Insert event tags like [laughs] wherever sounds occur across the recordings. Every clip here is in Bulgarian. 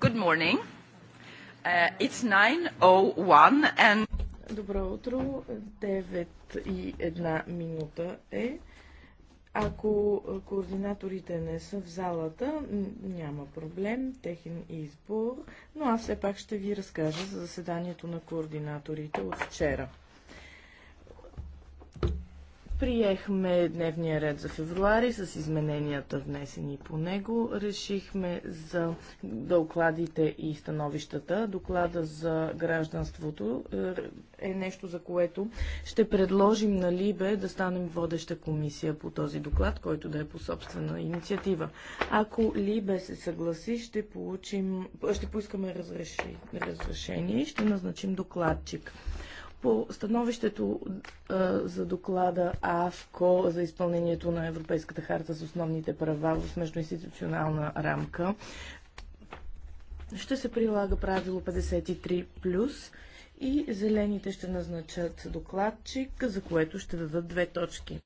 Good morning. Uh, it's 9.01 and... Добро утро. 9 и 1 минута е. Ако координаторите не са в залата, няма проблем, техен избор, но аз все пак ще ви разкажа за заседанието на координаторите от вчера. Приехме дневния ред за февруари с измененията внесени по него. Решихме за докладите и становищата. Доклада за гражданството е, е нещо, за което ще предложим на Либе да станем водеща комисия по този доклад, който да е по собствена инициатива. Ако Либе се съгласи, ще, получим, ще поискаме разрешение и ще назначим докладчик. По становището а, за доклада АВКО за изпълнението на Европейската харта с основните права в междуинституционална рамка ще се прилага правило 53+, и зелените ще назначат докладчик, за което ще дадат две точки.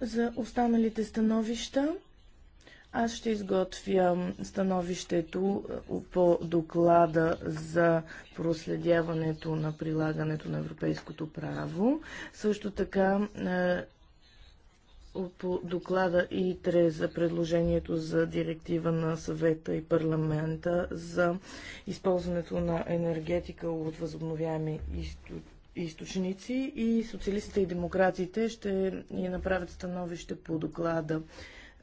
За останалите становища аз ще изготвя становището е, по доклада за проследяването на прилагането на европейското право. Също така е, по доклада ИТРЕ за предложението за директива на съвета и парламента за използването на енергетика от възобновяеми източници и социалистите и демократите ще ни направят становище по доклада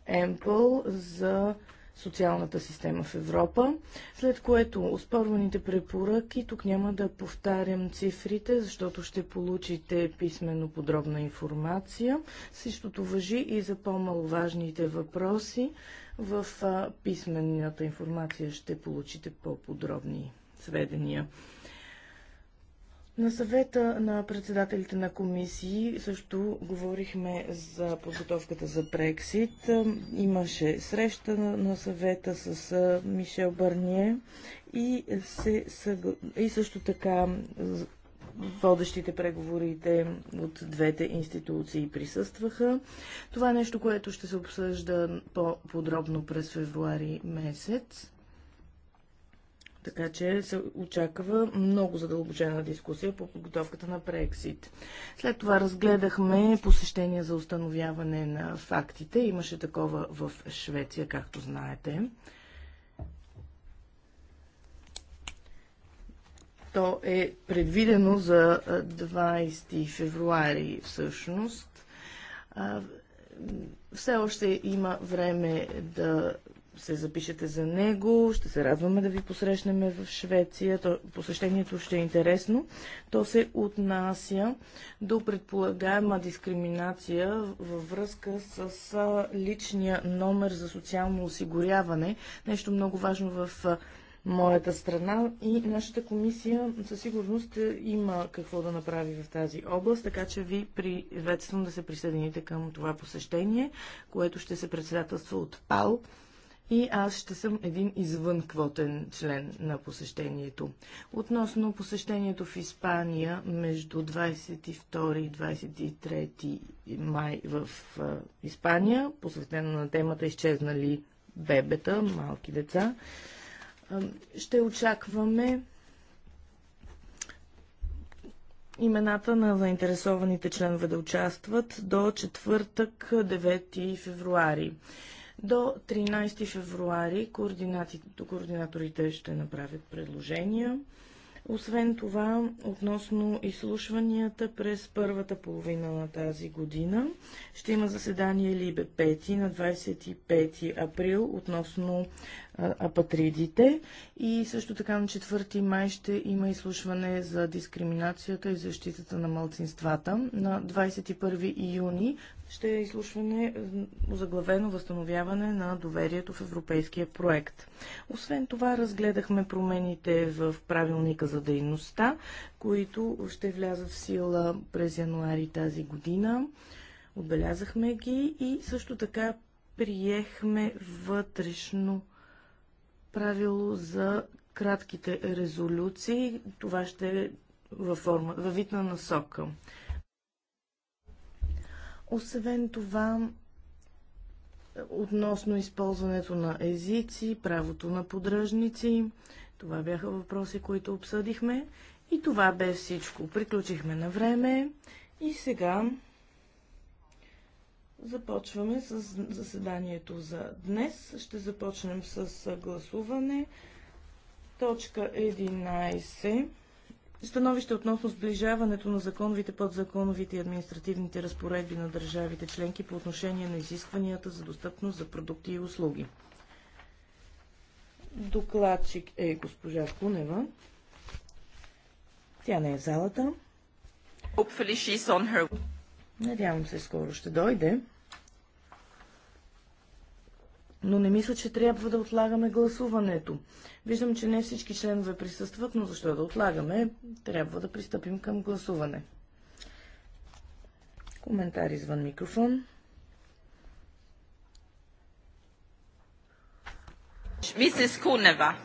Емпъл за социалната система в Европа, след което оспорваните препоръки, тук няма да повтарям цифрите, защото ще получите писменно подробна информация. Същото въжи и за по-маловажните въпроси. В писмената информация ще получите по-подробни сведения. На съвета на председателите на комисии също говорихме за подготовката за Брексит. Имаше среща на съвета с Мишел Бърние и, се, и също така водещите преговорите от двете институции присъстваха. Това е нещо, което ще се обсъжда по-подробно през февруари месец. Така че се очаква много задълбочена дискусия по подготовката на Брексит. След това разгледахме посещение за установяване на фактите. Имаше такова в Швеция, както знаете. То е предвидено за 20 февруари всъщност все още има време да се запишете за него. Ще се радваме да ви посрещнем в Швеция. То, посещението ще е интересно. То се отнася до предполагаема дискриминация във връзка с личния номер за социално осигуряване. Нещо много важно в моята страна и нашата комисия със сигурност е, има какво да направи в тази област, така че ви приветствам да се присъедините към това посещение, което ще се председателства от ПАЛ и аз ще съм един извън квотен член на посещението. Относно посещението в Испания между 22 и 23 май в Испания, посветено на темата изчезнали бебета, малки деца, ще очакваме имената на заинтересованите членове да участват до четвъртък, 9 февруари. До 13 февруари координаторите ще направят предложения. Освен това, относно изслушванията през първата половина на тази година, ще има заседание Либе 5 на 25 април относно апатридите и също така на 4 май ще има изслушване за дискриминацията и защитата на малцинствата. На 21 юни ще е изслушване заглавено възстановяване на доверието в европейския проект. Освен това, разгледахме промените в правилника за дейността, които ще влязат в сила през януари тази година. Отбелязахме ги и също така приехме вътрешно правило за кратките резолюции. Това ще е във, форма, във вид на насока. Освен това, относно използването на езици, правото на подръжници, това бяха въпроси, които обсъдихме. И това бе всичко. Приключихме на време и сега започваме с заседанието за днес. Ще започнем с гласуване. Точка 11. Становище относно сближаването на законовите, подзаконовите и административните разпоредби на държавите членки по отношение на изискванията за достъпност за продукти и услуги. Докладчик е госпожа Кунева. Тя не е залата. Надявам се, скоро ще дойде но не мисля, че трябва да отлагаме гласуването. Виждам, че не всички членове присъстват, но защо да отлагаме? Трябва да пристъпим към гласуване. Коментар извън микрофон. Мисис Кунева,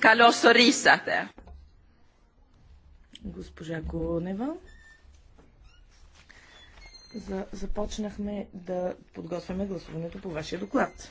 калосо рисате. Госпожа Кунева за, започнахме да подготвяме гласуването по вашия доклад.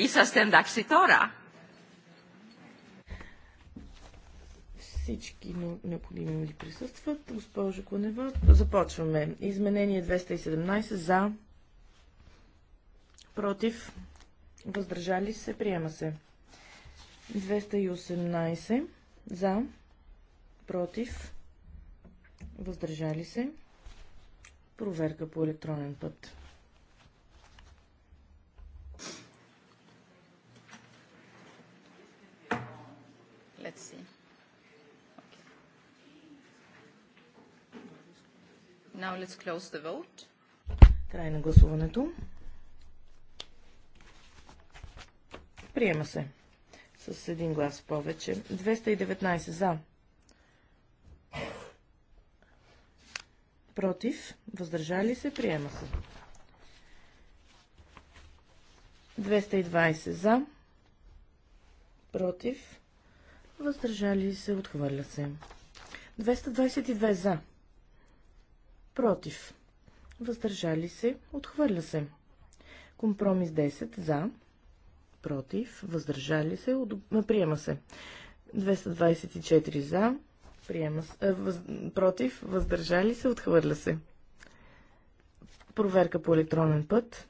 Είσαστε εντάξει τώρα. Всички необходими ли присъстват? Госпожо Конева. започваме. Изменение 217 за, против, въздържали се, приема се. 218 за, против, въздържали се. Проверка по електронен път. let's close the vote. Край на гласуването. Приема се. С един глас повече. 219 за. Против. Въздържали се. Приема се. 220 за. Против. Въздържали се. Отхвърля се. 222 за против, въздържали се, отхвърля се. Компромис 10 за, против, въздържали се, от... приема се. 224 за, приема се, въз... против, въздържали се, отхвърля се. Проверка по електронен път.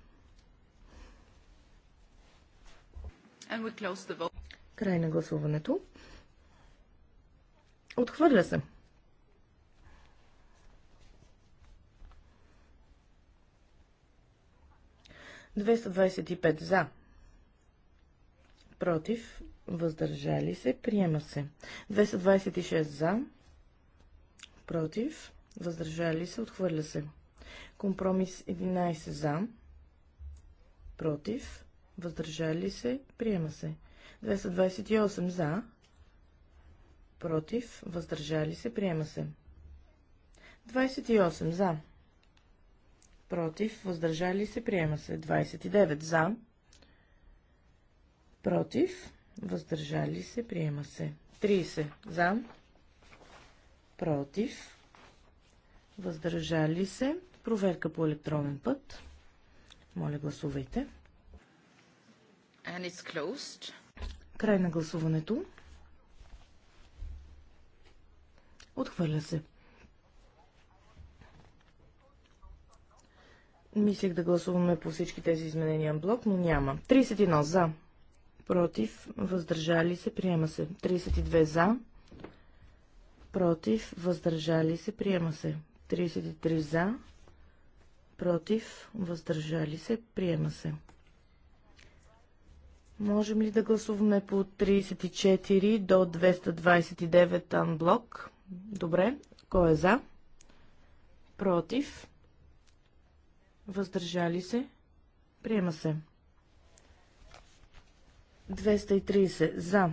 Край на гласуването. Отхвърля се. 225 за. Против. Въздържали се. Приема се. 226 за. Против. Въздържали се. Отхвърля се. Компромис 11 за. Против. Въздържали се. Приема се. 228 за. Против. Въздържали се. Приема се. 28 за против, въздържали се, приема се. 29 за, против, въздържали се, приема се. 30 за, против, въздържали се, проверка по електронен път. Моля, гласувайте. And it's closed. Край на гласуването. Отхвърля се. Мислех да гласуваме по всички тези изменения блок, но няма. 31 за. Против. Въздържали се. Приема се. 32 за. Против. Въздържали се. Приема се. 33 за. Против. Въздържали се. Приема се. Можем ли да гласуваме по 34 до 229 анблок? Добре. Кой е за? Против въздържали се, приема се. 230 за.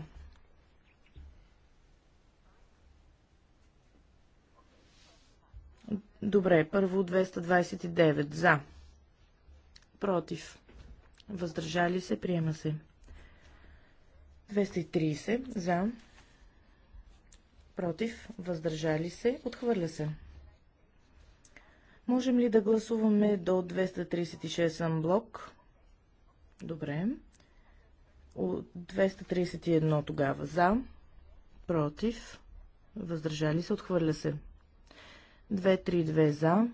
Добре, първо 229 за. Против. Въздържали се, приема се. 230 за. Против, въздържали се, отхвърля се. Можем ли да гласуваме до 236 блок? Добре. От 231 тогава за, против, въздържали се, отхвърля се. 232 за,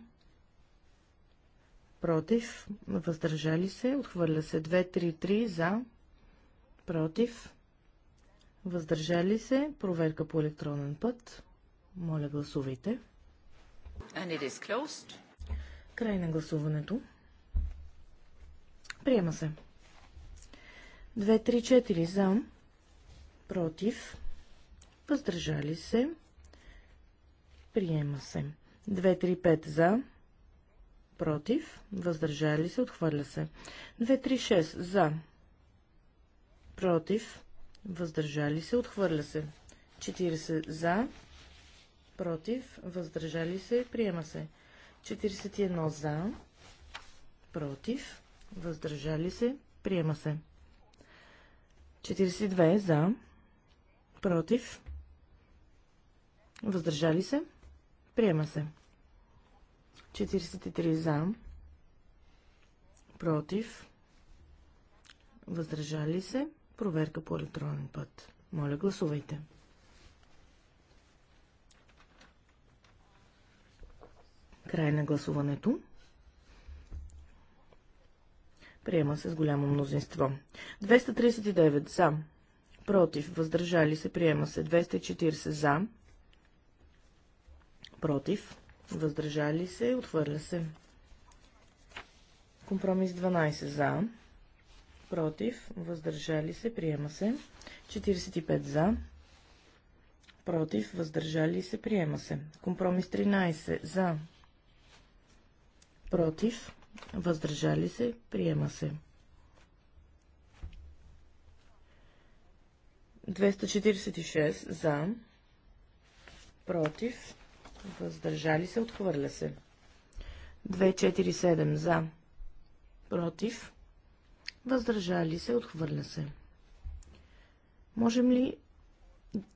против, въздържали се, отхвърля се. 233 за, против, въздържали се, проверка по електронен път. Моля, гласувайте. And it is closed. Край на гласуването. Приема се. 2-3-4 за, против, въздържали се, приема се. 2-3-5 за, против, въздържали се, отхвърля се. 2-3-6 за, против, въздържали се, отхвърля се. 40 за, против, въздържали се, приема се. 41 за, против, въздържали се, приема се. 42 за, против, въздържали се, приема се. 43 за, против, въздържали се, проверка по електронен път. Моля, гласувайте. Край на гласуването. Приема се с голямо мнозинство. 239 за. Против. Въздържали се. Приема се. 240 за. Против. Въздържали се. Отвърля се. Компромис 12 за. Против. Въздържали се. Приема се. 45 за. Против. Въздържали се. Приема се. Компромис 13 за против, въздържали се, приема се. 246 за, против, въздържали се, отхвърля се. 247 за, против, въздържали се, отхвърля се. Можем ли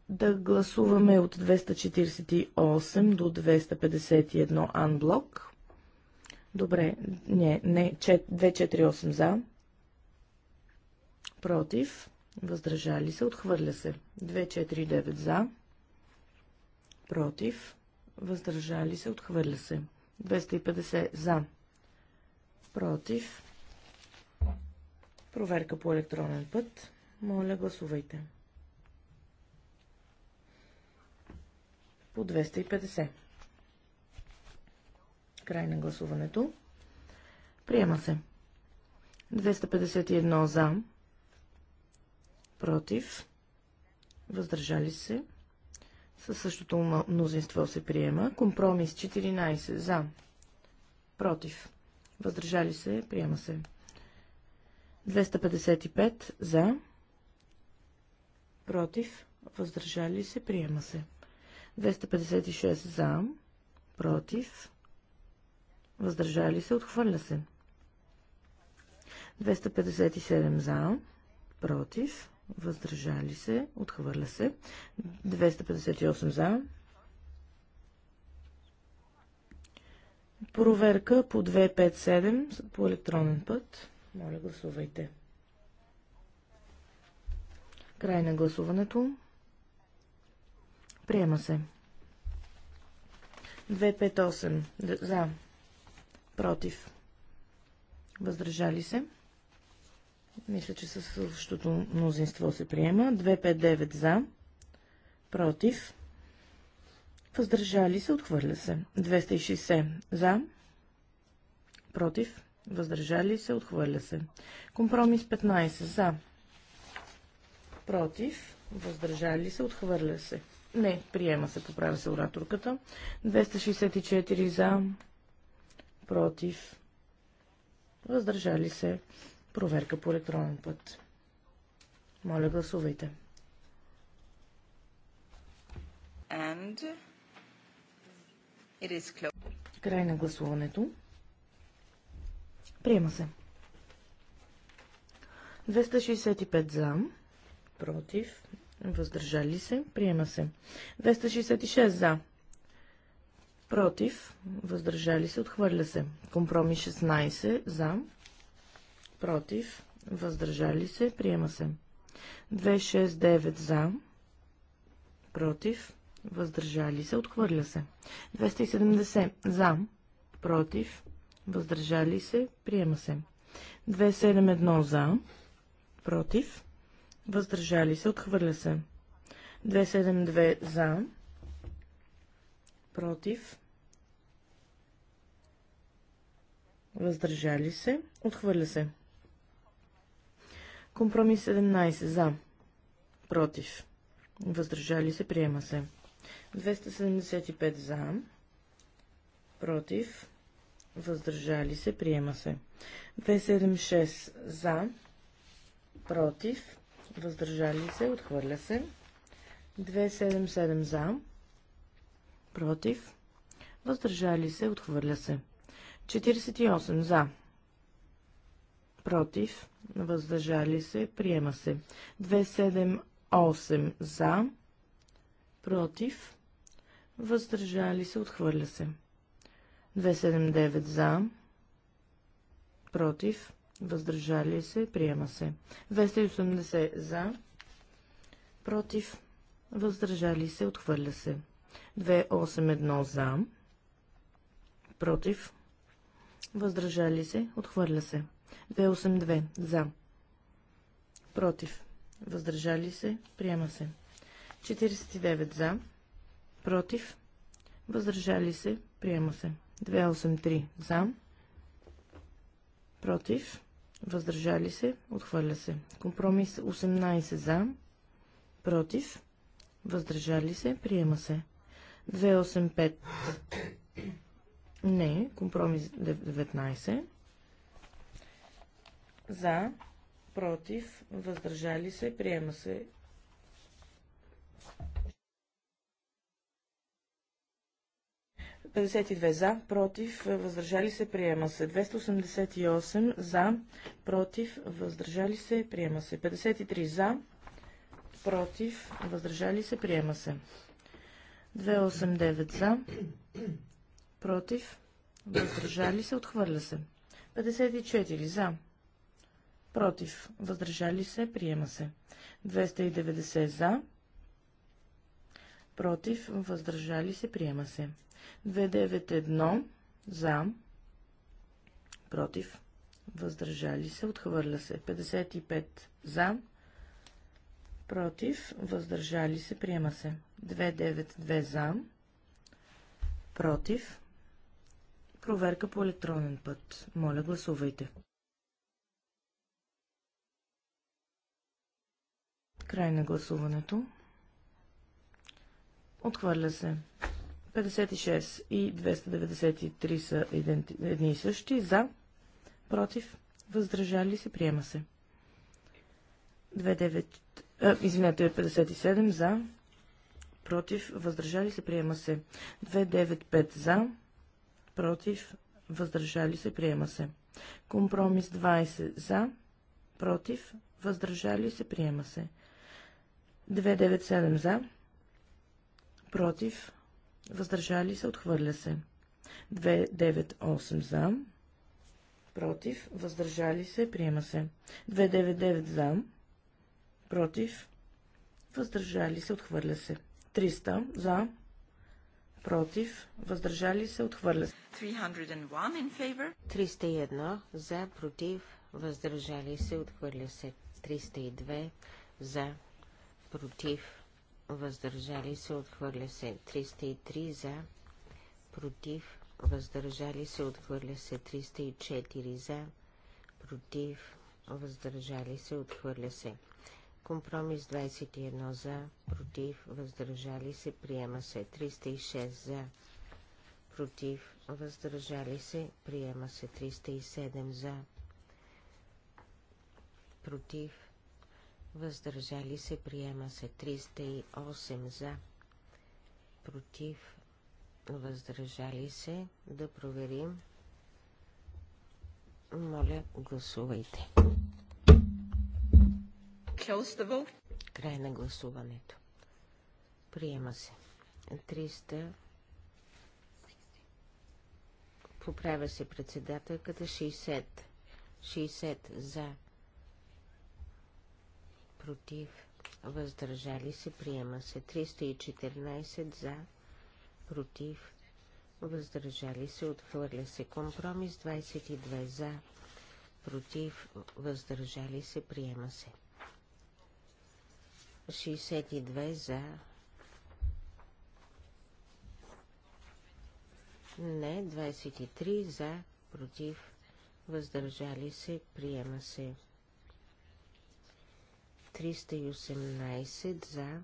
да гласуваме от 248 до 251 анблок? Добре, не, не, 248 за. Против, въздържали се, отхвърля се. 249 за. Против, въздържали се, отхвърля се. 250 за. Против. Проверка по електронен път. Моля, гласувайте. По 250. Край на гласуването. Приема се. 251 за. Против. Въздържали се. Със същото мнозинство се приема. Компромис 14 за. Против. Въздържали се. Приема се. 255 за. Против. Въздържали се. Приема се. 256 за. Против въздържали се, отхвърля се. 257 за, против, въздържали се, отхвърля се. 258 за. Проверка по 257 по електронен път. Моля, гласувайте. Край на гласуването. Приема се. 258 за против, въздържали се. Мисля, че със същото мнозинство се приема. 259 за, против, въздържали се, отхвърля се. 260 е за, против, въздържали се, отхвърля се. Компромис 15 за, против, въздържали се, отхвърля се. Не, приема се, поправя се ораторката. 264 за, против, въздържали се, проверка по електронен път. Моля, гласувайте. And it is Край на гласуването. Приема се. 265 за, против, въздържали се, приема се. 266 за, Против. Въздържали се. Отхвърля се. Компромис 16. За. Против. Въздържали се. Приема се. 269 за. Против. Въздържали се. Отхвърля се. 270 за. Против. Въздържали се. Приема се. 271 за. Против. Въздържали се. Отхвърля се. 272 за против, въздържали се, отхвърля се. Компромис 17 за, против, въздържали се, приема се. 275 за, против, въздържали се, приема се. 276 за, против, въздържали се, отхвърля се. 277 за, против, въздържали се, отхвърля се. 48 за, против, въздържали се, приема се. 278 за, против, въздържали се, отхвърля се. 279 за, против, въздържали се, приема се. 280 за, против, въздържали се, отхвърля се. 281 за. Против. Въздържали се. Отхвърля се. 282 за. Против. Въздържали се. Приема се. 49 за. Против. Въздържали се. Приема се. 283 за. Против. Въздържали се. Отхвърля се. Компромис 18 за. Против. Въздържали се. Приема се. 285. Не. Компромис 19. За. Против. Въздържали се. Приема се. за, против, въздържали се, приема се. 288 за, против, въздържали се, приема се. 53 за, против, въздържали се, приема се. 289 за, против, въздържали се, отхвърля се. 54 за, против, въздържали се, приема се. 290 за, против, въздържали се, приема се. 291 за, против, въздържали се, отхвърля се. 55 за, против, въздържали се, приема се. 292 за, против, проверка по електронен път. Моля, гласувайте. Край на гласуването. Отхвърля се. 56 и 293 са едни и същи. За, против, въздържали се, приема се. Извинете, е 57 за, против, въздържали се, приема се. 295 за, против, въздържали се, приема се. Компромис 20 за, против, въздържали се, приема се. 297 за, против, въздържали се, отхвърля се. 298 за, против, въздържали се, приема се. 299 за, против, въздържали се, отхвърля се. 300 за, против, въздържали се, отхвърля се. 301 за, против, въздържали се, отхвърля се. 302 за, против, въздържали се, отхвърля се. 303 за, против, въздържали се, отхвърля се. 304 за, против, въздържали се, отхвърля се. Компромис 21 за, против, въздържали се, приема се. 306 за, против, въздържали се, приема се. 307 за, против, въздържали се, приема се. 308 за, против, въздържали се, да проверим. Моля, гласувайте. Край на гласуването. Приема се. 300. Поправя се председателката. 60. 60 за. Против. Въздържали се. Приема се. 314 за. Против. Въздържали се. Отхвърля се. Компромис 22 за. Против. Въздържали се. Приема се. 62 за. Не, 23 за, против, въздържали се, приема се. 318 за,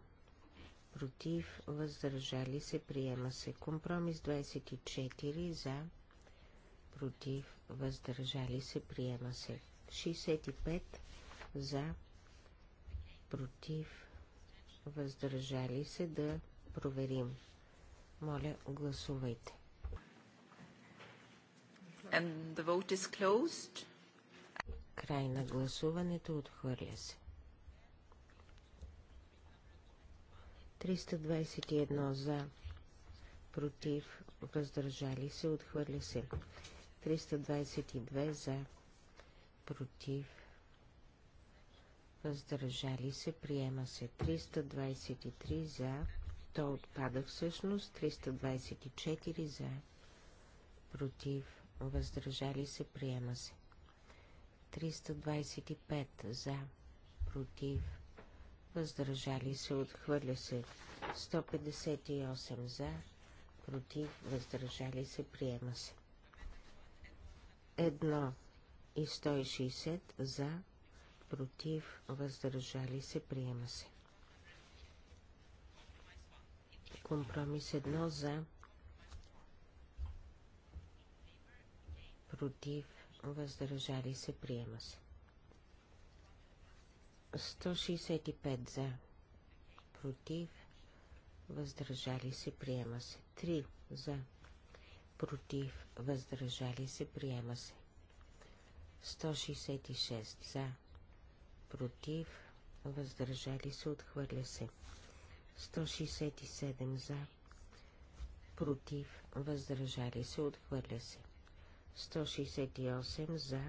против, въздържали се, приема се. Компромис 24 за, против, въздържали се, приема се. 65 за, против, въздържали се да проверим. Моля, гласувайте. And the vote is closed. Край на гласуването отхвърля се. 321 за, против, въздържали се, отхвърля се. 322 за, против, въздържали се, приема се 323 за, то отпада всъщност 324 за, против, въздържали се, приема се 325 за, против, въздържали се, отхвърля се 158 за, против, въздържали се, приема се 1 и 160 за, против, въздържали се, приема се. Компромис 1 за, против, въздържали се, приема се. 165 за, против, въздържали се, приема се. 3 за, против, въздържали се, приема се. 166 за, против, въздържали се, отхвърля се. 167 за, против, въздържали се, отхвърля се. 168 за,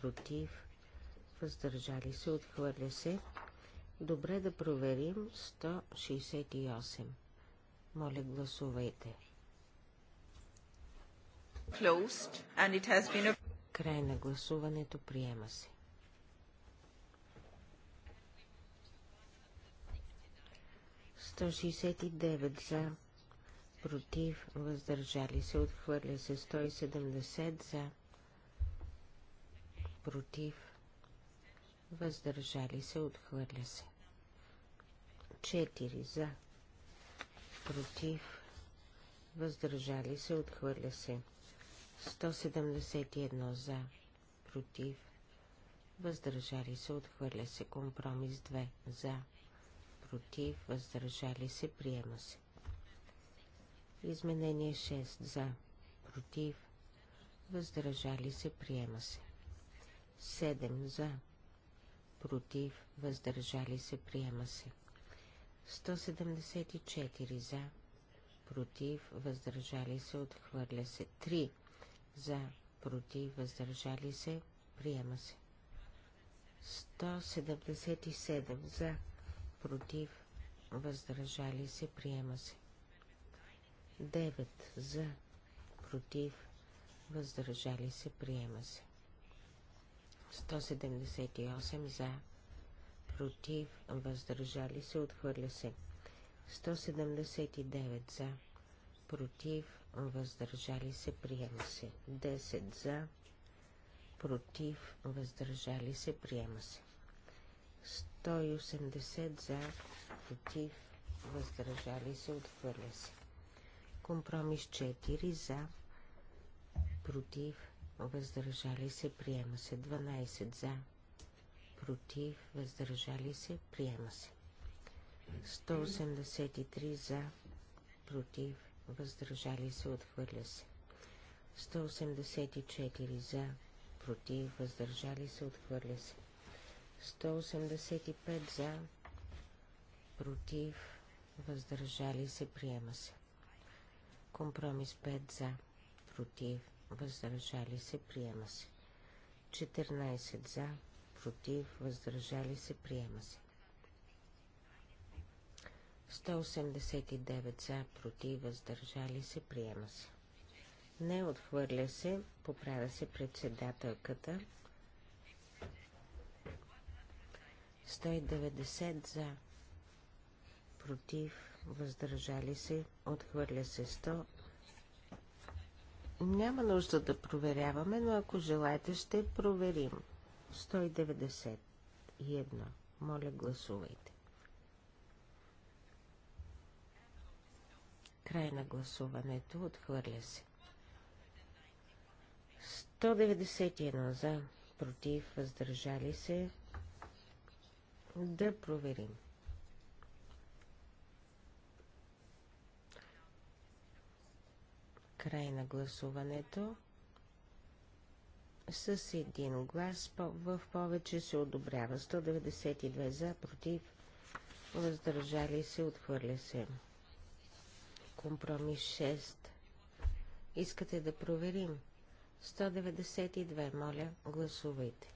против, въздържали се, отхвърля се. Добре да проверим 168. Моля, гласувайте. Closed, and it has been a... Край на гласуването приема се. 169 за, против, въздържали се, отхвърля се 170 за, против, въздържали се, отхвърля се. 4 за, против, въздържали се, отхвърля се. 171 за, против, въздържали се, отхвърля се. Компромис 2 за, против, въздържали се, приема се. Изменение 6 за, против, въздържали се, приема се. 7 за, против, въздържали се, приема се. 174 за, против, въздържали се, отхвърля се. 3 за, против, въздържали се, приема се. 177 за, против, въздържали се, приема се. 9 за, против, въздържали се, приема се. 178 за, против, въздържали се, отхвърля се. 179 за, против, въздържали се, приема се. 10 за, против, въздържали се, приема се. 180 за, против, въздържали се, отхвърля се. Компромис 4 за, против, въздържали се, приема се. 12 за, против, въздържали се, приема се. 183 за, против, въздържали се, отхвърля се. 184 за, против, въздържали се, отхвърля се. 185 за, против, въздържали се, приема се. Компромис 5 за, против, въздържали се, приема се. 14 за, против, въздържали се, приема се. 189 за, против, въздържали се, приема се. Не отхвърля се, поправя се председателката. 190 за, против, въздържали се, отхвърля се 100. Няма нужда да проверяваме, но ако желаете, ще проверим. 191. Моля, гласувайте. Край на гласуването. Отхвърля се. 191 за, против, въздържали се, да проверим. Край на гласуването. С един глас в повече се одобрява. 192 за, против, въздържали се, отхвърля се. Компромис 6. Искате да проверим? 192, моля, гласувайте.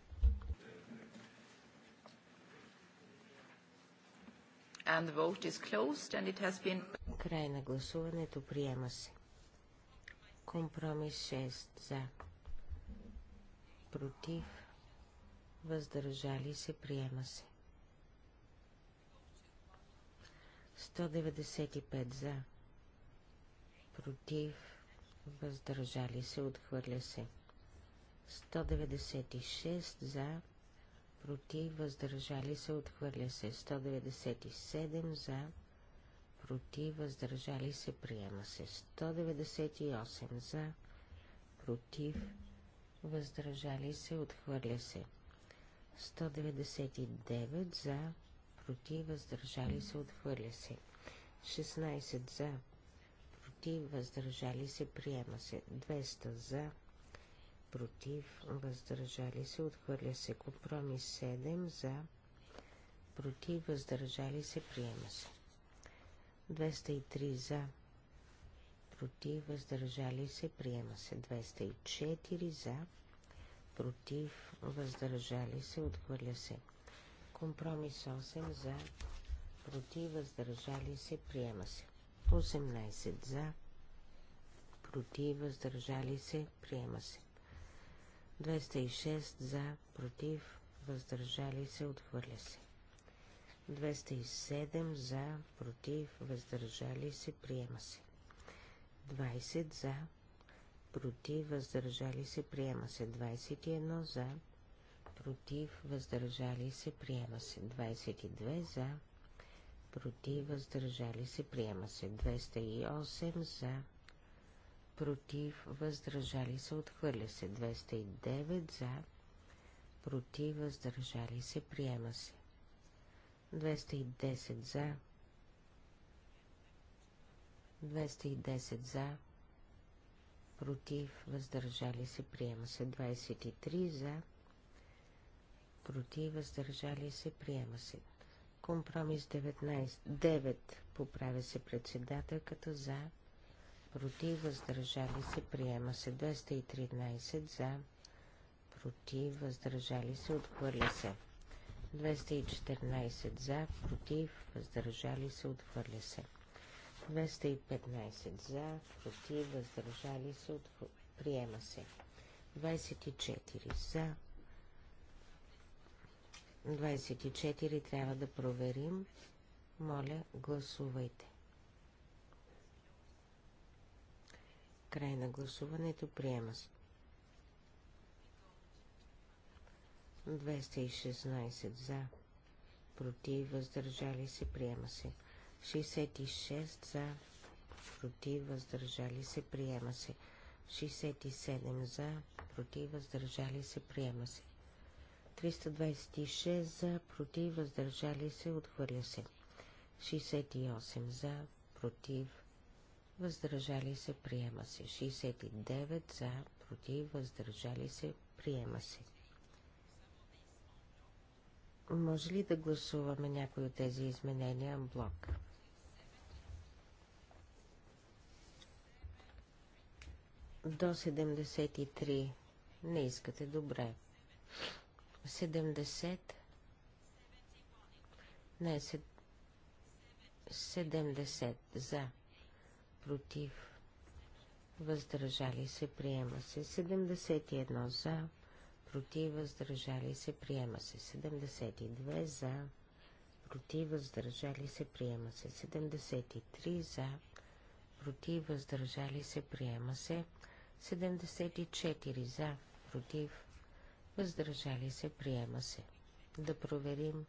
And the vote is closed and it has been... Край на гласуването приема се. Компромис 6 за. Против. Въздържали се приема се. 195 за. Против. Въздържали се. Отхвърля се. 196 за против, въздържали се, отхвърля се. 197 за, против, въздържали се, приема се. 198 за, против, въздържали се, отхвърля се. 199 за, против, въздържали се, отхвърля се. 16 за, против, въздържали се, приема се. 200 за, против, въздържали се, отхвърля се. Компромис 7 за, против, въздържали се, приема се. 203 за, против, въздържали се, приема се. 204 за, против, въздържали се, отхвърля се. Компромис 8 за, против, въздържали се, приема се. 18 за, против, въздържали се, приема се. 206 за, против, въздържали се, отхвърля се. 207 за, против, въздържали се, приема се. 20 за, против, въздържали се, приема се. 21 за, против, въздържали се, приема се. 22 за, против, въздържали се, приема се. 208 за, против, въздържали се, отхвърля се. 209 за, против, въздържали се, приема се. 210 за, 210 за, против, въздържали се, приема се. 23 за, против, въздържали се, приема се. Компромис 19, 9 поправя се председателката за, против, въздържали се, приема се 213 за, против, въздържали се, отхвърля се. 214 за, против, въздържали се, отхвърля се. 215 за, против, въздържали се, отхвърля, приема се. 24 за, 24 трябва да проверим. Моля, гласувайте. Край на гласуването. Приема се. 216 за. Против. Въздържали се. Приема се. 66 за. Против. Въздържали се. Приема се. 67 за. Против. Въздържали се. Приема се. 326 за. Против. Въздържали се. Отхвърля се. 68 за. Против въздържали се, приема се. 69 за, против, въздържали се, приема се. Може ли да гласуваме някои от тези изменения блок? До 73 не искате, добре. 70 не, 70 за, против, въздържали се, приема се. 71 за, против, въздържали се, приема се. 72 за, против, въздържали се, приема се. 73 за, против, въздържали се, приема се. 74 за, против, въздържали се, приема се. Да проверим.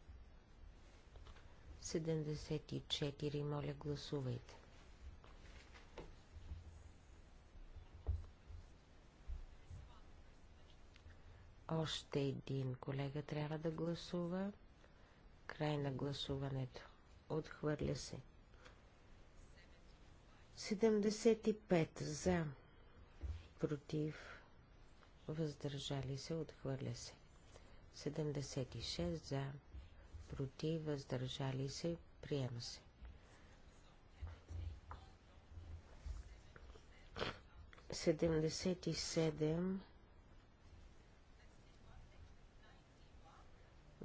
74, моля гласувайте. Още един колега трябва да гласува. Край на гласуването. Отхвърля се. 75 за. Против. Въздържали се. Отхвърля се. 76 за. Против. Въздържали се. Приема се. 77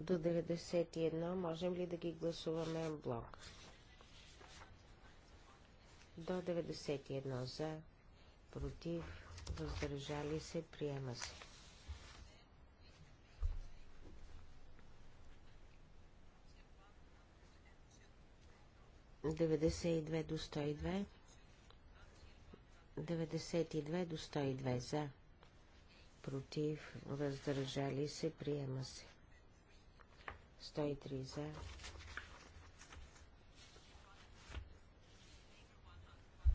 до 91. Можем ли да ги гласуваме блок? До 91 за, против, въздържали се, приема се. Деведесет и две до сто и две. 92 до 102 за. Против, въздържали се, приема се. 103 за.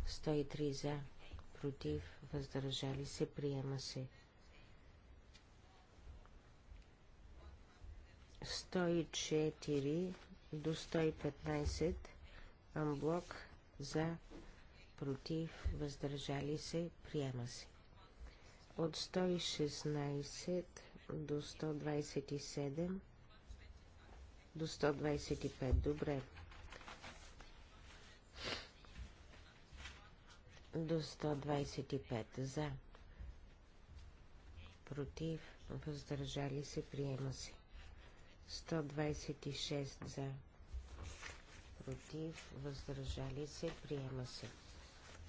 Сто и за, против, въздържали се, приема се. 104 до 115 амблок за против въздържали се приема се от 116 до 127 до 125. Добре. До 125. За. Против. Въздържали се. Приема се. 126 за. Против. Въздържали се. Приема се.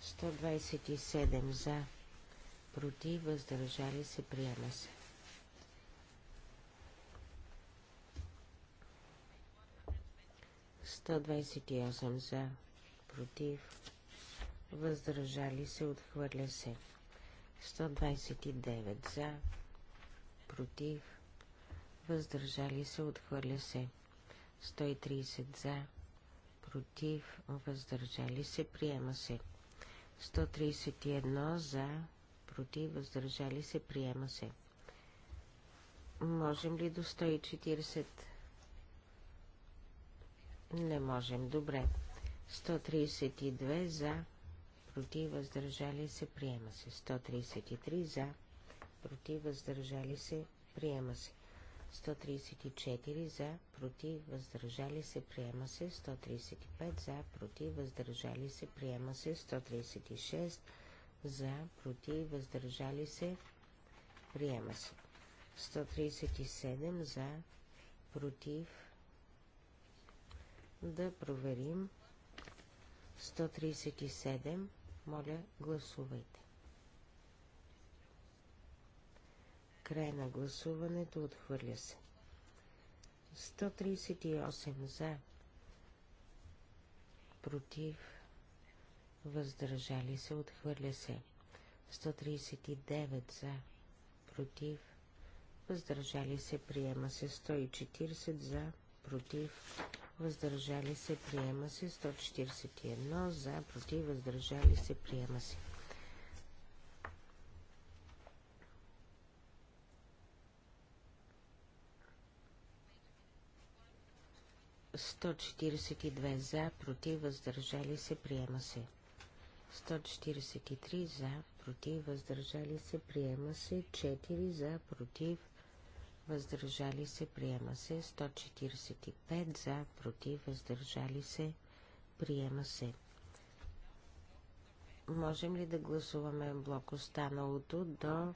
127 за. Против. Въздържали се. Приема се. 128 за, против, въздържали се, отхвърля се. 129 за, против, въздържали се, отхвърля се. 130 за, против, въздържали се, приема се. 131 за, против, въздържали се, приема се. Можем ли до 140? Не можем. Добре. 132 за, против, въздържали се, приема се. 133 за, против, въздържали се, приема се. 134 за, против, въздържали се, приема се. 135 за, против, въздържали се, приема се. 136 за, против, въздържали се, приема се. 137 за, против, да проверим 137. Моля, гласувайте. Край на гласуването отхвърля се. 138 за, против, въздържали се, отхвърля се. 139 за, против, въздържали се, приема се. 140 за, против, въздържали се, приема се. 141 за, против, въздържали се, приема се. Сто за, против, въздържали се, приема се. 143 за, против, въздържали се, приема се, 4 за, против, въздържали се, приема се. 145 за, против, въздържали се, приема се. Можем ли да гласуваме блок останалото до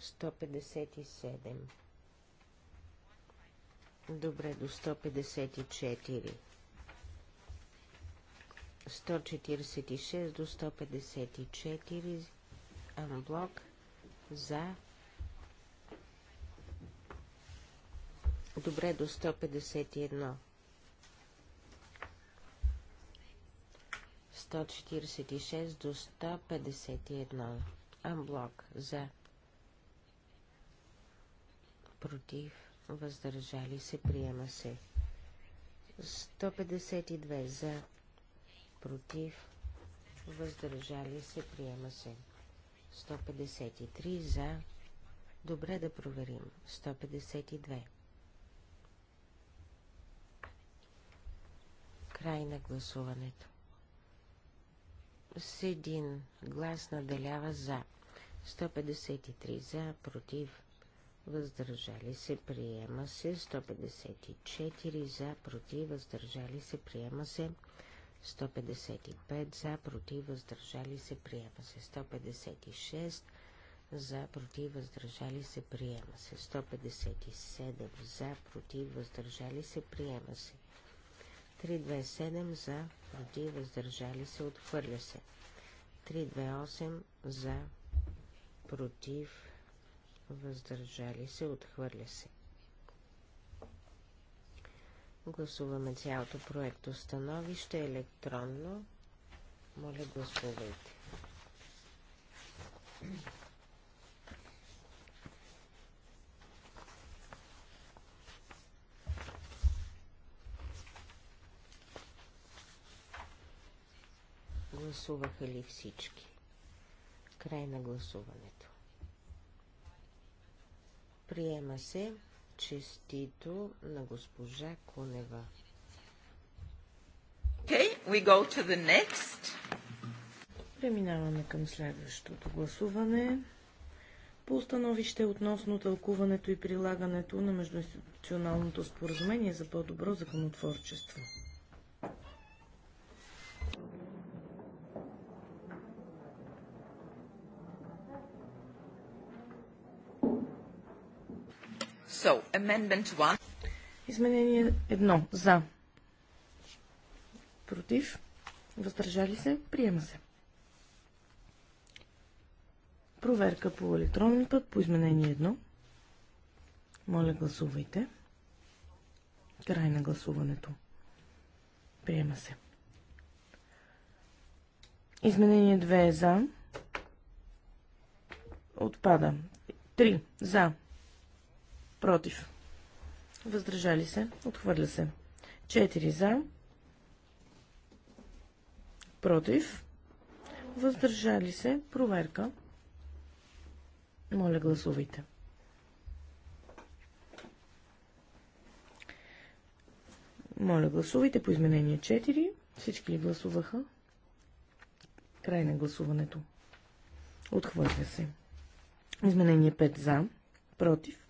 157? Добре, до 154. 146 до 154 анблок за Добре, до 151. 146 до 151. Амблок за. Против. Въздържали се. Приема се. 152 за. Против. Въздържали се. Приема се. 153 за. Добре да проверим. 152. Край на гласуването. С един глас наделява за. 153 за, против, въздържали се, приема се. 154 за, против, въздържали се, приема се. 155 за, против, въздържали се, приема се. 156 за, против, въздържали се, приема се. 157 за, против, въздържали се, приема се. 327 за, против, въздържали се, отхвърля се. 328 за, против, въздържали се, отхвърля се. Гласуваме цялото проекто становище електронно. Моля, гласувайте. Гласуваха ли всички? Край на гласуването. Приема се честито на госпожа Кунева. Okay, we go to the next. Преминаваме към следващото гласуване по установище относно тълкуването и прилагането на междуинституционалното споразумение за по-добро законотворчество. So, amendment Изменение 1. За. Против. Въздържали се. Приема се. Проверка по електронен път по изменение 1. Моля, гласувайте. Край на гласуването. Приема се. Изменение 2 е за. Отпада. 3 за против, въздържали се, отхвърля се. 4 за, против, въздържали се, проверка. Моля, гласувайте. Моля, гласувайте по изменение 4. Всички ли гласуваха? Край на гласуването. Отхвърля се. Изменение 5 за, против,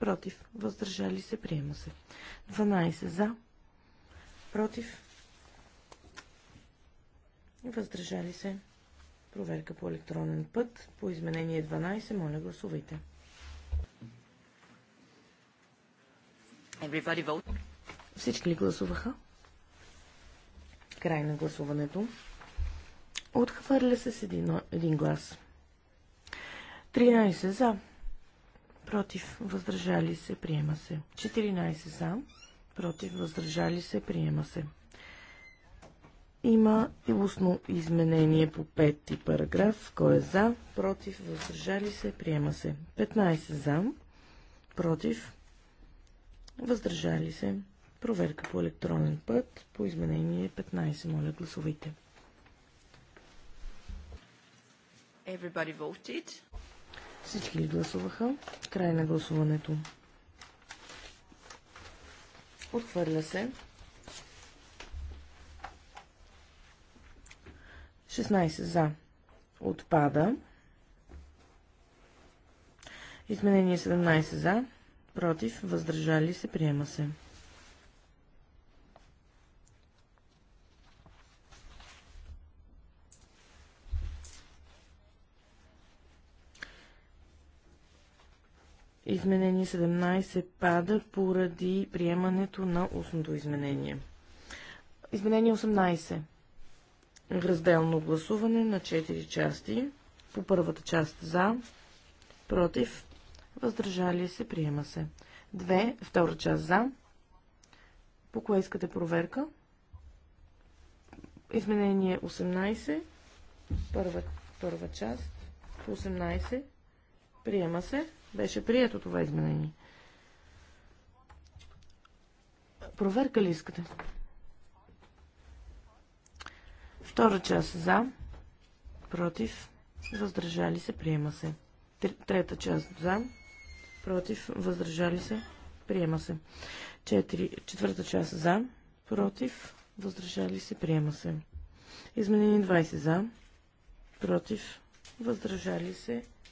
против, въздържали се, приема се. 12 за, против, въздържали се. Проверка по електронен път. По изменение 12, моля гласувайте. Всички ли гласуваха? Край на гласуването. Отхвърля се с един, един глас. 13 за, против, въздържали се, приема се. 14 за, против, въздържали се, приема се. Има устно изменение по 5 параграф. Кой е за, против, въздържали се, приема се. 15 за, против, въздържали се. Проверка по електронен път по изменение 15. Моля, гласувайте. Everybody voted. Всички ли гласуваха? Край на гласуването. Отхвърля се. 16 за. Отпада. Изменение 17 за. Против. Въздържали се. Приема се. Изменение 17 пада поради приемането на устното изменение. Изменение 18. Разделно гласуване на 4 части. По първата част за, против, въздържали се, приема се. 2. Втора част за. По кое искате проверка? Изменение 18. Първа, първа част. 18. Приема се. Беше прието това изменение. Проверка ли искате? Втора част за, против, въздържали се, приема се. Трета част за, против, въздържали се, приема се. Четири, четвърта част за, против, въздържали се, приема се. Изменени 20 за, против, въздържали се,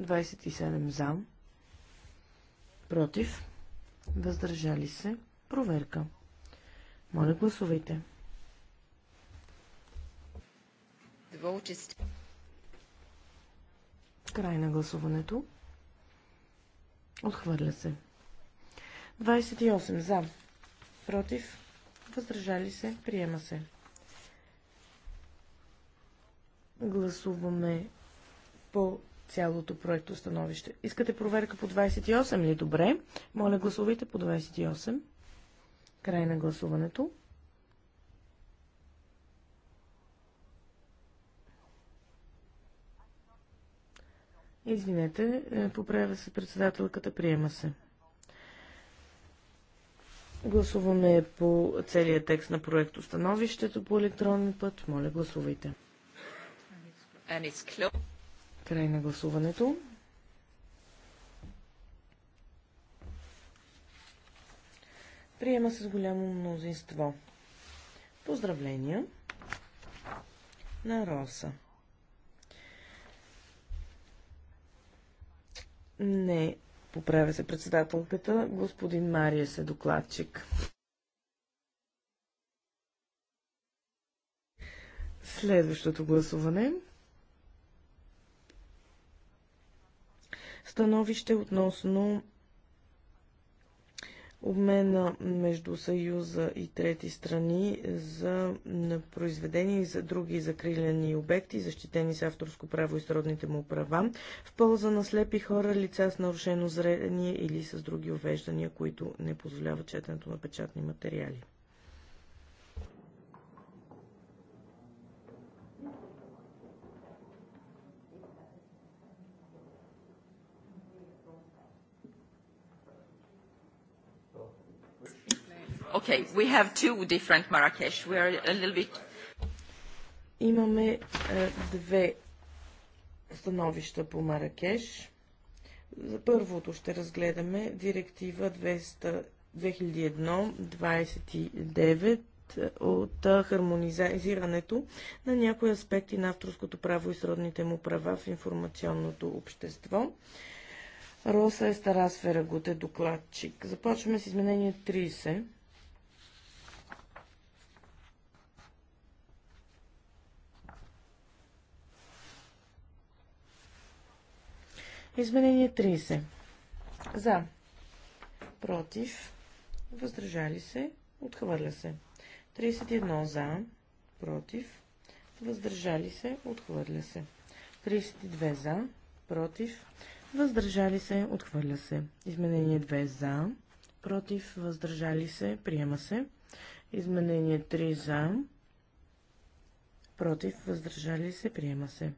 27 за. Против. Въздържали се. Проверка. Моля, гласувайте. Край на гласуването. Отхвърля се. 28 за. Против. Въздържали се. Приема се. Гласуваме по цялото проекто становище. Искате проверка по 28 ли? Добре. Моля, гласувайте по 28. Край на гласуването. Извинете, е, поправя се председателката, приема се. Гласуваме по целия текст на проекто становището по електронен път. Моля, гласувайте. And it's Край на гласуването. Приема се с голямо мнозинство. Поздравления на Роса. Не, поправя се председателката, господин Мария се докладчик. Следващото гласуване становище относно обмена между Съюза и трети страни за произведения и за други закрилени обекти, защитени с авторско право и сродните му права, в полза на слепи хора, лица с нарушено зрение или с други увеждания, които не позволяват четенето на печатни материали. Okay, we have two different Marrakesh. We are a little bit... Имаме е, две становища по Маракеш. За първото ще разгледаме директива 2001-29 е, от е, хармонизирането на някои аспекти на авторското право и сродните му права в информационното общество. Роса Естарас Ферагут е докладчик. Започваме с изменение 30. Изменение 30. За. Против. Въздържали се. Отхвърля се. 31 за. Против. Въздържали се. Отхвърля се. 32 за. Против. Въздържали се. Отхвърля се. Изменение 2 за. Против. Въздържали се. Приема се. Изменение 3 за. Против. Въздържали се. Приема се.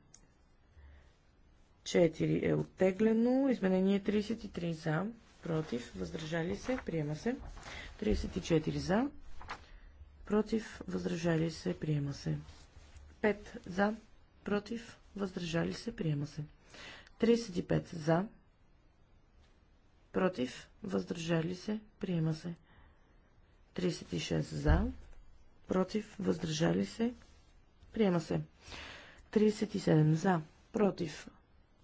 4 е оттеглено. Изменение 33 за. Против. Въздържали се. Приема се. 34 за. Против. Въздържали се. Приема се. 5 за. Против. Въздържали се. Приема се. 35 за. Против. Въздържали се. Приема се. 36 за. Против. Въздържали се. Приема се. 37 за. Против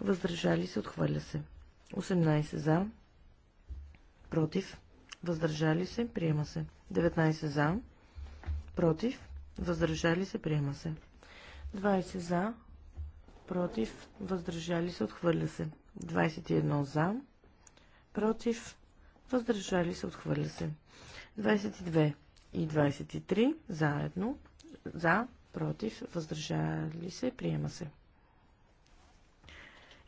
въздържали се, отхвърля се. 18 за, против, въздържали се, приема се. 19 за, против, въздържали се, приема се. 20 за, против, въздържали се, отхвърля се. 21 за, против, въздържали се, отхвърля се. 22 и 23 заедно, за, против, въздържали се, приема се.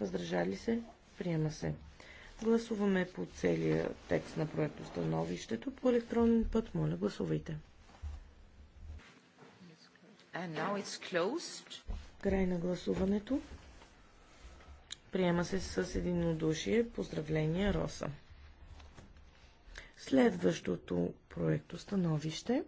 Въздържали се? Приема се. Гласуваме по целия текст на становището по електронен път. Моля, гласувайте. And now it's closed. Край на гласуването. Приема се с единодушие. Поздравления, Роса. Следващото проекто становище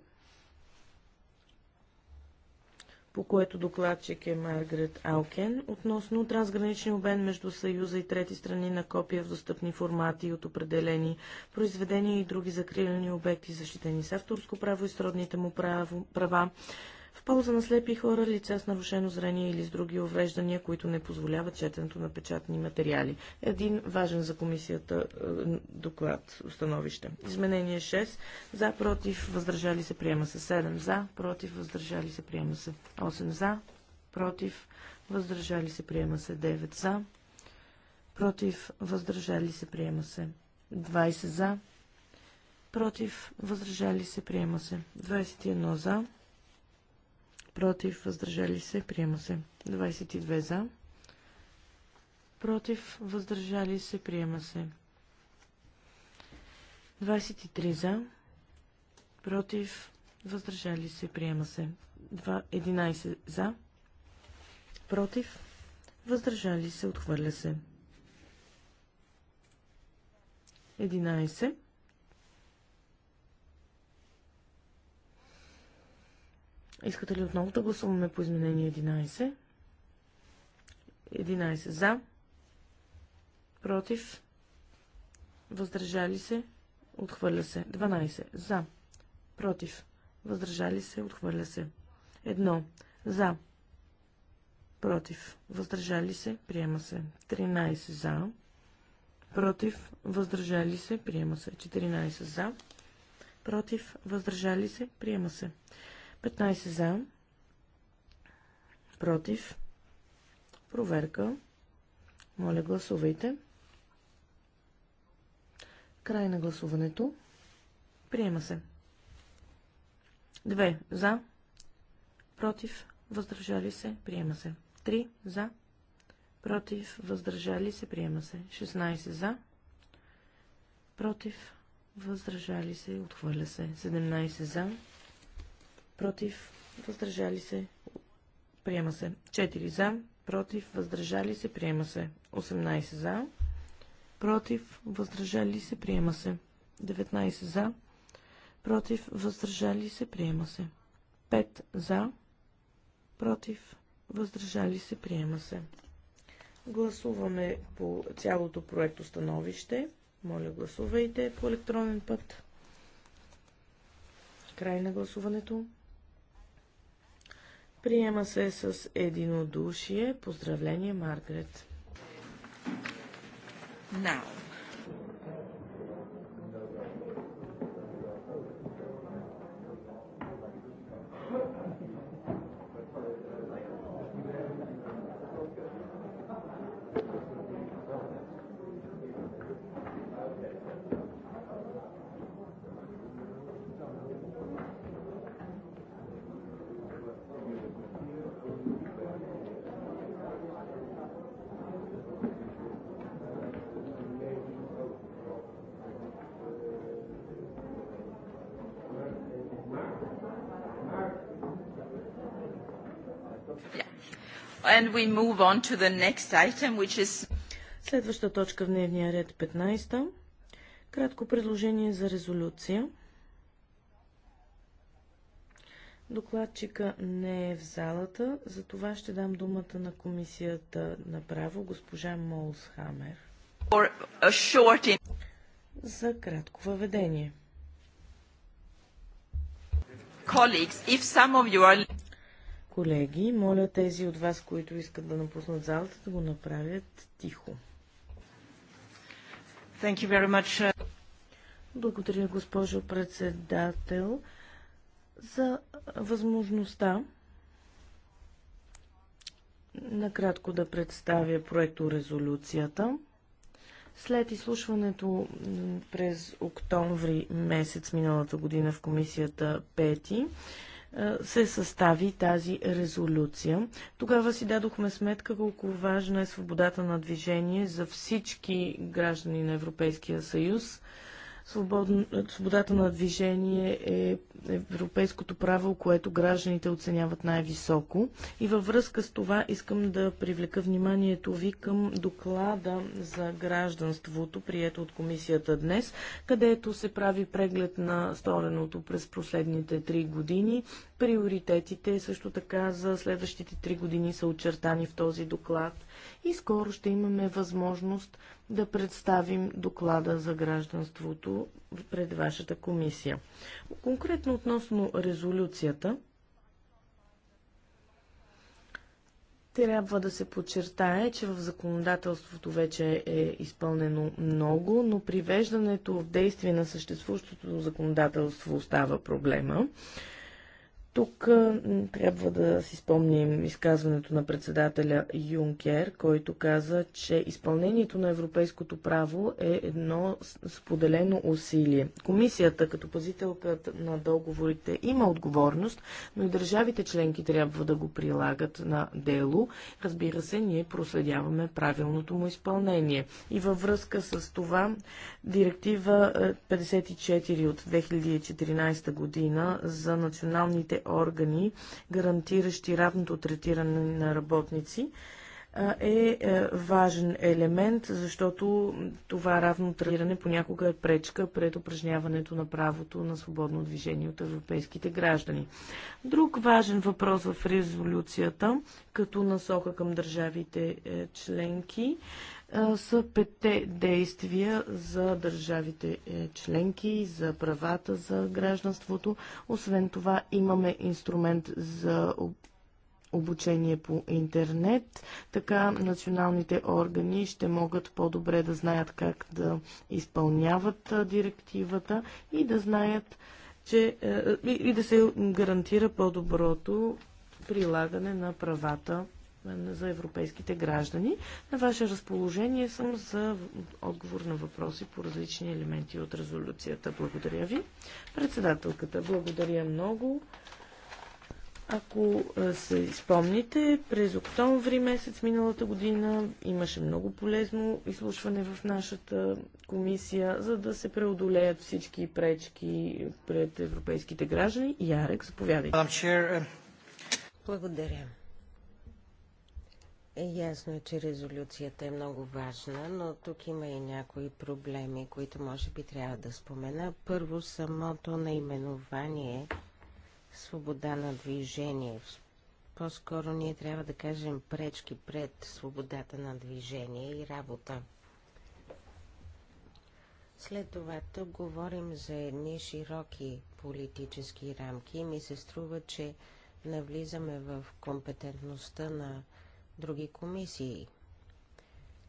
по което докладчик е Маргарет Алкен, относно трансграничния обмен между Съюза и трети страни на копия в достъпни формати от определени произведения и други закрилени обекти, защитени с авторско право и сродните му право, права, в полза на слепи хора, лица с нарушено зрение или с други увреждания, които не позволяват четенето на печатни материали. Един важен за комисията е, доклад, установище. Изменение 6. За, против, въздържали се, приема се 7. За, против, въздържали се, приема се 8. За, против, въздържали се, приема се 9. За, против, въздържали се, приема се 20. За, против, въздържали се, приема се 21. За, против, въздържали се, приема се. 22 за, против, въздържали се, приема се. 23 за, против, въздържали се, приема се. 11 за, против, въздържали се, отхвърля се. 11 Искате ли отново да гласуваме по изменение 11? 11 за, против, въздържали се, отхвърля се. 12 за, против, въздържали се, отхвърля се. 1 за, против, въздържали се, приема се. 13 за, против, въздържали се, приема се. 14 за, против, въздържали се, приема се. 15 за. Против. Проверка. Моля, гласувайте. Край на гласуването. Приема се. 2. За. Против. Въздържали се. Приема се. 3. За. Против. Въздържали се. Приема се. 16. За. Против. Въздържали се. Отхвърля се. 17. За против, въздържали се, приема се. 4 за, против, въздържали се, приема се. 18 за, против, въздържали се, приема се. 19 за, против, въздържали се, приема се. 5 за, против, въздържали се, приема се. Гласуваме по цялото проекто становище. Моля, гласувайте по електронен път. Край на гласуването. Приема се с единодушие. Поздравление, Маргарет. Now. Then we move on to the next item, which is... Следваща точка в дневния ред 15. Кратко предложение за резолюция. Докладчика не е в залата, за това ще дам думата на комисията на право госпожа Молсхамер. Short... За кратко въведение. Are... Колеги, моля тези от вас, които искат да напуснат залата, да го направят тихо. Thank you very much. Uh, Благодаря, госпожо председател, за възможността накратко да представя проекто резолюцията. След изслушването през октомври месец миналата година в комисията Пети, е, се състави тази резолюция. Тогава си дадохме сметка колко важна е свободата на движение за всички граждани на Европейския съюз свободата на движение е европейското право, което гражданите оценяват най-високо. И във връзка с това искам да привлека вниманието ви към доклада за гражданството, прието от комисията днес, където се прави преглед на стореното през последните три години. Приоритетите също така за следващите три години са очертани в този доклад – и скоро ще имаме възможност да представим доклада за гражданството пред вашата комисия. Конкретно относно резолюцията, Трябва да се подчертае, че в законодателството вече е изпълнено много, но привеждането в действие на съществуващото законодателство остава проблема. Тук трябва да си спомним изказването на председателя Юнкер, който каза, че изпълнението на европейското право е едно споделено усилие. Комисията, като пазителка на договорите, има отговорност, но и държавите членки трябва да го прилагат на дело. Разбира се, ние проследяваме правилното му изпълнение. И във връзка с това, директива 54 от 2014 година за националните органи, гарантиращи равното третиране на работници, е, е важен елемент, защото това равно третиране понякога е пречка пред упражняването на правото на свободно движение от европейските граждани. Друг важен въпрос в резолюцията, като насока към държавите е, членки, са петте действия за държавите е, членки, за правата, за гражданството. Освен това имаме инструмент за обучение по интернет. Така националните органи ще могат по-добре да знаят как да изпълняват директивата и да знаят, че е, е, и да се гарантира по-доброто прилагане на правата за европейските граждани. На ваше разположение съм за отговор на въпроси по различни елементи от резолюцията. Благодаря ви. Председателката, благодаря много. Ако се спомните, през октомври месец миналата година имаше много полезно изслушване в нашата комисия, за да се преодолеят всички пречки пред европейските граждани. Ярек, заповядайте. Е, благодаря. Е ясно е, че резолюцията е много важна, но тук има и някои проблеми, които може би трябва да спомена. Първо, самото наименование свобода на движение. По-скоро ние трябва да кажем пречки пред свободата на движение и работа. След това тук говорим за едни широки политически рамки и ми се струва, че навлизаме в компетентността на други комисии,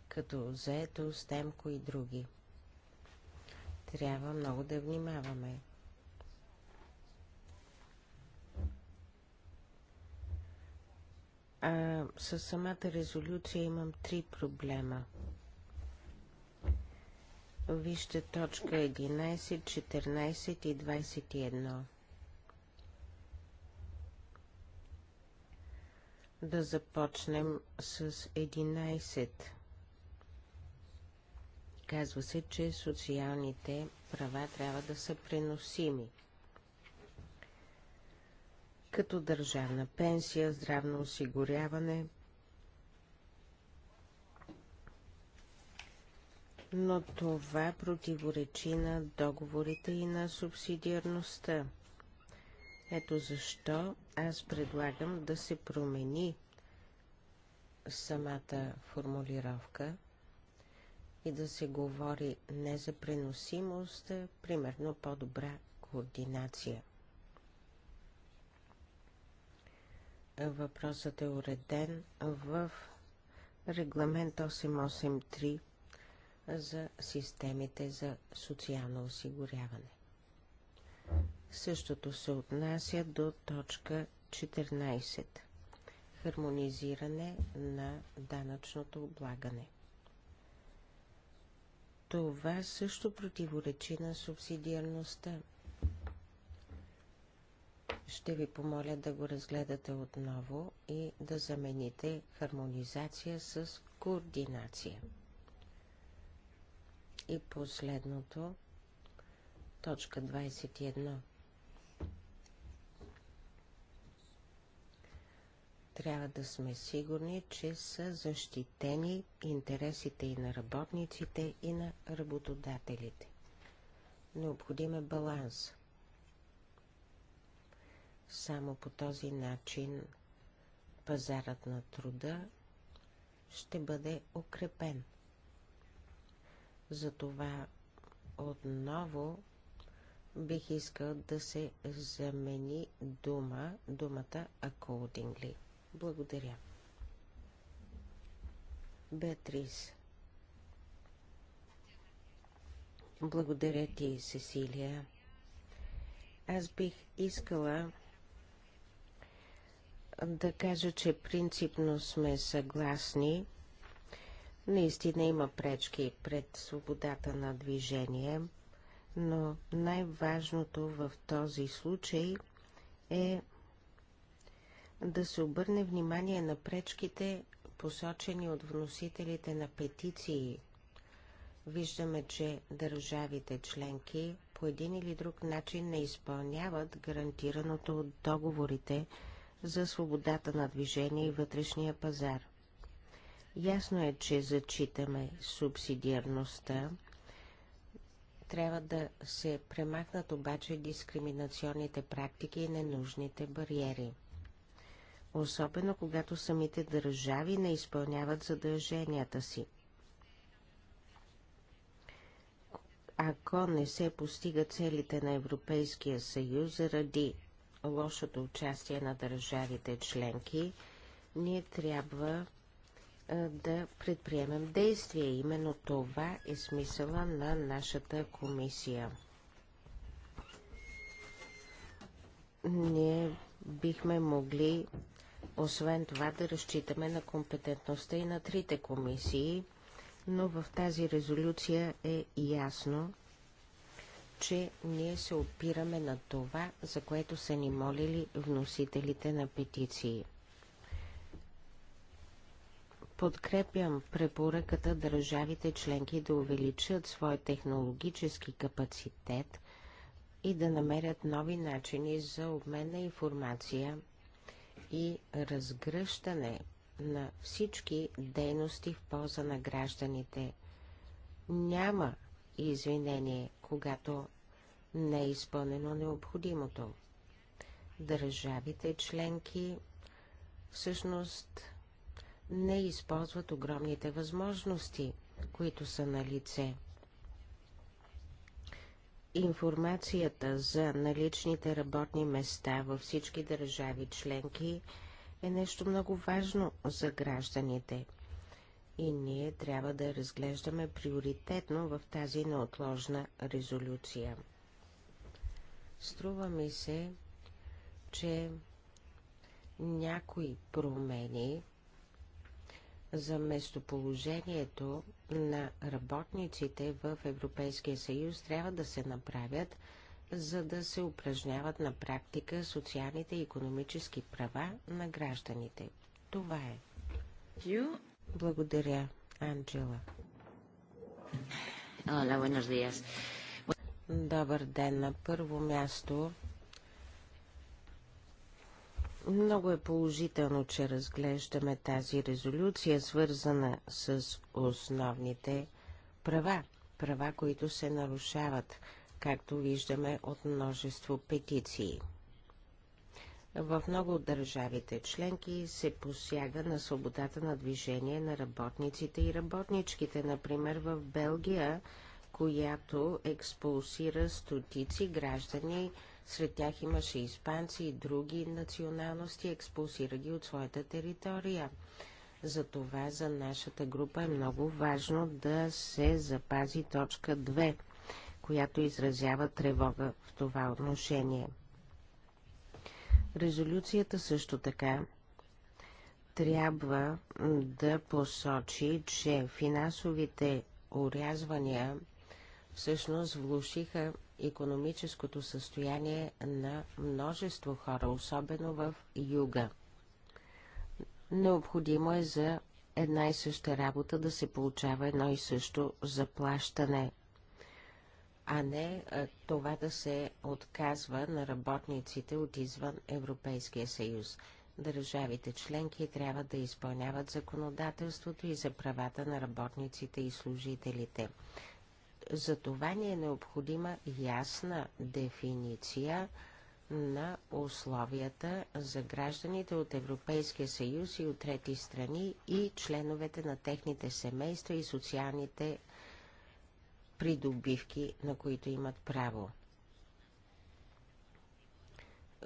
като заето, стемко и други. Трябва много да внимаваме. А със самата резолюция имам три проблема. Вижте точка 11, 14 и 21. да започнем с 11. Казва се, че социалните права трябва да са преносими. Като държавна пенсия, здравно осигуряване, но това противоречи на договорите и на субсидиарността. Ето защо аз предлагам да се промени самата формулировка и да се говори не за преносимост, а примерно по-добра координация. Въпросът е уреден в регламент 883 за системите за социално осигуряване. Същото се отнася до точка 14. Хармонизиране на данъчното облагане. Това също противоречи на субсидиарността. Ще ви помоля да го разгледате отново и да замените хармонизация с координация. И последното, точка 21. Трябва да сме сигурни, че са защитени интересите и на работниците, и на работодателите. Необходим е баланс. Само по този начин пазарът на труда ще бъде укрепен. Затова отново бих искал да се замени дума, думата accordingly. Благодаря. Беатрис. Благодаря ти, Сесилия. Аз бих искала да кажа, че принципно сме съгласни. Наистина има пречки пред свободата на движение, но най-важното в този случай е да се обърне внимание на пречките, посочени от вносителите на петиции. Виждаме, че държавите членки по един или друг начин не изпълняват гарантираното от договорите за свободата на движение и вътрешния пазар. Ясно е, че зачитаме субсидиарността. Трябва да се премахнат обаче дискриминационните практики и ненужните бариери особено когато самите държави не изпълняват задълженията си. Ако не се постига целите на Европейския съюз заради лошото участие на държавите членки, ние трябва да предприемем действия. Именно това е смисъла на нашата комисия. Ние бихме могли освен това да разчитаме на компетентността и на трите комисии, но в тази резолюция е ясно, че ние се опираме на това, за което са ни молили вносителите на петиции. Подкрепям препоръката държавите членки да увеличат свой технологически капацитет и да намерят нови начини за обмен на информация – и разгръщане на всички дейности в полза на гражданите. Няма извинение, когато не е изпълнено необходимото. Държавите членки всъщност не използват огромните възможности, които са на лице – Информацията за наличните работни места във всички държави членки е нещо много важно за гражданите и ние трябва да разглеждаме приоритетно в тази неотложна резолюция. Струва ми се, че някои промени за местоположението на работниците в Европейския съюз трябва да се направят, за да се упражняват на практика социалните и економически права на гражданите. Това е. You? Благодаря, Анджела. Hola, buenos días. Добър ден. На първо място много е положително, че разглеждаме тази резолюция, свързана с основните права. Права, които се нарушават, както виждаме от множество петиции. В много от държавите членки се посяга на свободата на движение на работниците и работничките. Например, в Белгия, която експулсира стотици граждани, сред тях имаше испанци и други националности, експулсирани от своята територия. Затова за нашата група е много важно да се запази точка 2, която изразява тревога в това отношение. Резолюцията също така трябва да посочи, че финансовите урязвания всъщност влушиха економическото състояние на множество хора, особено в юга. Необходимо е за една и съща работа да се получава едно и също заплащане, а не това да се отказва на работниците от извън Европейския съюз. Държавите членки трябва да изпълняват законодателството и за правата на работниците и служителите. За това ни е необходима ясна дефиниция на условията за гражданите от Европейския съюз и от трети страни и членовете на техните семейства и социалните придобивки, на които имат право.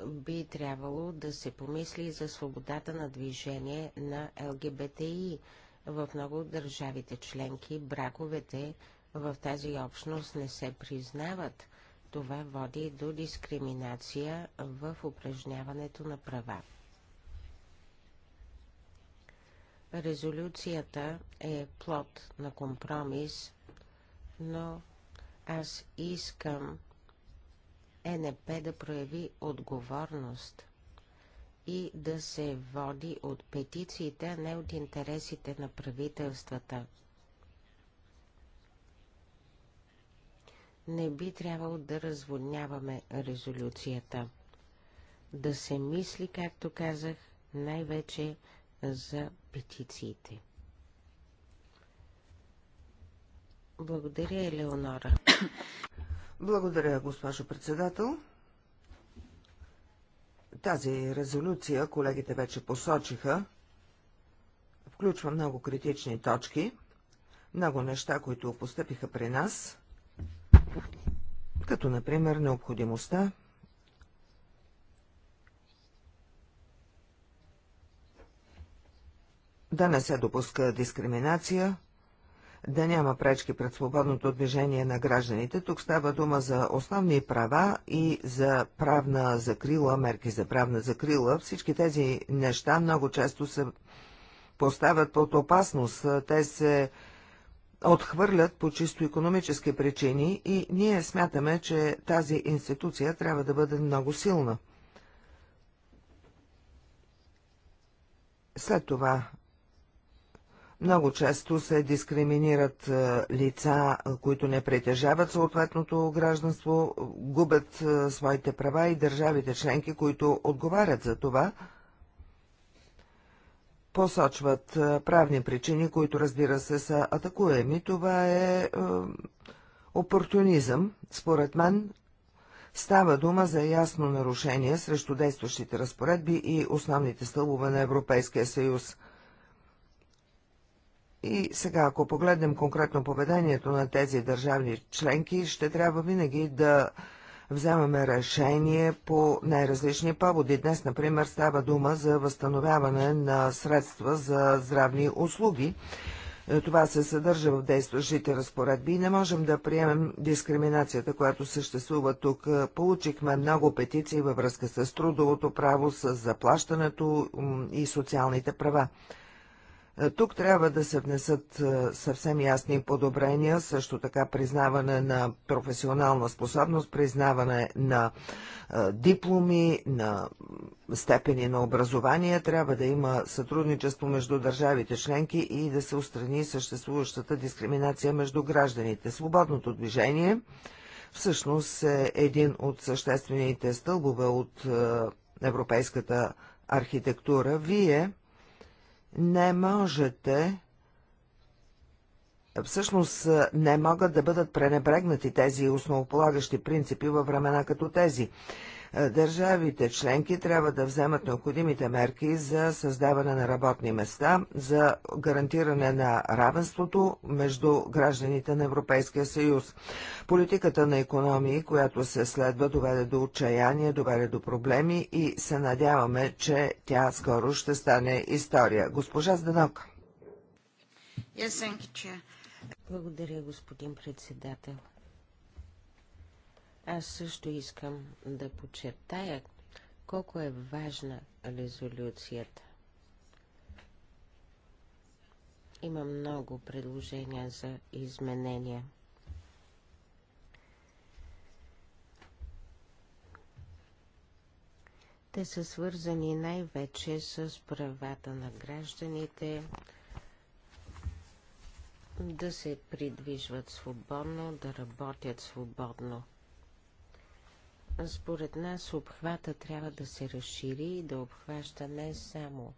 Би трябвало да се помисли за свободата на движение на ЛГБТИ. В много от държавите членки браковете в тази общност не се признават. Това води до дискриминация в упражняването на права. Резолюцията е плод на компромис, но аз искам ЕНП да прояви отговорност и да се води от петициите, а не от интересите на правителствата. не би трябвало да разводняваме резолюцията. Да се мисли, както казах, най-вече за петициите. Благодаря, Елеонора. Благодаря, госпожо председател. Тази резолюция, колегите вече посочиха, включва много критични точки, много неща, които постъпиха при нас – като например необходимостта да не се допуска дискриминация, да няма пречки пред свободното движение на гражданите. Тук става дума за основни права и за правна закрила, мерки за правна закрила. Всички тези неща много често се поставят под опасност. Те се отхвърлят по чисто економически причини и ние смятаме, че тази институция трябва да бъде много силна. След това много често се дискриминират е, лица, е, които не притежават съответното гражданство, губят е, своите права и държавите членки, които отговарят за това – посочват правни причини, които разбира се са атакуеми. Това е, опортунизъм. Според мен става дума за ясно нарушение срещу действащите разпоредби и основните стълбове на Европейския съюз. И сега, ако погледнем конкретно поведението на тези държавни членки, ще трябва винаги да вземаме решение по най-различни поводи. Днес, например, става дума за възстановяване на средства за здравни услуги. Това се съдържа в действащите разпоредби и не можем да приемем дискриминацията, която съществува тук. Получихме много петиции във връзка с трудовото право, с заплащането и социалните права. Тук трябва да се внесат е, съвсем ясни подобрения, също така признаване на професионална способност, признаване на е, дипломи, на степени на образование. Трябва да има сътрудничество между държавите членки и да се устрани съществуващата дискриминация между гражданите. Свободното движение всъщност е един от съществените стълбове от е, европейската архитектура. Вие не можете всъщност не могат да бъдат пренебрегнати тези основополагащи принципи във времена като тези. Е, държавите членки трябва да вземат необходимите мерки за създаване на работни места, за гарантиране на равенството между гражданите на Европейския съюз. Политиката на економии, която се следва, доведе до отчаяние, доведе до проблеми и се надяваме, че тя скоро ще стане история. Госпожа Зданок. Благодаря, господин председател. Аз също искам да подчертая колко е важна резолюцията. Има много предложения за изменения. Те са свързани най-вече с правата на гражданите да се придвижват свободно, да работят свободно – според нас обхвата трябва да се разшири и да обхваща не само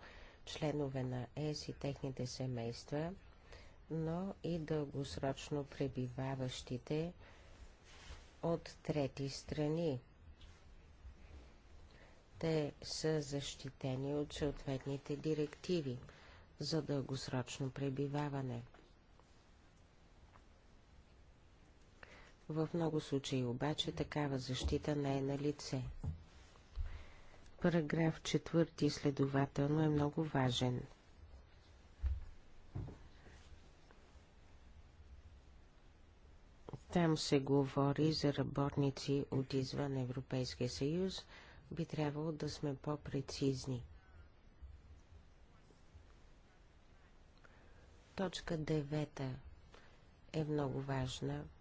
членове на ЕС и техните семейства, но и дългосрочно пребиваващите от трети страни. Те са защитени от съответните директиви за дългосрочно пребиваване – В много случаи обаче такава защита не е на лице. Параграф 4 следователно е много важен. Там се говори за работници от извън Европейския съюз. Би трябвало да сме по-прецизни. Точка 9 е много важна –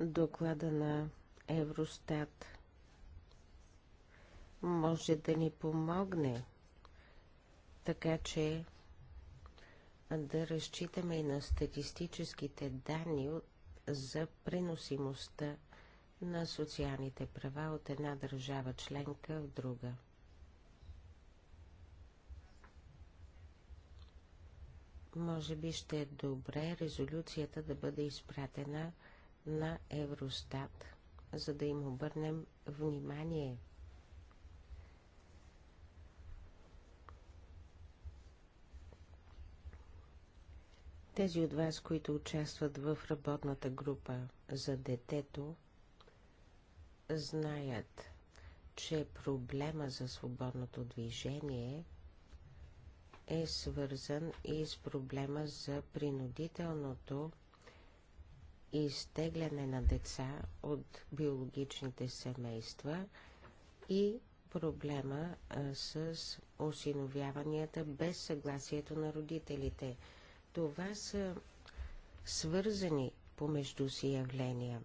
доклада на Евростат може да ни помогне, така че да разчитаме и на статистическите данни за преносимостта на социалните права от една държава членка в друга. Може би ще е добре резолюцията да бъде изпратена на Евростат, за да им обърнем внимание. Тези от вас, които участват в работната група за детето, знаят, че проблема за свободното движение е свързан и с проблема за принудителното изтегляне на деца от биологичните семейства и проблема с осиновяванията без съгласието на родителите. Това са свързани помежду си явления.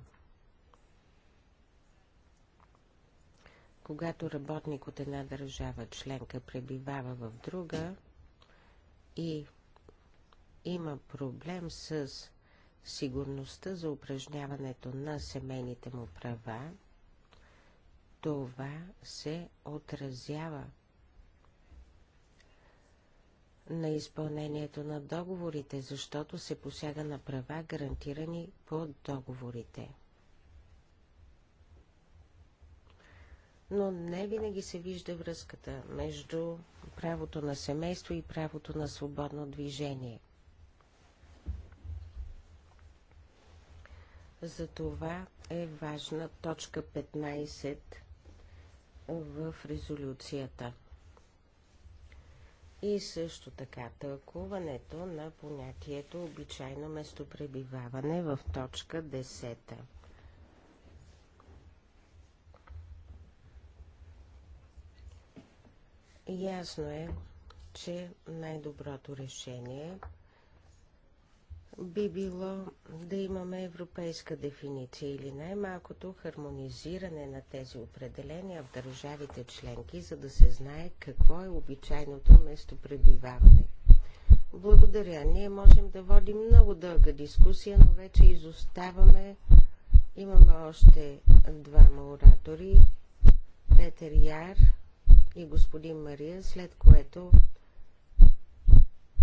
Когато работник от една държава членка пребивава в друга и има проблем с сигурността за упражняването на семейните му права, това се отразява на изпълнението на договорите, защото се посяга на права, гарантирани по договорите. Но не винаги се вижда връзката между правото на семейство и правото на свободно движение – За това е важна точка 15 в резолюцията. И също така тълкуването на понятието обичайно местопребиваване в точка 10. Ясно е, че най-доброто решение е би било да имаме европейска дефиниция или най-малкото хармонизиране на тези определения в държавите членки, за да се знае какво е обичайното местопребиваване. Благодаря. Ние можем да водим много дълга дискусия, но вече изоставаме. Имаме още двама оратори. Петър Яр и господин Мария, след което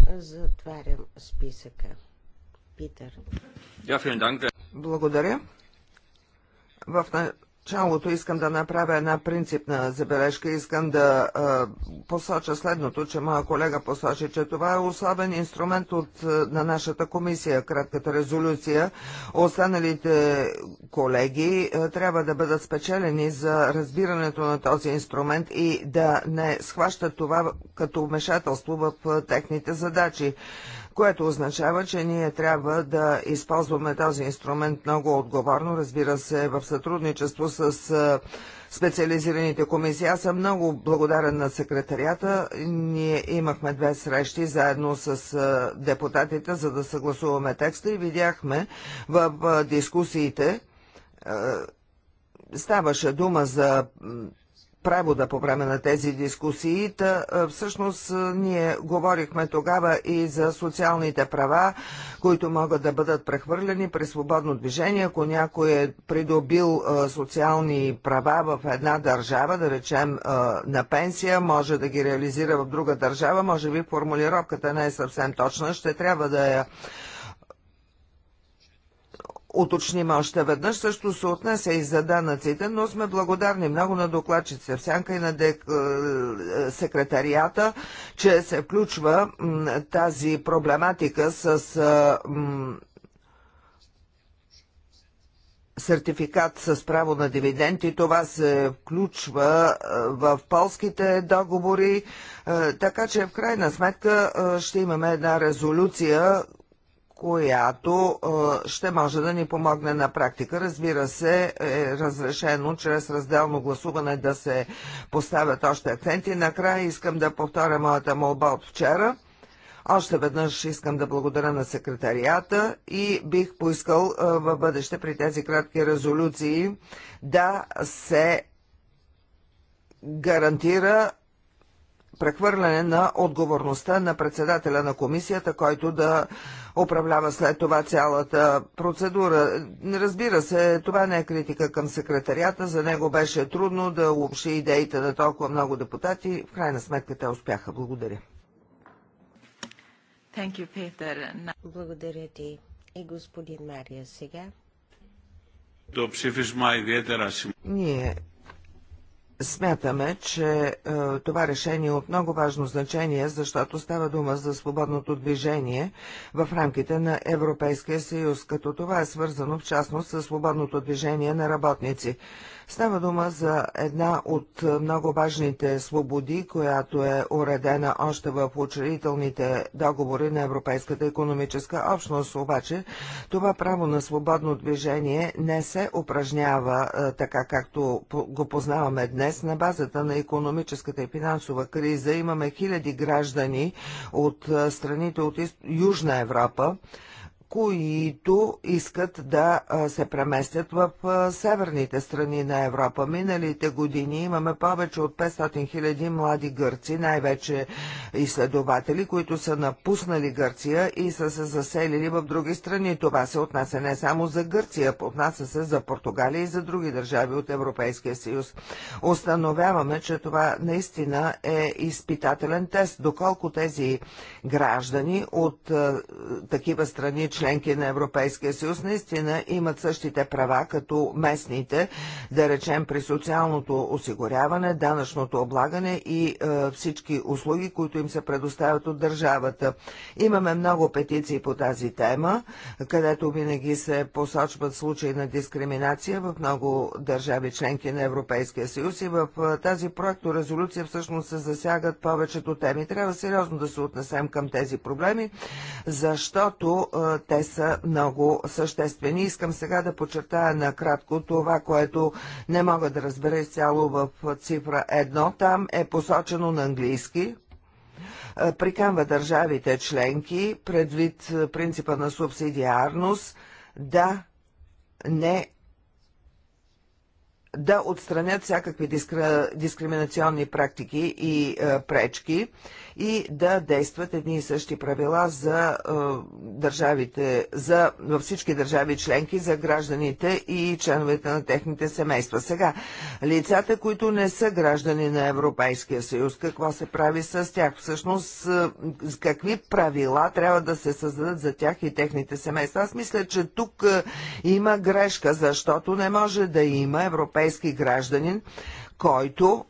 затварям списъка. Питър. Благодаря. В началото искам да направя една принципна забележка. Искам да посоча следното, че моя колега посочи, че това е особен инструмент от, на нашата комисия, кратката резолюция. Останалите колеги трябва да бъдат спечелени за разбирането на този инструмент и да не схващат това като вмешателство в техните задачи което означава, че ние трябва да използваме този инструмент много отговорно, разбира се, в сътрудничество с специализираните комисии. Аз съм много благодарен на секретарията. Ние имахме две срещи заедно с депутатите, за да съгласуваме текста и видяхме в дискусиите, ставаше дума за превода по време на тези дискусии. Та, е, всъщност е, ние говорихме тогава и за социалните права, които могат да бъдат прехвърлени при свободно движение. Ако някой е придобил е, социални права в една държава, да речем на пенсия, може да ги реализира в друга държава, може би формулировката не е съвсем точна, ще трябва да я уточним още веднъж, също се отнася и за данъците, но сме благодарни много на докладчица Всянка и на дек... Е, секретарията, че се включва тази проблематика с е, сертификат с право на дивиденти. Това се включва е, в полските договори, така че в крайна сметка ще имаме една резолюция, която е, ще може да ни помогне на практика. Разбира се, е разрешено чрез разделно гласуване да се поставят още акценти. Накрая искам да повторя моята молба от вчера. Още веднъж искам да благодаря на секретарията и бих поискал е, в бъдеще при тези кратки резолюции да се гарантира прехвърляне на отговорността на председателя на комисията, който да управлява след това цялата процедура. Разбира се, това не е критика към секретарията. За него беше трудно да общи идеите на толкова много депутати. В крайна сметка те успяха. Благодаря. You, Благодаря ти и господин Мария сега. Ние Смятаме, че е, това решение е от много важно значение, защото става дума за свободното движение в рамките на Европейския съюз, като това е свързано в частност с свободното движение на работници. Става дума за една от много важните свободи, която е уредена още в учредителните договори на Европейската економическа общност. Обаче това право на свободно движение не се упражнява е, така, както го познаваме днес. На базата на економическата и финансова криза имаме хиляди граждани от е, страните от Южна Европа, които искат да се преместят в северните страни на Европа. Миналите години имаме повече от 500 000 млади гърци, най-вече изследователи, които са напуснали Гърция и са се заселили в други страни. Това се отнася не само за Гърция, отнася се за Португалия и за други държави от Европейския съюз. Установяваме, че това наистина е изпитателен тест, доколко тези граждани от такива страни, членки на Европейския съюз, наистина имат същите права като местните, да речем при социалното осигуряване, данъчното облагане и е, всички услуги, които им се предоставят от държавата. Имаме много петиции по тази тема, където винаги се посочват случаи на дискриминация в много държави членки на Европейския съюз и в е, тази проекто резолюция всъщност се засягат повечето теми. Трябва сериозно да се отнесем към тези проблеми, защото е, те са много съществени. Искам сега да подчертая накратко това, което не мога да разбера изцяло в цифра 1. Там е посочено на английски, е, приканва държавите членки, предвид е, принципа на субсидиарност, да не да отстранят всякакви дискри... дискриминационни практики и е, пречки и да действат едни и същи правила за е, държавите, за, във всички държави членки, за гражданите и членовете на техните семейства. Сега, лицата, които не са граждани на Европейския съюз, какво се прави с тях? Всъщност, е, какви правила трябва да се създадат за тях и техните семейства? Аз мисля, че тук е, има грешка, защото не може да има европейски гражданин, който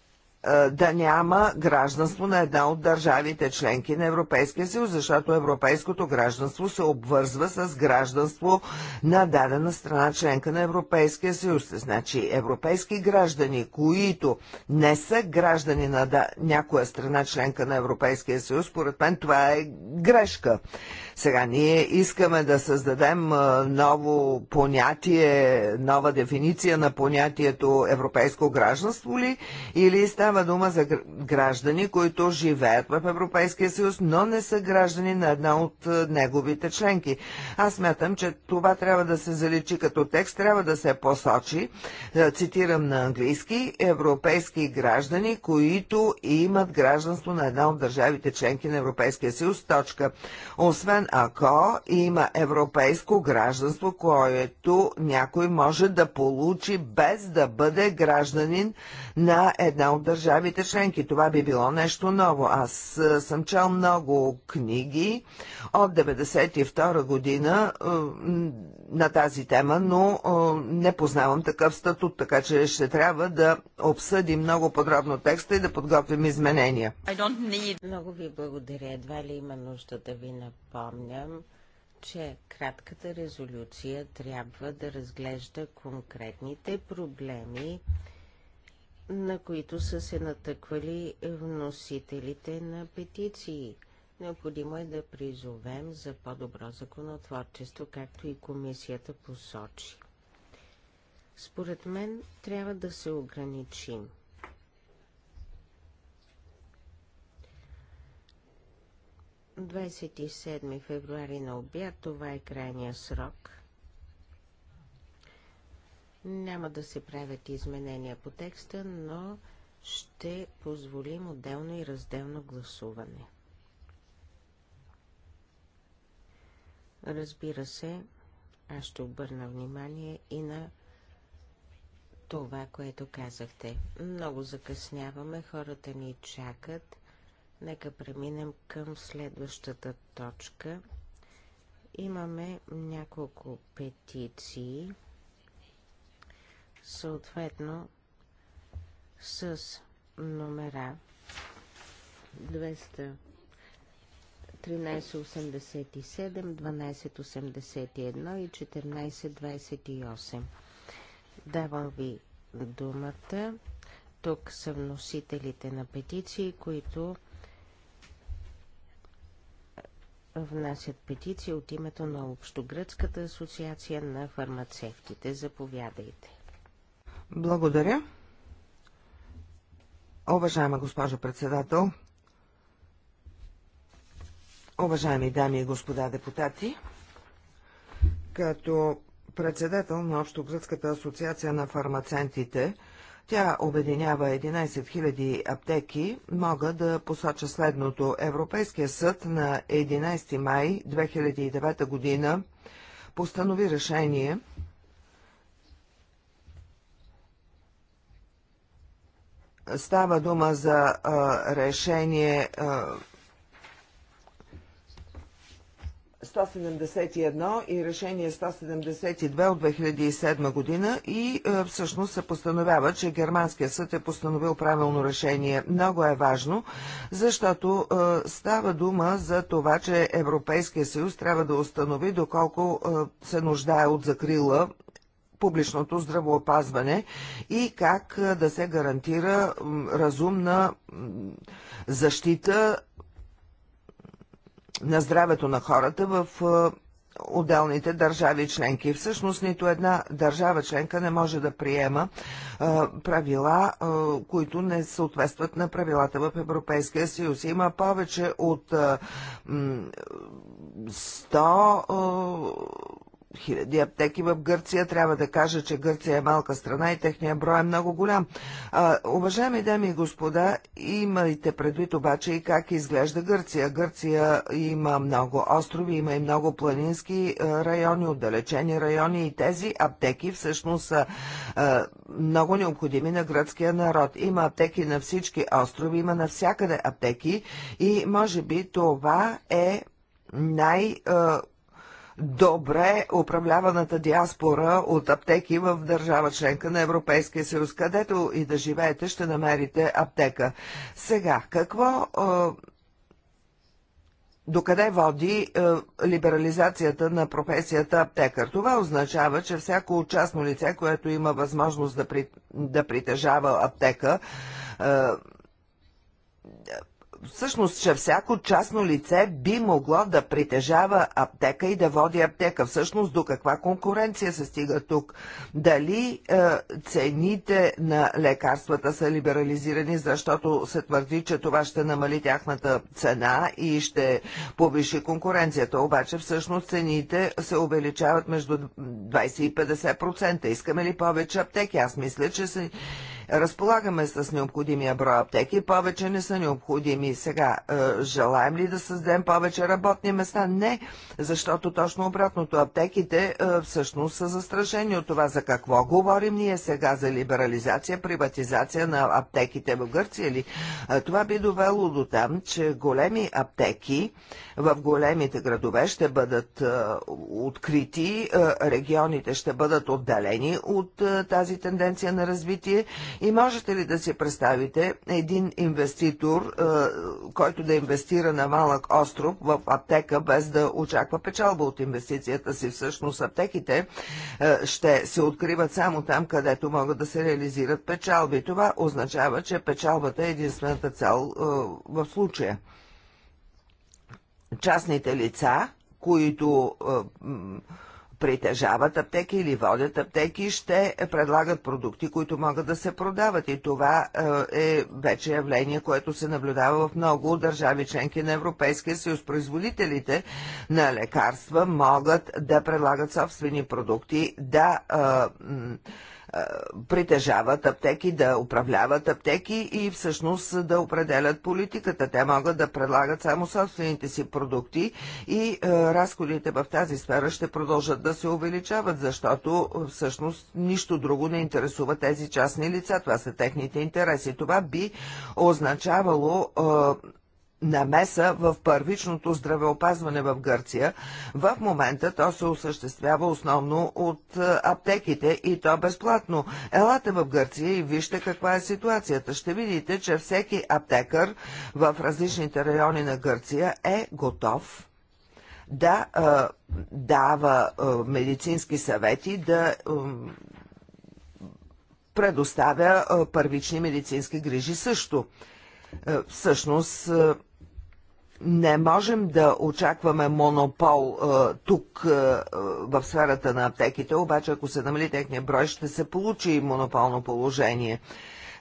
е, да няма гражданство на една от държавите членки на Европейския съюз, защото европейското гражданство се обвързва с гражданство на дадена страна членка на Европейския съюз. Значи европейски граждани, които не са граждани на да... някоя страна членка на Европейския съюз, според мен това е грешка. Сега ние искаме да създадем ново понятие, нова дефиниция на понятието европейско гражданство ли? Или става дума за граждани, които живеят в Европейския съюз, но не са граждани на една от неговите членки? Аз мятам, че това трябва да се заличи като текст, трябва да се посочи, цитирам на английски, европейски граждани, които имат гражданство на една от държавите членки на Европейския съюз. Точка. Освен ако има европейско гражданство, което някой може да получи без да бъде гражданин на една от държавите членки. Това би било нещо ново. Аз съм чел много книги от 1992 година на тази тема, но не познавам такъв статут, така че ще трябва да обсъдим много подробно текста и да подготвим изменения. Need... Много ви благодаря. Едва ли има нужда да ви напомня припомням, че кратката резолюция трябва да разглежда конкретните проблеми, на които са се натъквали вносителите на петиции. Необходимо е да призовем за по-добро законотворчество, както и комисията посочи. Според мен трябва да се ограничим – 27 февруари на обяд, това е крайния срок. Няма да се правят изменения по текста, но ще позволим отделно и разделно гласуване. Разбира се, аз ще обърна внимание и на това, което казахте. Много закъсняваме, хората ни чакат. Нека преминем към следващата точка. Имаме няколко петиции, съответно с номера 2013, 1387, 1281 и 1428. Давам ви думата. Тук са вносителите на петиции, които внасят петиция от името на Общогръцката асоциация на фармацевтите. Заповядайте. Благодаря. Уважаема госпожа председател, уважаеми дами и господа депутати, като председател на Общогръцката асоциация на фармацентите, тя обединява 11 000 аптеки. Мога да посоча следното. Европейския съд на 11 май 2009 година постанови решение Става дума за а, решение а, 171 и решение 172 от 2007 година и е, всъщност се постановява, че германския съд е постановил правилно решение. Много е важно, защото е, става дума за това, че Европейския съюз трябва да установи доколко е, се нуждае от закрила публичното здравоопазване и как е, да се гарантира разумна защита на здравето на хората в е, отделните държави членки. Всъщност нито една държава членка не може да приема а, е, правила, а, е, които не съответстват на правилата в Европейския съюз. Има повече от а, 100 хиляди аптеки в Гърция. Трябва да кажа, че Гърция е малка страна и техния брой е много голям. А, уважаеми дами и господа, имайте предвид обаче и как изглежда Гърция. Гърция има много острови, има и много планински райони, отдалечени райони и тези аптеки всъщност са а, много необходими на гръцкия народ. Има аптеки на всички острови, има навсякъде аптеки и може би това е най- а, добре управляваната диаспора от аптеки в държава членка на Европейския съюз. Където и да живеете, ще намерите аптека. Сега, какво Докъде води е, либерализацията на професията аптекар? Това означава, че всяко частно лице, което има възможност да, при, да притежава аптека, е, всъщност, че всяко частно лице би могло да притежава аптека и да води аптека. Всъщност, до каква конкуренция се стига тук? Дали е, цените на лекарствата са либерализирани, защото се твърди, че това ще намали тяхната цена и ще повиши конкуренцията. Обаче, всъщност, цените се увеличават между 20 и 50%. Искаме ли повече аптеки? Аз мисля, че се Разполагаме с необходимия брой аптеки, повече не са необходими. Сега, е, желаем ли да създадем повече работни места? Не, защото точно обратното аптеките е, всъщност са застрашени от това за какво говорим ние сега за либерализация, приватизация на аптеките в Гърция ли? Е, това би довело до там, че големи аптеки в големите градове ще бъдат открити, регионите ще бъдат отдалени от тази тенденция на развитие и можете ли да си представите един инвеститор, който да инвестира на малък остров в аптека, без да очаква печалба от инвестицията си? Всъщност аптеките ще се откриват само там, където могат да се реализират печалби. Това означава, че печалбата е единствената цел в случая. Частните лица, които притежават аптеки или водят аптеки, ще предлагат продукти, които могат да се продават. И това е, е вече явление, което се наблюдава в много държави членки на Европейския съюз. Производителите на лекарства могат да предлагат собствени продукти, да е, е, притежават аптеки, да управляват аптеки и всъщност да определят политиката. Те могат да предлагат само собствените си продукти и е, разходите в тази сфера ще продължат да се увеличават, защото е, всъщност нищо друго не интересува тези частни лица. Това са техните интереси. Това би означавало намеса в първичното здравеопазване в Гърция. В момента то се осъществява основно от е, аптеките и то безплатно. Елате в Гърция и вижте каква е ситуацията. Ще видите, че всеки аптекар в различните райони на Гърция е готов да а, е, дава а, е, медицински съвети, да а, предоставя първични медицински грижи също. Всъщност, не можем да очакваме монопол а, е, тук а, е, е, в сферата на аптеките, обаче ако се намали техния брой, ще се получи монополно положение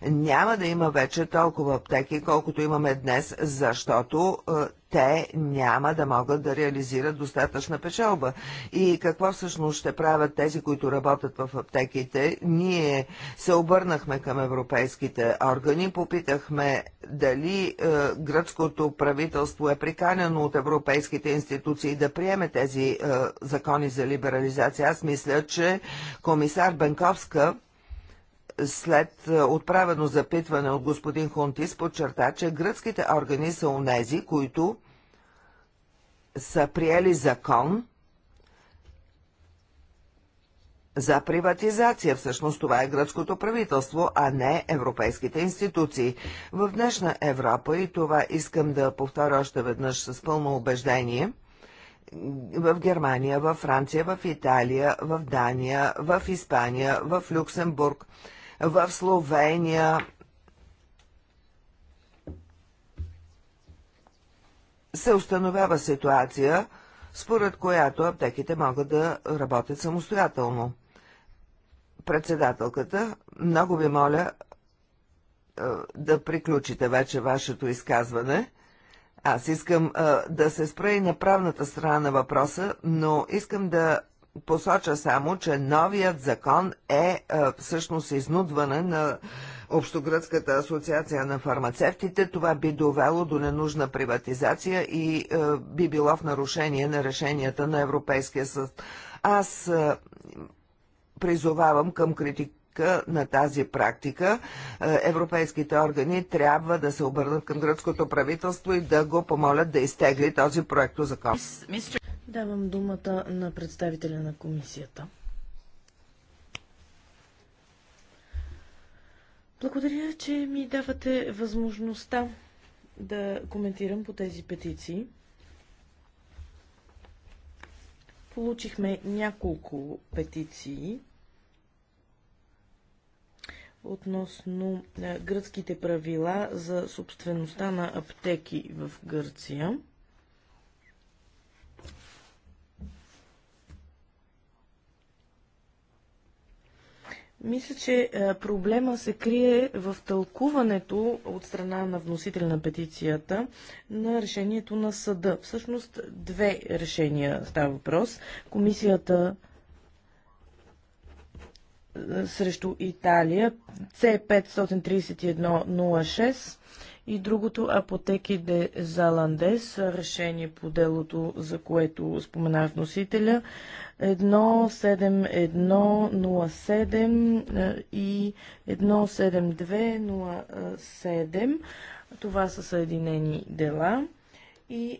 няма да има вече толкова аптеки, колкото имаме днес, защото е, те няма да могат да реализират достатъчна печалба. И какво всъщност ще правят тези, които работят в аптеките? Ние се обърнахме към европейските органи, попитахме дали е, гръцкото правителство е приканено от европейските институции да приеме тези е, закони за либерализация. Аз мисля, че комисар Бенковска след е, отправено запитване от господин Хунтис подчерта, че гръцките органи са унези, които са приели закон за приватизация. Всъщност това е гръцкото правителство, а не европейските институции. В днешна Европа, и това искам да повторя още веднъж с пълно убеждение, в Германия, във Франция, в Италия, в Дания, в Испания, в Люксембург – в Словения. Се установява ситуация, според която аптеките могат да работят самостоятелно. Председателката, много ви моля е, да приключите вече вашето изказване. Аз искам е, да се спра и на правната страна на въпроса, но искам да посоча само, че новият закон е, е всъщност изнудване на Общогръцката асоциация на фармацевтите. Това би довело до ненужна приватизация и е, би било в нарушение на решенията на Европейския съд. Аз е, призовавам към критик на тази практика, европейските органи трябва да се обърнат към гръцкото правителство и да го помолят да изтегли този проекто закон. Давам думата на представителя на комисията. Благодаря, че ми давате възможността да коментирам по тези петиции. Получихме няколко петиции относно е, гръцките правила за собствеността на аптеки в Гърция. Мисля, че проблема се крие в тълкуването от страна на вносителя на петицията на решението на съда. Всъщност две решения става въпрос. Комисията срещу Италия C53106 и другото, апотеки де Заландес, решение по делото, за което спомена вносителя, 17107 е, и 17207. Е, Това са съединени дела. И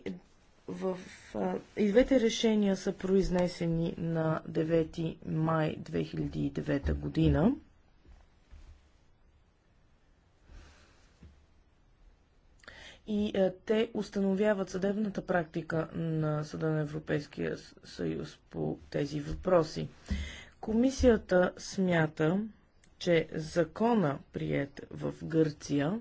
в, а, е, и двете решения са произнесени на 9 май 2009 година. и а, е, те установяват съдебната практика на Съда на Европейския съюз по тези въпроси. Комисията смята, че закона, прият в Гърция,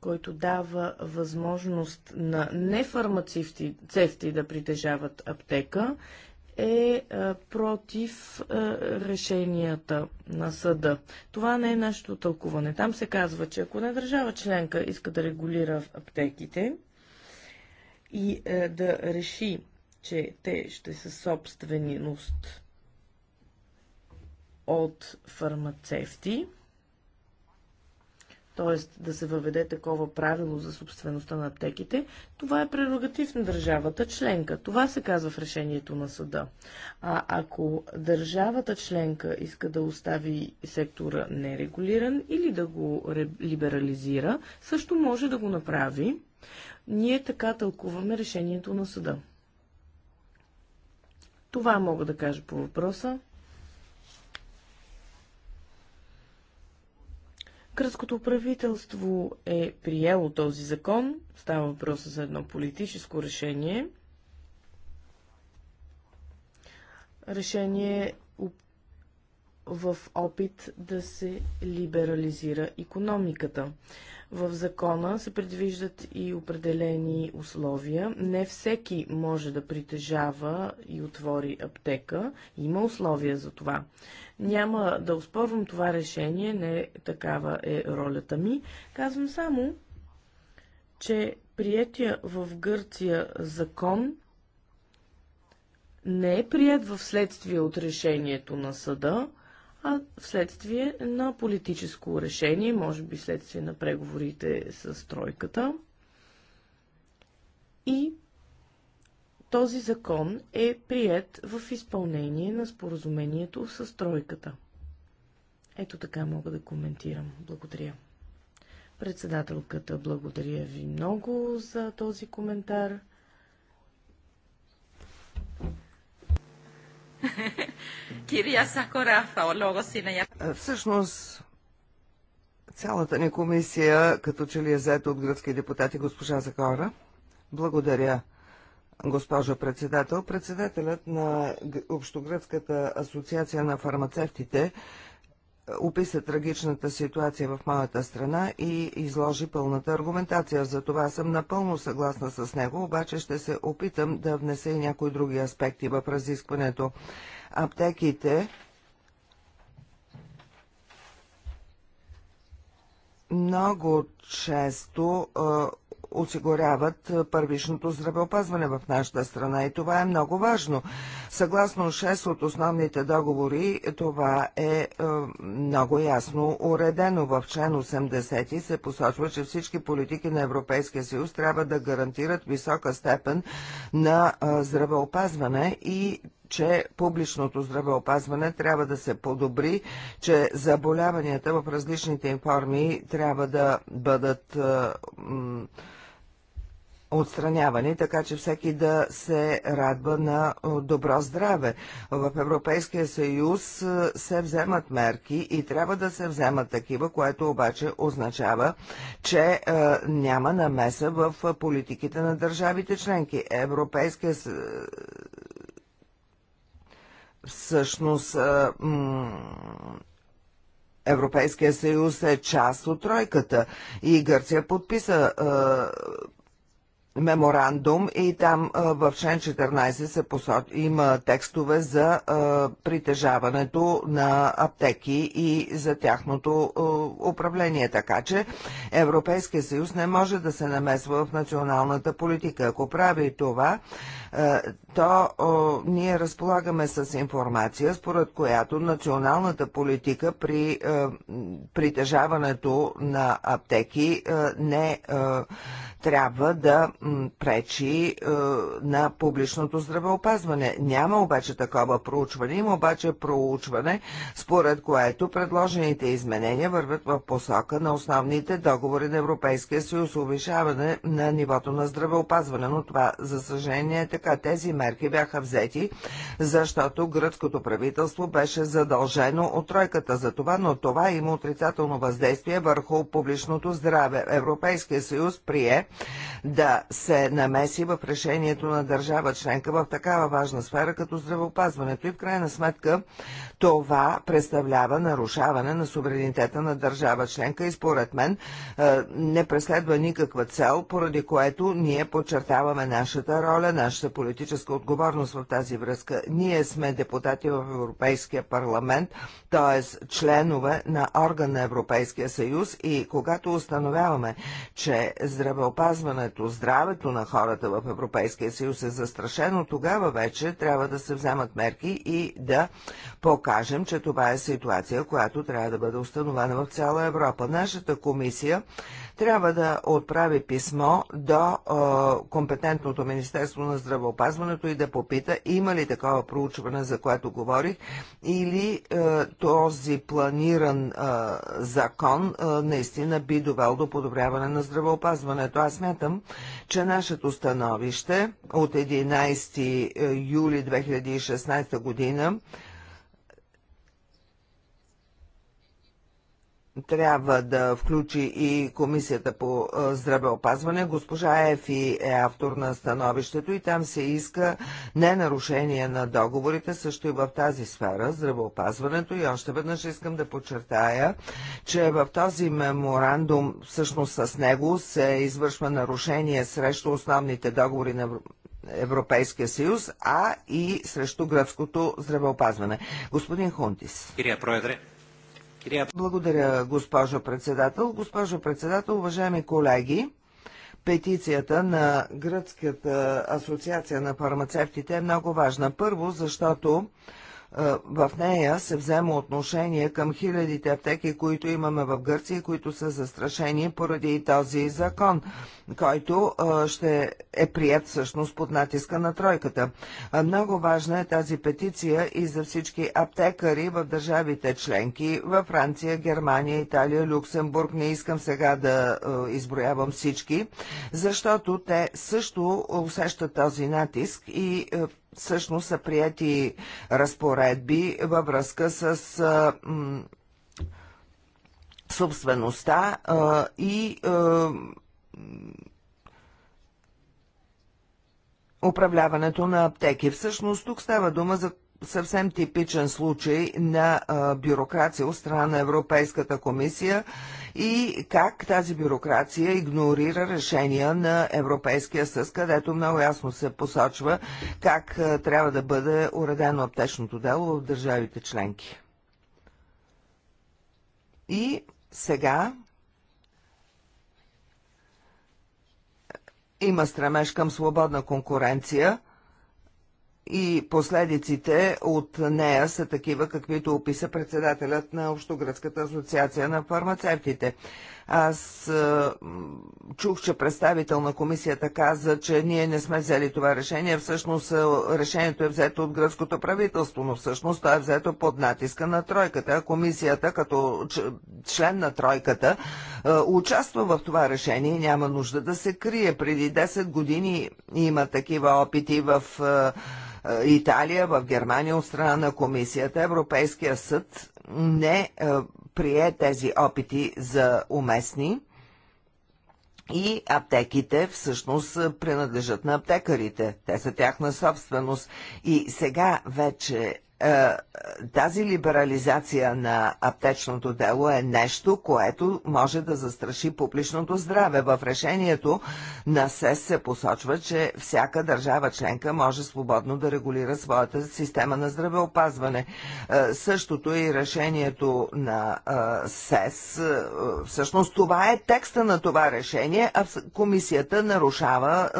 който дава възможност на нефармацевти да притежават аптека, е, е против е, решенията на съда. Това не е нашето тълкуване. Там се казва, че ако не държава членка иска да регулира аптеките и е, да реши, че те ще са собственост от фармацевти, т.е. да се въведе такова правило за собствеността на аптеките, това е прерогатив на държавата членка. Това се казва в решението на съда. А ако държавата членка иска да остави сектора нерегулиран или да го либерализира, също може да го направи. Ние така тълкуваме решението на съда. Това мога да кажа по въпроса. Кръцкото правителство е приело този закон, става въпрос за едно политическо решение. Решение в опит да се либерализира економиката. В закона се предвиждат и определени условия. Не всеки може да притежава и отвори аптека. Има условия за това. Няма да успорвам това решение, не такава е ролята ми. Казвам само, че приятия в Гърция закон не е прият в следствие от решението на съда, а вследствие на политическо решение, може би вследствие на преговорите с тройката. И този закон е прият в изпълнение на споразумението с тройката. Ето така мога да коментирам. Благодаря. Председателката, благодаря ви много за този коментар. Кирия Сакорафа, лого си на Всъщност, цялата ни комисия, като че ли е заето от гръцки депутати, госпожа Закора. Благодаря, госпожа председател. Председателят на Общогръцката асоциация на фармацевтите описа трагичната ситуация в моята страна и изложи пълната аргументация. За това съм напълно съгласна с него, обаче ще се опитам да внеса и някои други аспекти в разискването. Аптеките много често осигуряват първичното здравеопазване в нашата страна и това е много важно. Съгласно 6 от основните договори, това е много ясно уредено. В член 80 се посочва, че всички политики на Европейския съюз трябва да гарантират висока степен на здравеопазване и че публичното здравеопазване трябва да се подобри, че заболяванията в различните форми трябва да бъдат отстранявани, така че всеки да се радва на добро здраве. В Европейския съюз се вземат мерки и трябва да се вземат такива, което обаче означава, че няма намеса в политиките на държавите членки. Европейския всъщност Европейския съюз е част от тройката и Гърция подписа меморандум и там в член 14 се посод... има текстове за притежаването на аптеки и за тяхното управление. Така че Европейския съюз не може да се намесва в националната политика. Ако прави това, то ние разполагаме с информация, според която националната политика при притежаването на аптеки не трябва да пречи е, на публичното здравеопазване. Няма обаче такова проучване. Има обаче проучване, според което предложените изменения върват в посока на основните договори на Европейския съюз, увишаване на нивото на здравеопазване. Но това, за съжаление, е така. Тези мерки бяха взети, защото гръцкото правителство беше задължено от тройката за това, но това има отрицателно въздействие върху публичното здраве. Европейския съюз прие да се намеси в решението на държава членка в такава важна сфера като здравеопазването и в крайна сметка това представлява нарушаване на суверенитета на държава членка и според мен е, не преследва никаква цел, поради което ние подчертаваме нашата роля, нашата политическа отговорност в тази връзка. Ние сме депутати в Европейския парламент, т.е. членове на орган на Европейския съюз и когато установяваме, че здравеопазването, здраве здравето на хората в Европейския съюз е застрашено, тогава вече трябва да се вземат мерки и да покажем, че това е ситуация, която трябва да бъде установена в цяла Европа. Нашата комисия трябва да отправи писмо до е, компетентното Министерство на здравеопазването и да попита има ли такова проучване, за което говорих, или е, този планиран е, закон е, наистина би довел до подобряване на здравеопазването. Аз смятам, че нашето становище от 11 юли 2016 година трябва да включи и Комисията по здравеопазване. Госпожа Ефи е автор на становището и там се иска не нарушение на договорите, също и в тази сфера, здравеопазването. И още веднъж искам да подчертая, че в този меморандум, всъщност с него, се извършва нарушение срещу основните договори на Европейския съюз, а и срещу гръцкото здравеопазване. Господин Хунтис. Кирия Проедре, благодаря, госпожо председател. Госпожо председател, уважаеми колеги, петицията на Гръцката асоциация на фармацевтите е много важна. Първо, защото в нея се взема отношение към хилядите аптеки, които имаме в Гърция, които са застрашени поради този закон, който ще е прият всъщност под натиска на тройката. Много важна е тази петиция и за всички аптекари в държавите членки, във Франция, Германия, Италия, Люксембург. Не искам сега да изброявам всички, защото те също усещат този натиск и всъщност са прияти разпоредби във връзка с собствеността и управляването на аптеки. Всъщност тук става дума за съвсем типичен случай на бюрокрация от страна на Европейската комисия и как тази бюрокрация игнорира решения на Европейския съд, където много ясно се посочва как трябва да бъде уредено аптечното дело в държавите членки. И сега има стремеж към свободна конкуренция – и последиците от нея са такива, каквито описа председателят на Общогръцката асоциация на фармацевтите. Аз чух, че представител на комисията каза, че ние не сме взели това решение. Всъщност решението е взето от гръцкото правителство, но всъщност това е взето под натиска на тройката. Комисията като член на тройката участва в това решение и няма нужда да се крие. Преди 10 години има такива опити в Италия, в Германия от страна на комисията. Европейския съд не прие тези опити за уместни и аптеките всъщност принадлежат на аптекарите. Те са тяхна собственост. И сега вече е, тази либерализация на аптечното дело е нещо, което може да застраши публичното здраве. В решението на СЕС се посочва, че всяка държава членка може свободно да регулира своята система на здравеопазване. Е, същото и решението на е, СЕС. Всъщност това е текста на това решение, а комисията нарушава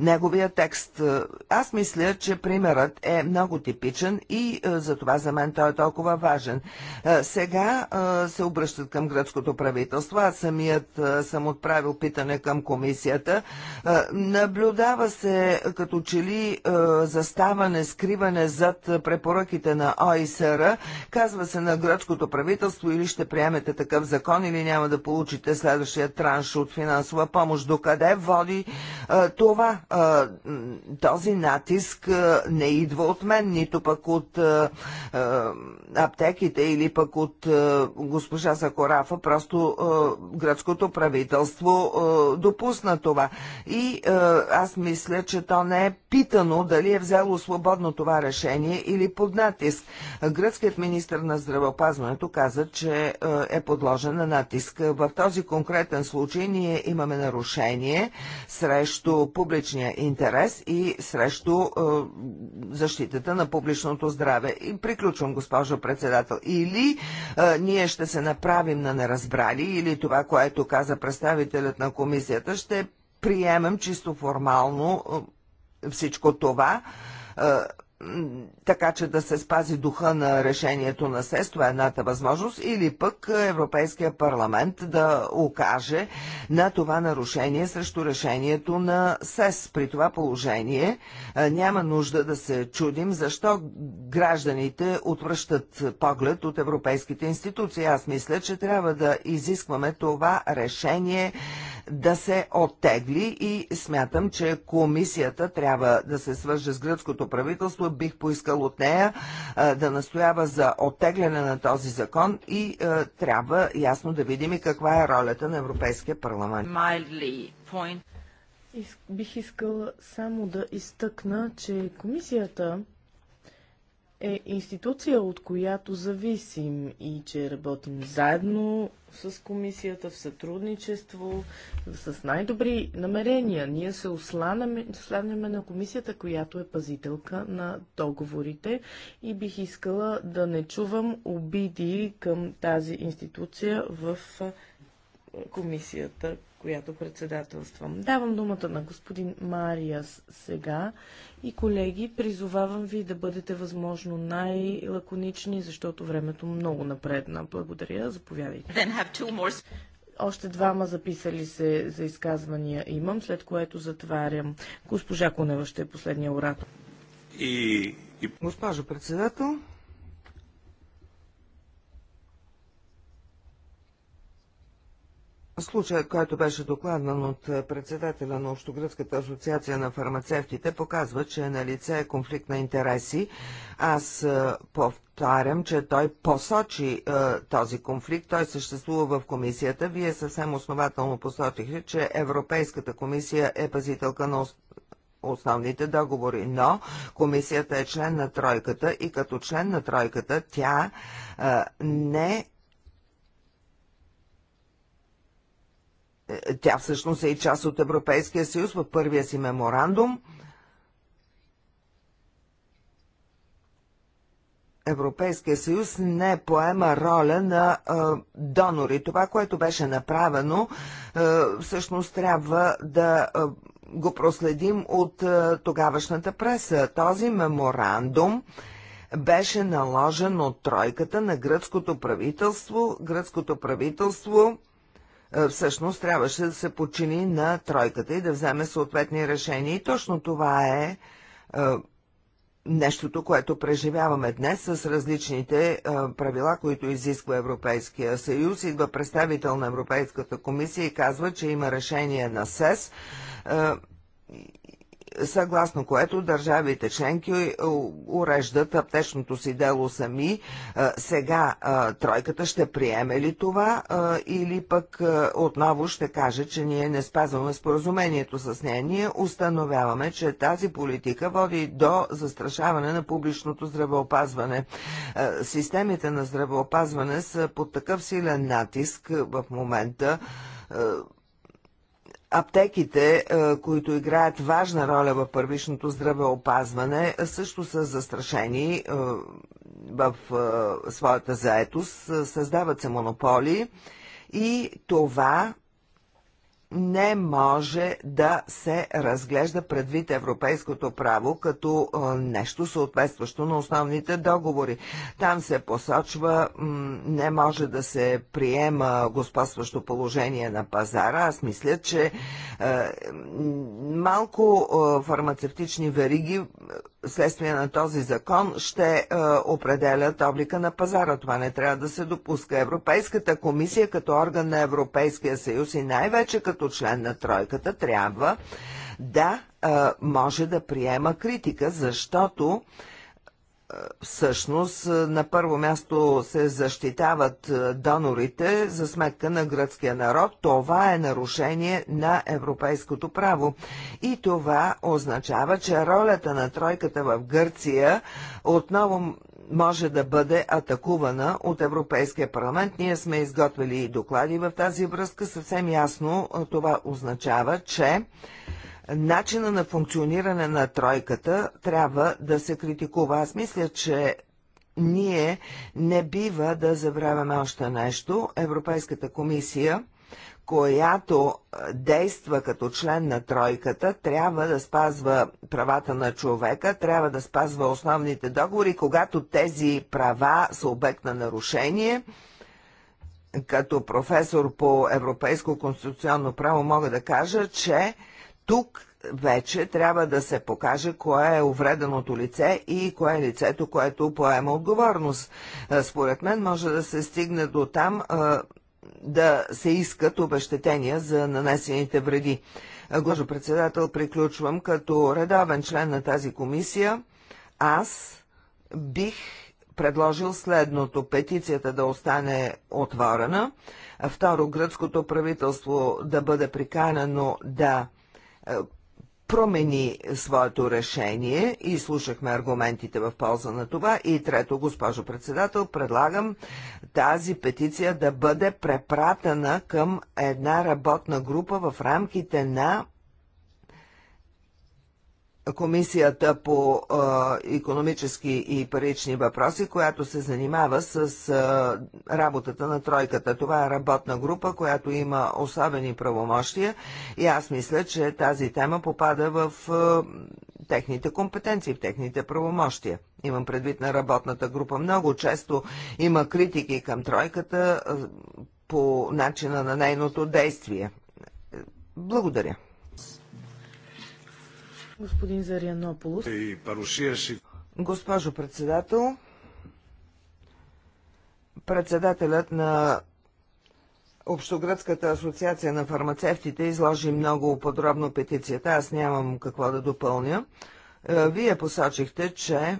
неговия текст. Аз мисля, че примерът е много типичен и е, за това за мен той е толкова важен. Е, сега е, се обръщат към гръцкото правителство. Аз самият съм отправил питане към комисията. Наблюдава се като че ли заставане, скриване зад препоръките на ОИСР. Казва се на гръцкото правителство или ще приемете такъв закон или няма да получите следващия транш от финансова помощ. Докъде води това? този натиск не идва от мен, нито пък от аптеките или пък от госпожа Закорафа, просто гръцкото правителство допусна това. И аз мисля, че то не е питано дали е взело свободно това решение или под натиск. Гръцкият министр на здравеопазването каза, че е подложен на натиск. В този конкретен случай ние имаме нарушение срещу публични публичния интерес и срещу е, защитата на публичното здраве. И приключвам, госпожо председател. Или е, ние ще се направим на неразбрали, или това, което каза представителят на комисията, ще приемем чисто формално е, всичко това е, така че да се спази духа на решението на СЕС, това е едната възможност, или пък Европейския парламент да окаже на това нарушение срещу решението на СЕС. При това положение няма нужда да се чудим защо гражданите отвръщат поглед от европейските институции. Аз мисля, че трябва да изискваме това решение да се оттегли и смятам, че комисията трябва да се свърже с гръцкото правителство. Бих поискал от нея да настоява за оттегляне на този закон и трябва ясно да видим и каква е ролята на Европейския парламент. Бих искала само да изтъкна, че комисията е институция, от която зависим и че работим заедно с комисията в сътрудничество, с най-добри намерения. Ние се осланяме, на комисията, която е пазителка на договорите и бих искала да не чувам обиди към тази институция в комисията, която председателствам. Давам думата на господин Мариас сега и колеги, призовавам ви да бъдете възможно най-лаконични, защото времето много напредна. Благодаря, заповядайте. Още двама записали се за изказвания имам, след което затварям. Госпожа Конева ще е последния оратор. И, и... Госпожо председател, Случаят, който беше докладнан от е, председателя на Общогръцката асоциация на фармацевтите, показва, че е на лице конфликт на интереси. Аз е, повтарям, че той посочи е, този конфликт. Той съществува в комисията. Вие съвсем основателно посочихте, че Европейската комисия е пазителка на основните договори, но комисията е член на тройката и като член на тройката тя е, не Е, тя всъщност е и част от Европейския съюз в първия си меморандум. Европейския съюз не поема роля на е, донори. Това, което беше направено, е, всъщност трябва да е, го проследим от е, тогавашната преса. Този меморандум беше наложен от тройката на гръцкото правителство. Гръцкото правителство е, всъщност трябваше да се подчини на тройката и да вземе съответни решения. И точно това е, е нещото, което преживяваме днес с различните е, правила, които изисква Европейския съюз. Идва представител на Европейската комисия и казва, че има решение на СЕС съгласно което държавите членки е, уреждат аптечното си дело сами. Е, сега е, тройката ще приеме ли това или пък отново ще каже, че ние не спазваме споразумението с нея. Ние установяваме, че тази политика води до застрашаване на публичното здравеопазване. Системите на здравеопазване са под такъв силен натиск в момента, Аптеките, е, които играят важна роля в първичното здравеопазване, също са застрашени е, в е, своята заетост, създават се монополи и това не може да се разглежда предвид европейското право като е, нещо съответстващо на основните договори. Там се посочва, не може да се приема господстващо положение на пазара. Аз мисля, че е, малко е, фармацевтични вериги следствие на този закон ще определят облика на пазара. Това не трябва да се допуска. Европейската комисия като орган на Европейския съюз и най-вече като като член на тройката трябва да може да приема критика, защото всъщност на първо място се защитават донорите за сметка на гръцкия народ. Това е нарушение на европейското право. И това означава, че ролята на тройката в Гърция отново може да бъде атакувана от Европейския парламент. Ние сме изготвили и доклади в тази връзка. Съвсем ясно това означава, че начина на функциониране на тройката трябва да се критикува. Аз мисля, че ние не бива да забравяме още нещо. Европейската комисия – която действа като член на тройката, трябва да спазва правата на човека, трябва да спазва основните договори, когато тези права са обект на нарушение. Като професор по европейско конституционно право мога да кажа, че тук вече трябва да се покаже кое е увреденото лице и кое е лицето, което поема отговорност. Според мен може да се стигне до там да се искат обещетения за нанесените вреди. Госпожо председател, приключвам като редовен член на тази комисия. Аз бих предложил следното петицията да остане отворена, второ гръцкото правителство да бъде приканено да е, промени своето решение и слушахме аргументите в полза на това. И трето, госпожо председател, предлагам тази петиция да бъде препратена към една работна група в рамките на Комисията по економически и парични въпроси, която се занимава с работата на тройката. Това е работна група, която има особени правомощия и аз мисля, че тази тема попада в техните компетенции, в техните правомощия. Имам предвид на работната група. Много често има критики към тройката по начина на нейното действие. Благодаря. Господин Зарианополос. Госпожо председател, председателят на Общогръцката асоциация на фармацевтите изложи много подробно петицията. Аз нямам какво да допълня. Е, вие посочихте, че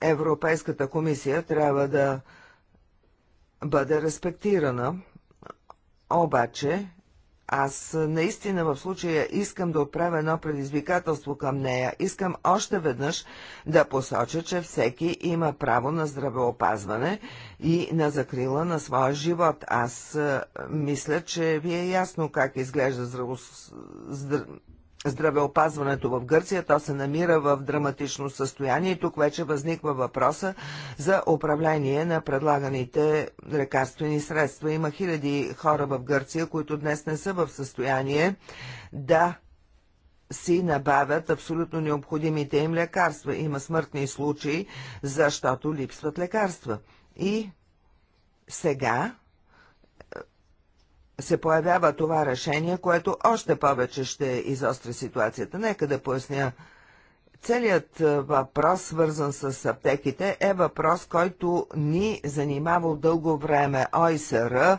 Европейската комисия трябва да бъде респектирана. Обаче, аз наистина в случая искам да отправя едно предизвикателство към нея. Искам още веднъж да посоча, че всеки има право на здравеопазване и на закрила на своя живот. Аз мисля, че ви е ясно как изглежда здраво здравеопазването в Гърция. То се намира в драматично състояние и тук вече възниква въпроса за управление на предлаганите лекарствени средства. Има хиляди хора в Гърция, които днес не са в състояние да си набавят абсолютно необходимите им лекарства. Има смъртни случаи, защото липсват лекарства. И сега се появява това решение, което още повече ще изостри ситуацията. Нека да поясня. Целият е, въпрос, свързан с аптеките, е въпрос, който ни занимава дълго време. ОИСР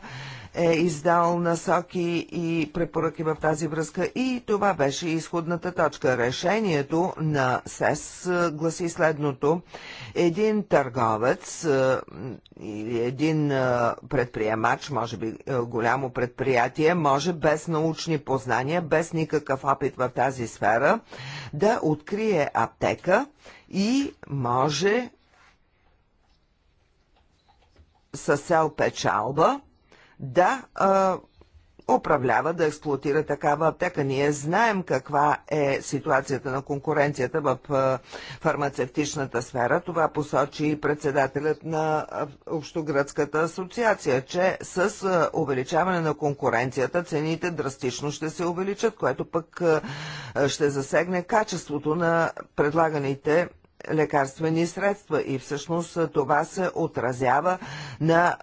е издал насоки и препоръки в тази връзка и това беше изходната точка. Решението на СЕС гласи следното. Един търговец или един предприемач, може би голямо предприятие, може без научни познания, без никакъв опит в тази сфера, да открие аптека и може с цел печалба да а, управлява, да експлуатира такава аптека. Ние знаем каква е ситуацията на конкуренцията в фармацевтичната сфера. Това посочи и председателят на Общоградската асоциация, че с увеличаване на конкуренцията цените драстично ще се увеличат, което пък ще засегне качеството на предлаганите лекарствени средства и всъщност това се отразява на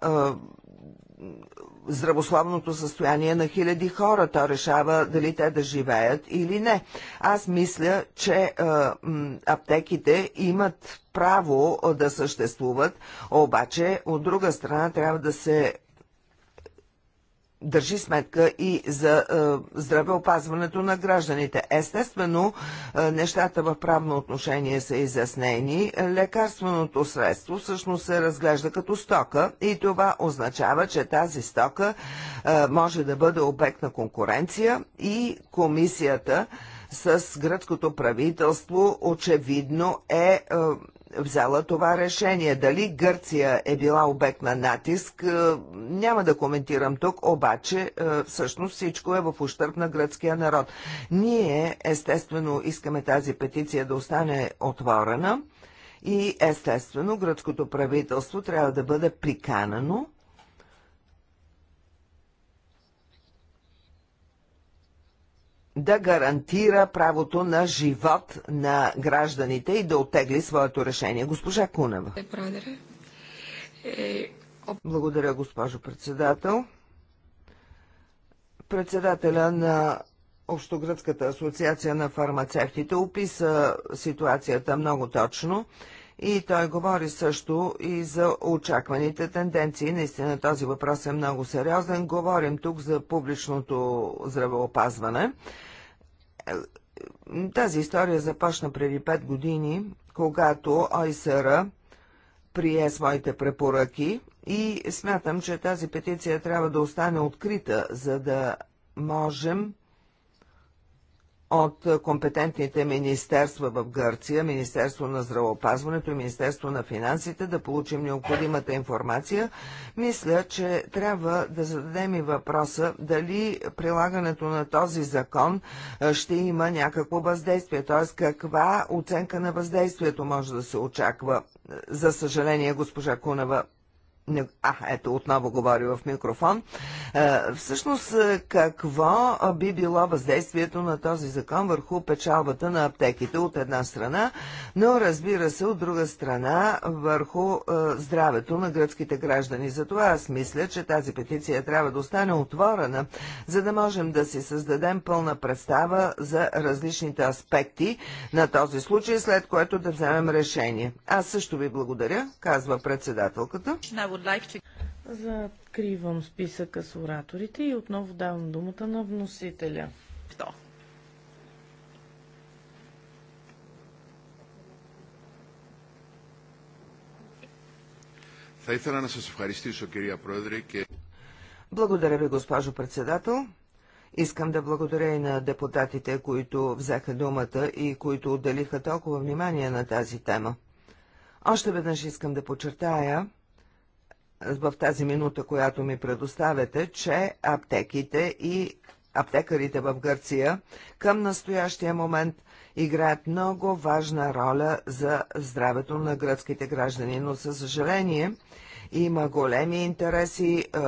здравословното състояние на хиляди хора. То решава дали те да живеят или не. Аз мисля, че е, аптеките имат право е, да съществуват, обаче от друга страна трябва да се държи сметка и за е, здравеопазването на гражданите. Естествено, е, нещата в правно отношение са изяснени. Лекарственото средство всъщност се разглежда като стока и това означава, че тази стока е, може да бъде обект на конкуренция и комисията с гръцкото правителство очевидно е, е взела това решение. Дали Гърция е била обект на натиск, е, няма да коментирам тук, обаче е, всъщност всичко е в ущърп на гръцкия народ. Ние, естествено, искаме тази петиция да остане отворена и, естествено, гръцкото правителство трябва да бъде приканано да гарантира правото на живот на гражданите и да отегли своето решение. Госпожа Кунева. Благодаря, госпожо председател. Председателя на Общогръцката асоциация на фармацевтите описа ситуацията много точно. И той говори също и за очакваните тенденции. Наистина този въпрос е много сериозен. Говорим тук за публичното здравеопазване. Тази история започна преди 5 години, когато ОИСР прие своите препоръки и смятам, че тази петиция трябва да остане открита, за да можем от компетентните министерства в Гърция, Министерство на здравеопазването и Министерство на финансите, да получим необходимата информация. Мисля, че трябва да зададем и въпроса дали прилагането на този закон ще има някакво въздействие, т.е. каква оценка на въздействието може да се очаква. За съжаление, госпожа Кунева а, ето, отново говори в микрофон. Е, всъщност, е, какво би било въздействието на този закон върху печалбата на аптеките от една страна, но разбира се, от друга страна върху е, здравето на гръцките граждани. Затова аз мисля, че тази петиция трябва да остане отворена, за да можем да си създадем пълна представа за различните аспекти на този случай, след което да вземем решение. Аз също ви благодаря, казва председателката like to... Закривам списъка с ораторите и отново давам думата на вносителя. Кто? Θα ήθελα να σας ευχαριστήσω, κυρία Πρόεδρε, και... Благодаря ви, госпожо председател. Искам да благодаря и на депутатите, които взеха думата и които отделиха толкова внимание на тази тема. Още веднъж искам да подчертая, в тази минута, която ми предоставяте, че аптеките и аптекарите в Гърция към настоящия момент играят много важна роля за здравето на гръцките граждани, но със съжаление има големи интереси, е,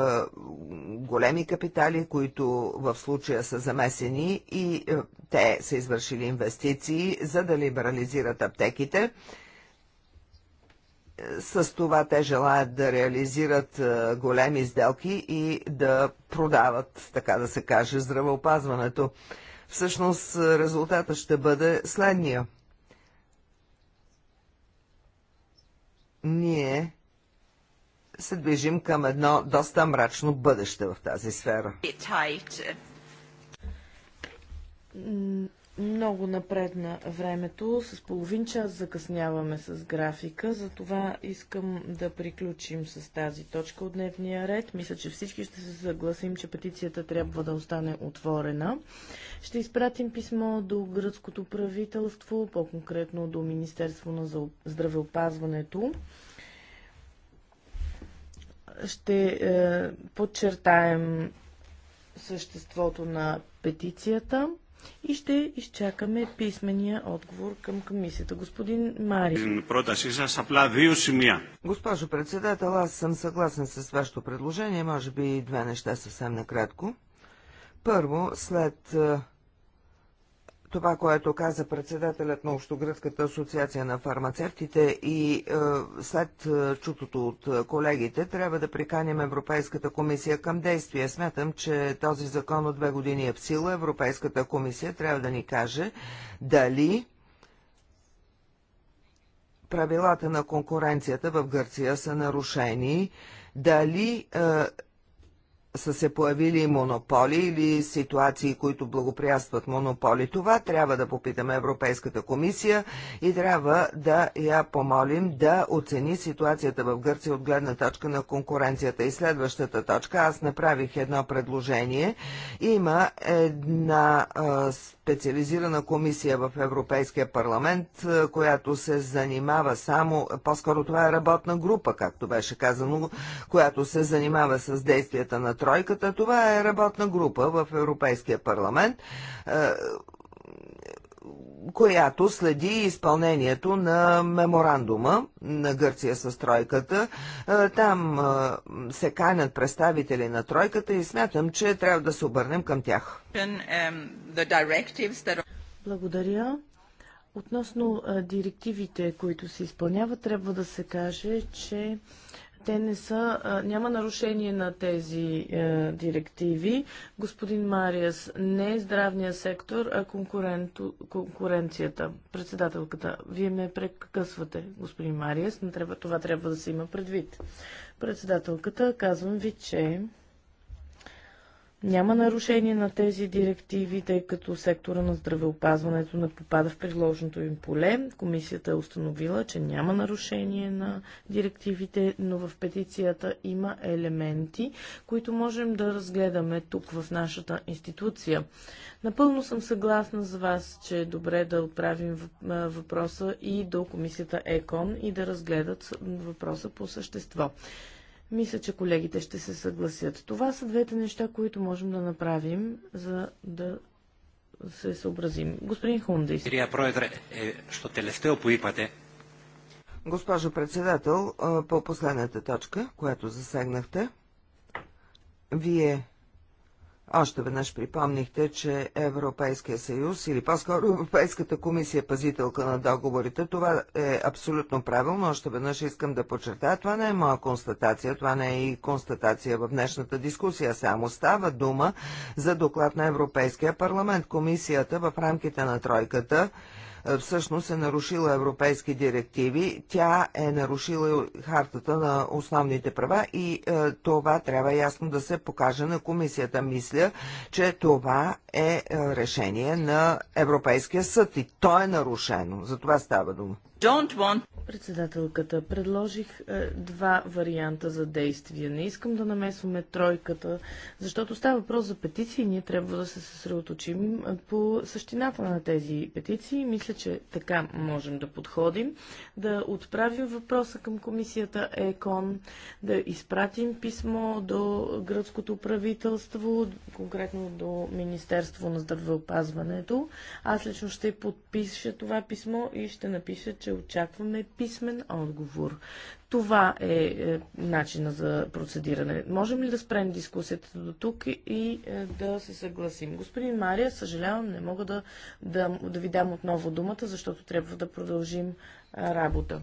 големи капитали, които в случая са замесени и е, те са извършили инвестиции, за да либерализират аптеките с това те желаят да реализират е, големи сделки и да продават, така да се каже, здравеопазването. Всъщност е, резултата ще бъде следния. Ние се движим към едно доста мрачно бъдеще в тази сфера много напредна времето, с половин час закъсняваме с графика, затова искам да приключим с тази точка от дневния ред. Мисля, че всички ще се съгласим, че петицията трябва да остане отворена. Ще изпратим писмо до гръцкото правителство, по-конкретно до Министерство на здравеопазването. Ще е, подчертаем съществото на петицията и ще изчакаме писмения отговор към комисията. Господин Мари. Госпожо председател, аз съм съгласен с вашето предложение. Може би две неща съвсем накратко. Първо, след е, това, което каза председателят на Общогръцката асоциация на фармацевтите и е, след е, чутото от е, колегите, трябва да приканим Европейската комисия към действие. Смятам, че този закон от две години е в сила. Европейската комисия трябва да ни каже дали правилата на конкуренцията в Гърция са нарушени, дали е, са се появили монополи или ситуации, които благоприятстват монополи. Това трябва да попитаме Европейската комисия и трябва да я помолим да оцени ситуацията в Гърция от гледна точка на конкуренцията. И следващата точка, аз направих едно предложение. Има една а, специализирана комисия в Европейския парламент, е, която се занимава само, по-скоро това е работна група, както беше казано, която се занимава с действията на тройката. Това е работна група в Европейския парламент. Е, която следи изпълнението на меморандума на Гърция с тройката. Е, там е, се канят представители на тройката и смятам, че трябва да се обърнем към тях. Um, Благодаря. Относно е, директивите, които се изпълняват, трябва да се каже, че те не са, няма нарушение на тези е, директиви. Господин Мариас, не е здравния сектор, а конкуренцията. Председателката, вие ме прекъсвате, господин Мариас, не трябва, това трябва да се има предвид. Председателката, казвам ви, че няма нарушение на тези директиви, тъй като сектора на здравеопазването не попада в предложеното им поле. Комисията е установила, че няма нарушение на директивите, но в петицията има елементи, които можем да разгледаме тук в нашата институция. Напълно съм съгласна с вас, че е добре да отправим въпроса и до комисията ЕКОН и да разгледат въпроса по същество. Мисля, че колегите ще се съгласят. Това са двете неща, които можем да направим, за да се съобразим. Господин Хундис. Госпожо председател, по последната точка, която засегнахте, вие още веднъж припомнихте, че Европейския съюз или по-скоро Европейската комисия е пазителка на договорите. Това е абсолютно правилно. Още веднъж искам да подчертая. Това не е моя констатация. Това не е и констатация в днешната дискусия. Само става дума за доклад на Европейския парламент. Комисията в рамките на тройката е, всъщност е нарушила европейски директиви, тя е нарушила хартата на основните права и е, това трябва ясно да се покаже на комисията. Мисля, че това е, е решение на Европейския съд и то е нарушено. За това става дума don't want... Председателката, предложих е, два варианта за действие. Не искам да намесваме тройката, защото става въпрос за петиции и ние трябва да се съсредоточим е, по същината на тези петиции. Мисля, че така можем да подходим. Да отправим въпроса към комисията ЕКОН, да изпратим писмо до гръцкото правителство, конкретно до Министерство на здравеопазването. Аз лично ще подпиша това писмо и ще напиша, че очакваме писмен отговор. Това е, е начина за процедиране. Можем ли да спрем дискусията до тук и е, да се съгласим? Господин Мария, съжалявам, не мога да, да, да ви дам отново думата, защото трябва да продължим е, работа.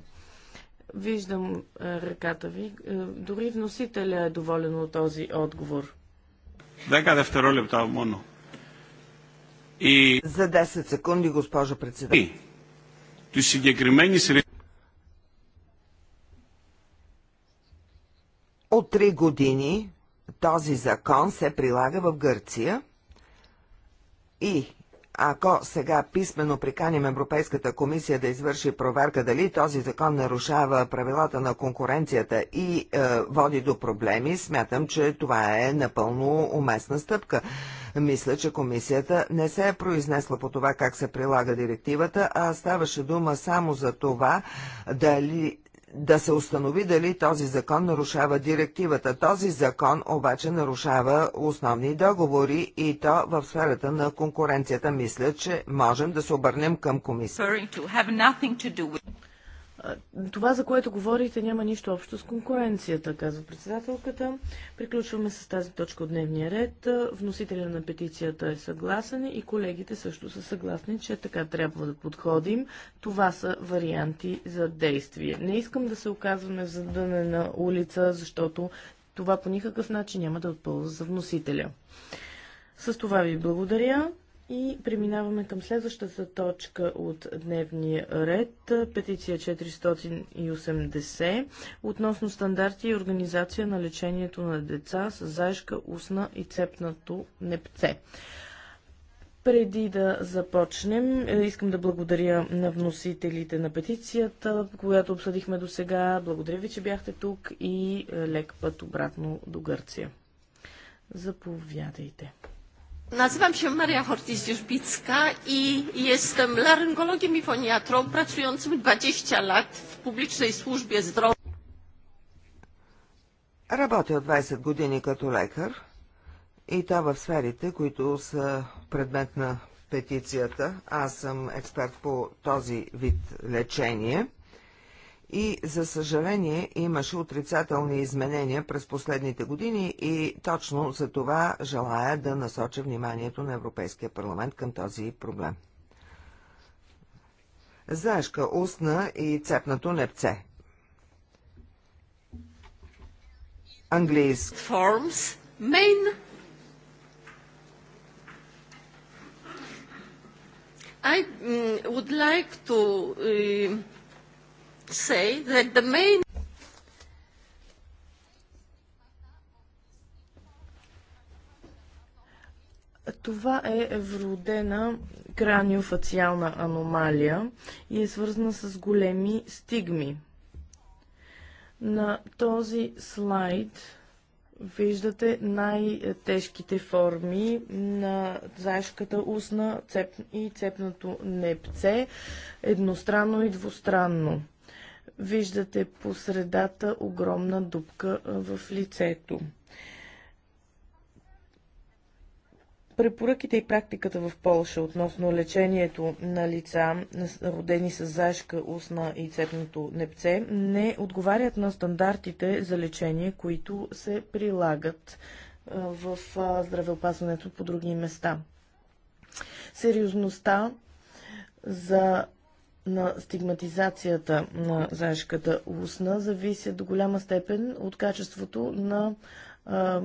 Виждам ръката ви. Дори вносителя е доволен от този отговор. Дека дефтеролепта моно. И... За 10 секунди, госпожа председател της συγκεκριμένης От три години този закон се прилага в Гърция и ако сега писменно приканим Европейската комисия да извърши проверка дали този закон нарушава правилата на конкуренцията и е, води до проблеми, смятам, че това е напълно уместна стъпка. Мисля, че комисията не се е произнесла по това как се прилага директивата, а ставаше дума само за това дали да се установи дали този закон нарушава директивата. Този закон обаче нарушава основни договори и то в сферата на конкуренцията. Мисля, че можем да се обърнем към комисията. Това, за което говорите, няма нищо общо с конкуренцията, казва председателката. Приключваме с тази точка от дневния ред. Вносителя на петицията е съгласен и колегите също са съгласни, че така трябва да подходим. Това са варианти за действие. Не искам да се оказваме в на улица, защото това по никакъв начин няма да е отползва за вносителя. С това ви благодаря. И преминаваме към следващата точка от дневния ред, петиция 480, относно стандарти и организация на лечението на деца с заешка, устна и цепнато непце. Преди да започнем, е, искам да благодаря на вносителите на петицията, която обсъдихме до сега. Благодаря ви, че бяхте тук и е, лек път обратно до Гърция. Заповядайте. Nazywam się Maria Hortis-Dziurzbicka i jestem laryngologiem i foniatrą pracującym 20 lat w publicznej służbie zdrowia. Работя от 20 години като лекар и то в сферите, които са предмет на петицията. Аз съм експерт по този вид лечение – и, за съжаление, имаше отрицателни изменения през последните години и точно за това желая да насоча вниманието на Европейския парламент към този проблем. Заешка, устна и цепнато непце. Английски. Forms, main. I would like to uh, say that the main Това е вродена краниофациална аномалия и е свързана с големи стигми. На този слайд виждате най-тежките форми на заешката устна цеп... и цепното непце, едностранно и двустранно. Виждате по средата огромна дупка в лицето. Препоръките и практиката в Полша относно лечението на лица, родени с зашка, устна и цепното непце, не отговарят на стандартите за лечение, които се прилагат в здравеопазването по други места. Сериозността за на стигматизацията на заешката устна зависят до голяма степен от качеството на а,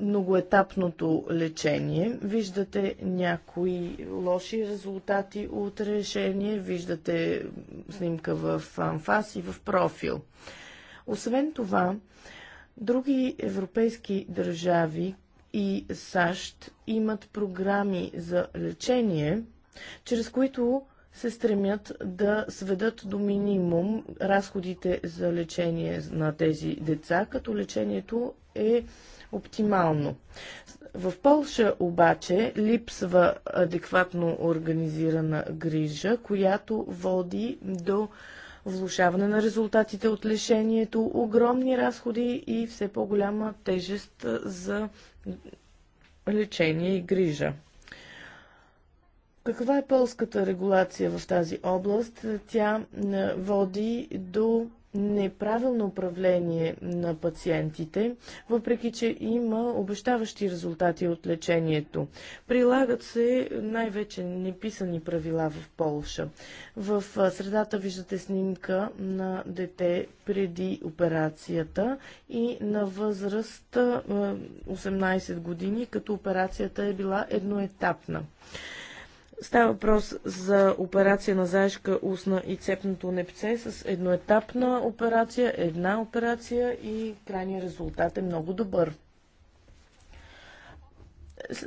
многоетапното лечение. Виждате някои лоши резултати от решение, виждате снимка в анфас и в профил. Освен това, други европейски държави и САЩ имат програми за лечение, чрез които се стремят да сведат до минимум разходите за лечение на тези деца, като лечението е оптимално. В Полша обаче липсва адекватно организирана грижа, която води до влушаване на резултатите от лечението, огромни разходи и все по-голяма тежест за лечение и грижа. Каква е полската регулация в тази област? Тя води до неправилно управление на пациентите, въпреки че има обещаващи резултати от лечението. Прилагат се най-вече неписани правила в Полша. В средата виждате снимка на дете преди операцията и на възраст 18 години, като операцията е била едноетапна. Става въпрос за операция на заешка устна и цепното непце с едноетапна операция, една операция и крайният резултат е много добър.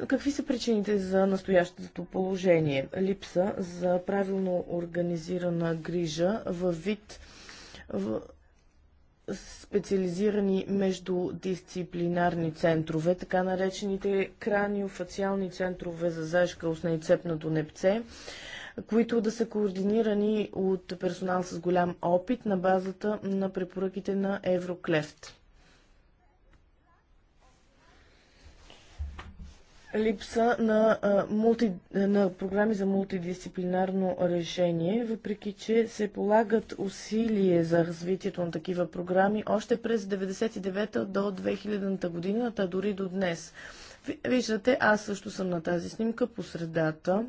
Какви са причините за настоящото положение? Липса за правилно организирана грижа във вид в специализирани междудисциплинарни центрове, така наречените краниофациални центрове за зашка, устна и цепнато непце, които да са координирани от персонал с голям опит на базата на препоръките на Евроклефт. липса на, а, мулти, на програми за мултидисциплинарно решение, въпреки че се полагат усилие за развитието на такива програми още през 99-та до 2000-та година, а дори до днес. Виждате, аз също съм на тази снимка по средата.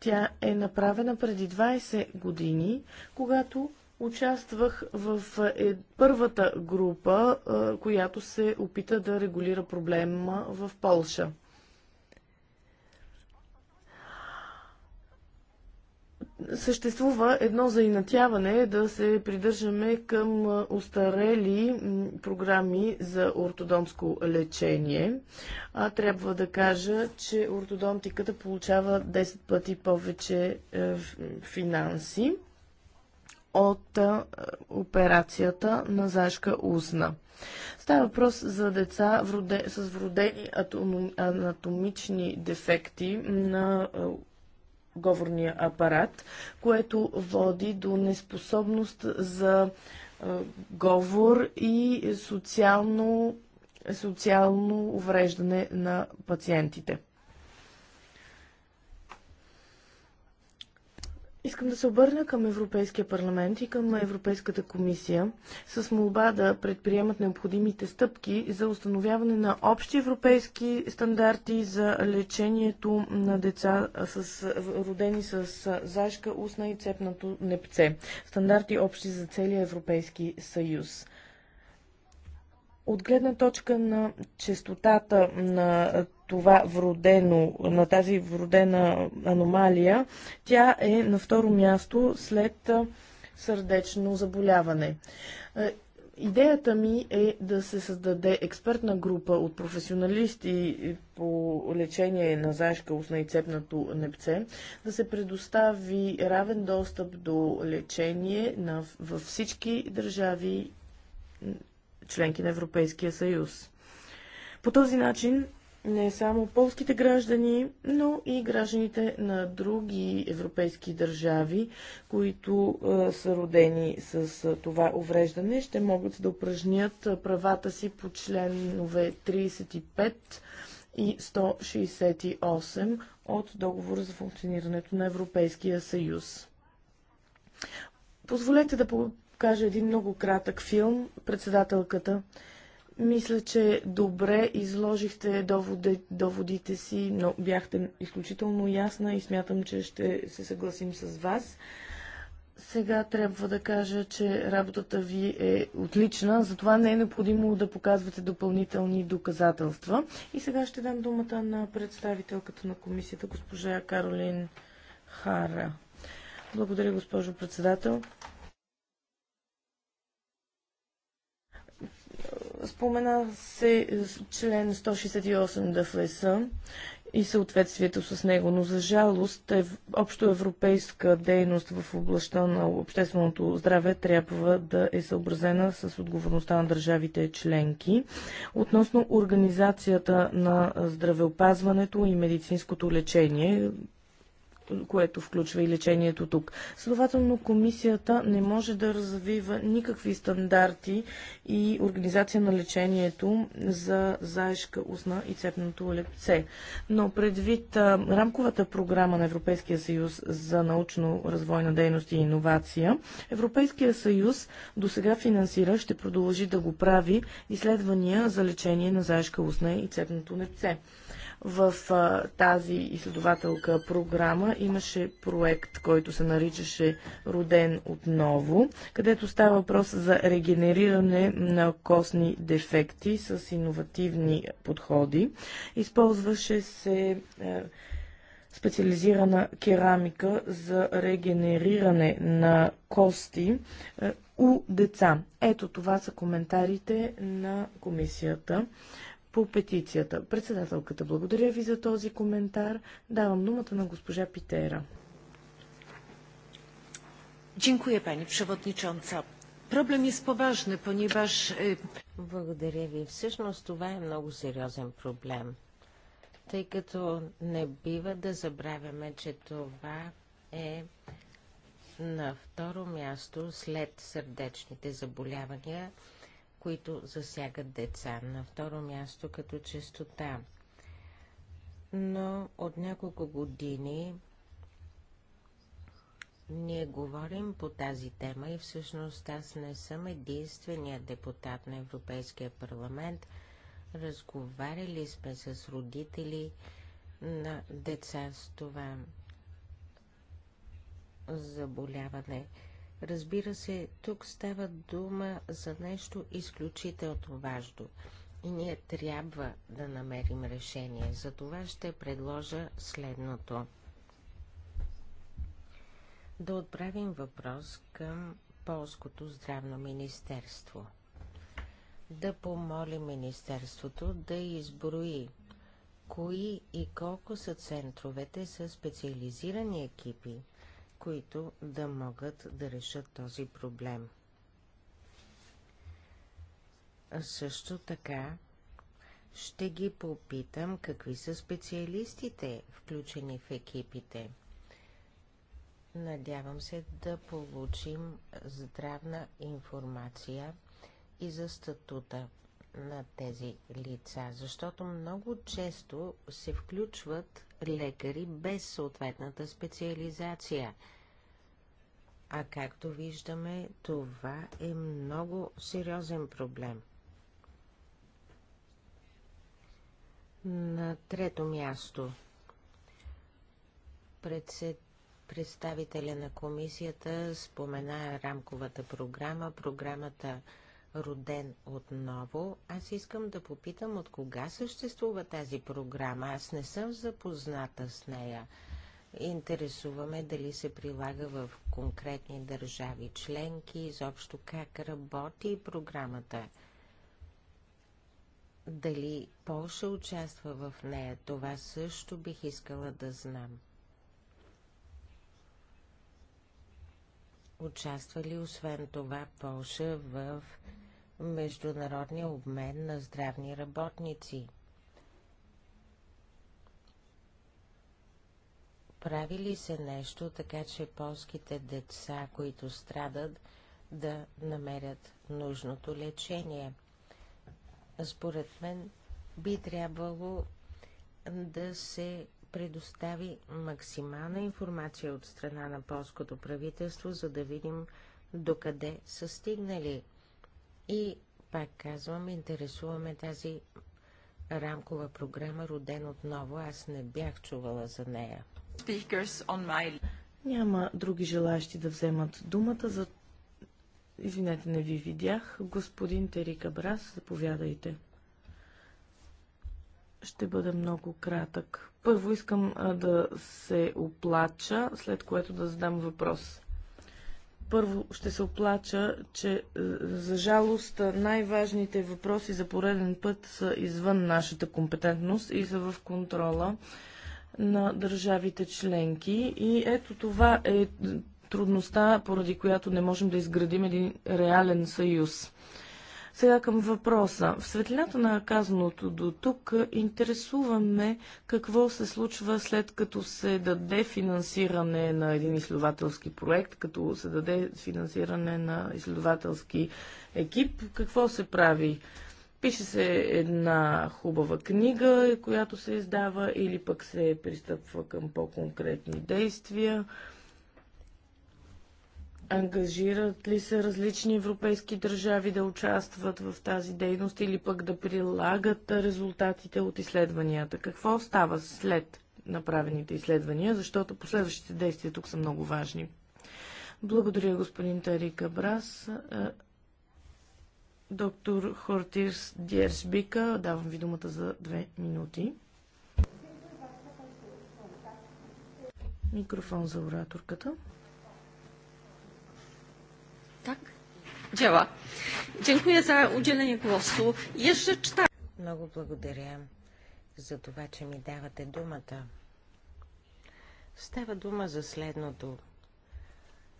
Тя е направена преди 20 години, когато Участвах в е, първата група, е, която се опита да регулира проблема в Полша. Съществува едно заинатяване да се придържаме към е, устарели програми за ортодонско лечение. А трябва да кажа, че ортодонтиката получава 10 пъти повече финанси от операцията на зашка устна. Става въпрос за деца с вродени анатомични дефекти на говорния апарат, което води до неспособност за говор и социално, социално увреждане на пациентите. Искам да се обърна към Европейския парламент и към Европейската комисия с молба да предприемат необходимите стъпки за установяване на общи европейски стандарти за лечението на деца с, родени с зашка, устна и цепнато непце. Стандарти общи за целия Европейски съюз. От гледна точка на честотата на това вродено, на тази вродена аномалия, тя е на второ място след сърдечно заболяване. Идеята ми е да се създаде експертна група от професионалисти по лечение на зашка устна и цепнато непце, да се предостави равен достъп до лечение на, във всички държави членки на Европейския съюз. По този начин не само полските граждани, но и гражданите на други европейски държави, които са родени с това увреждане, ще могат да упражнят правата си по членове 35 и 168 от Договора за функционирането на Европейския съюз. Позволете да покажа един много кратък филм. Председателката мисля, че добре изложихте доводи, доводите си, но бяхте изключително ясна и смятам, че ще се съгласим с вас. Сега трябва да кажа, че работата ви е отлична, затова не е необходимо да показвате допълнителни доказателства. И сега ще дам думата на представителката на комисията, госпожа Каролин Хара. Благодаря, госпожо председател. Спомена се член 168 ДФС и съответствието с него, но за жалост е, общоевропейска дейност в областта на общественото здраве трябва да е съобразена с отговорността на държавите членки относно организацията на здравеопазването и медицинското лечение, което включва и лечението тук. Следователно, комисията не може да развива никакви стандарти и организация на лечението за заешка устна и цепното лепце. Но предвид а, рамковата програма на Европейския съюз за научно-развойна дейност и иновация, Европейския съюз до сега финансира, ще продължи да го прави изследвания за лечение на заешка устна и цепното лепце. В тази изследователка програма имаше проект, който се наричаше Роден отново, където става въпрос за регенериране на костни дефекти с иновативни подходи. Използваше се е, специализирана керамика за регенериране на кости е, у деца. Ето това са коментарите на комисията по петицията. Председателката, благодаря ви за този коментар. Давам думата на госпожа Питера. Dziękuję Pani Przewodnicząca. Проблем е поважен, понеж... Благодаря ви. Всъщност това е много сериозен проблем, тъй като не бива да забравяме, че това е на второ място след сърдечните заболявания – които засягат деца. На второ място като честота. Но от няколко години ние говорим по тази тема и всъщност аз не съм единствения депутат на Европейския парламент. Разговаряли сме с родители на деца с това заболяване. Разбира се, тук става дума за нещо изключително важно и ние трябва да намерим решение. За това ще предложа следното. Да отправим въпрос към Полското здравно министерство. Да помоли министерството да изброи кои и колко са центровете с специализирани екипи, които да могат да решат този проблем. Също така ще ги попитам какви са специалистите, включени в екипите. Надявам се да получим здравна информация и за статута на тези лица, защото много често се включват лекари без съответната специализация. А както виждаме, това е много сериозен проблем. На трето място представителя на комисията спомена рамковата програма, програмата роден отново, аз искам да попитам от кога съществува тази програма. Аз не съм запозната с нея. Интересуваме дали се прилага в конкретни държави членки, изобщо как работи програмата. Дали Полша участва в нея, това също бих искала да знам. Участва ли освен това Полша в международния обмен на здравни работници. Прави ли се нещо така, че полските деца, които страдат, да намерят нужното лечение? Според мен би трябвало да се предостави максимална информация от страна на полското правителство, за да видим докъде са стигнали и пак казвам, интересуваме тази рамкова програма Роден отново. Аз не бях чувала за нея. My... Няма други желащи да вземат думата за... Извинете, не ви видях. Господин Терика Брас, заповядайте. Ще бъда много кратък. Първо искам а, да се оплача, след което да задам въпрос. Първо ще се оплача, че е, за жалост най-важните въпроси за пореден път са извън нашата компетентност и са в контрола на държавите членки. И ето това е трудността, поради която не можем да изградим един реален съюз. Сега към въпроса. В светлината на казаното до тук интересуваме какво се случва след като се даде финансиране на един изследователски проект, като се даде финансиране на изследователски екип. Какво се прави? Пише се една хубава книга, която се издава, или пък се пристъпва към по-конкретни действия. Ангажират ли се различни европейски държави да участват в тази дейност или пък да прилагат резултатите от изследванията? Какво става след направените изследвания, защото последващите действия тук са много важни? Благодаря, господин Тарика Брас. Е, доктор Хортирс Диерсбика, давам ви думата за две минути. Микрофон за ораторката. Tak? Działa. Dziękuję za udzielenie głosu. Jeszcze cztery. Много благодаря за това, че ми давате думата. Става дума за следното.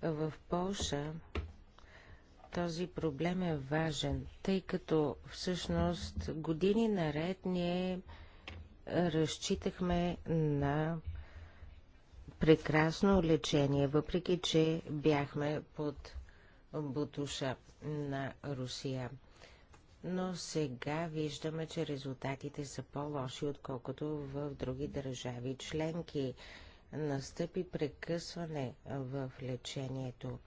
В Полша този проблем е важен, тъй като всъщност години наред ние разчитахме на прекрасно лечение, въпреки че бяхме под Бутуша на Русия. Но сега виждаме, че резултатите са по-лоши, отколкото в други държави членки. Настъпи прекъсване в лечението.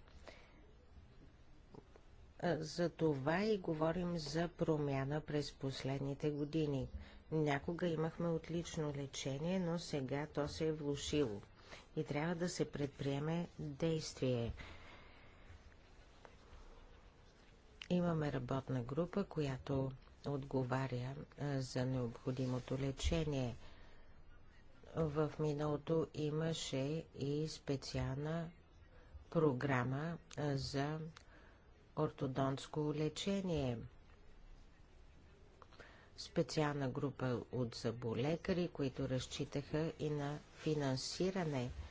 За това и говорим за промяна през последните години. Някога имахме отлично лечение, но сега то се е влушило и трябва да се предприеме действие. Имаме работна група, която отговаря за необходимото лечение. В миналото имаше и специална програма за ортодонтско лечение. Специална група от заболекари, които разчитаха и на финансиране –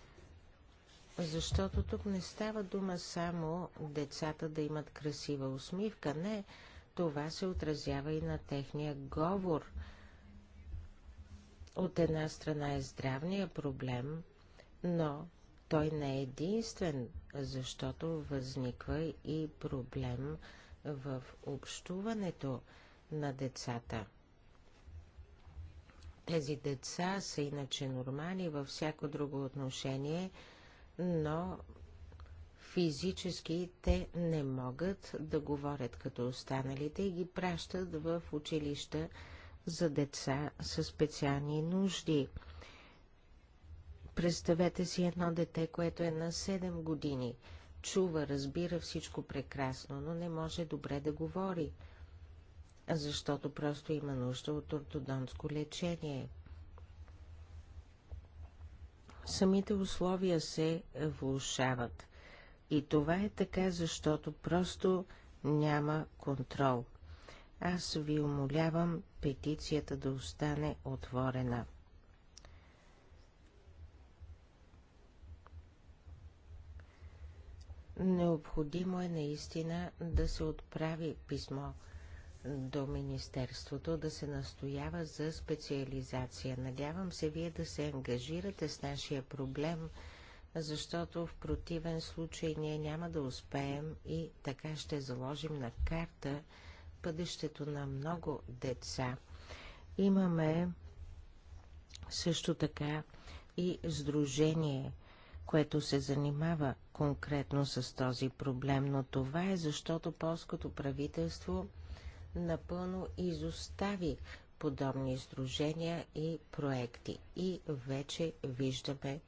защото тук не става дума само децата да имат красива усмивка. Не, това се отразява и на техния говор. От една страна е здравния проблем, но той не е единствен, защото възниква и проблем в общуването на децата. Тези деца са иначе нормални във всяко друго отношение – но физически те не могат да говорят като останалите и ги пращат в училища за деца със специални нужди. Представете си едно дете, което е на 7 години. Чува, разбира всичко прекрасно, но не може добре да говори, защото просто има нужда от ортодонско лечение самите условия се влушават. И това е така, защото просто няма контрол. Аз ви умолявам петицията да остане отворена. Необходимо е наистина да се отправи писмо до Министерството да се настоява за специализация. Надявам се вие да се ангажирате с нашия проблем, защото в противен случай ние няма да успеем и така ще заложим на карта бъдещето на много деца. Имаме също така и сдружение, което се занимава конкретно с този проблем, но това е защото полското правителство напълно изостави подобни издружения и проекти и вече виждаме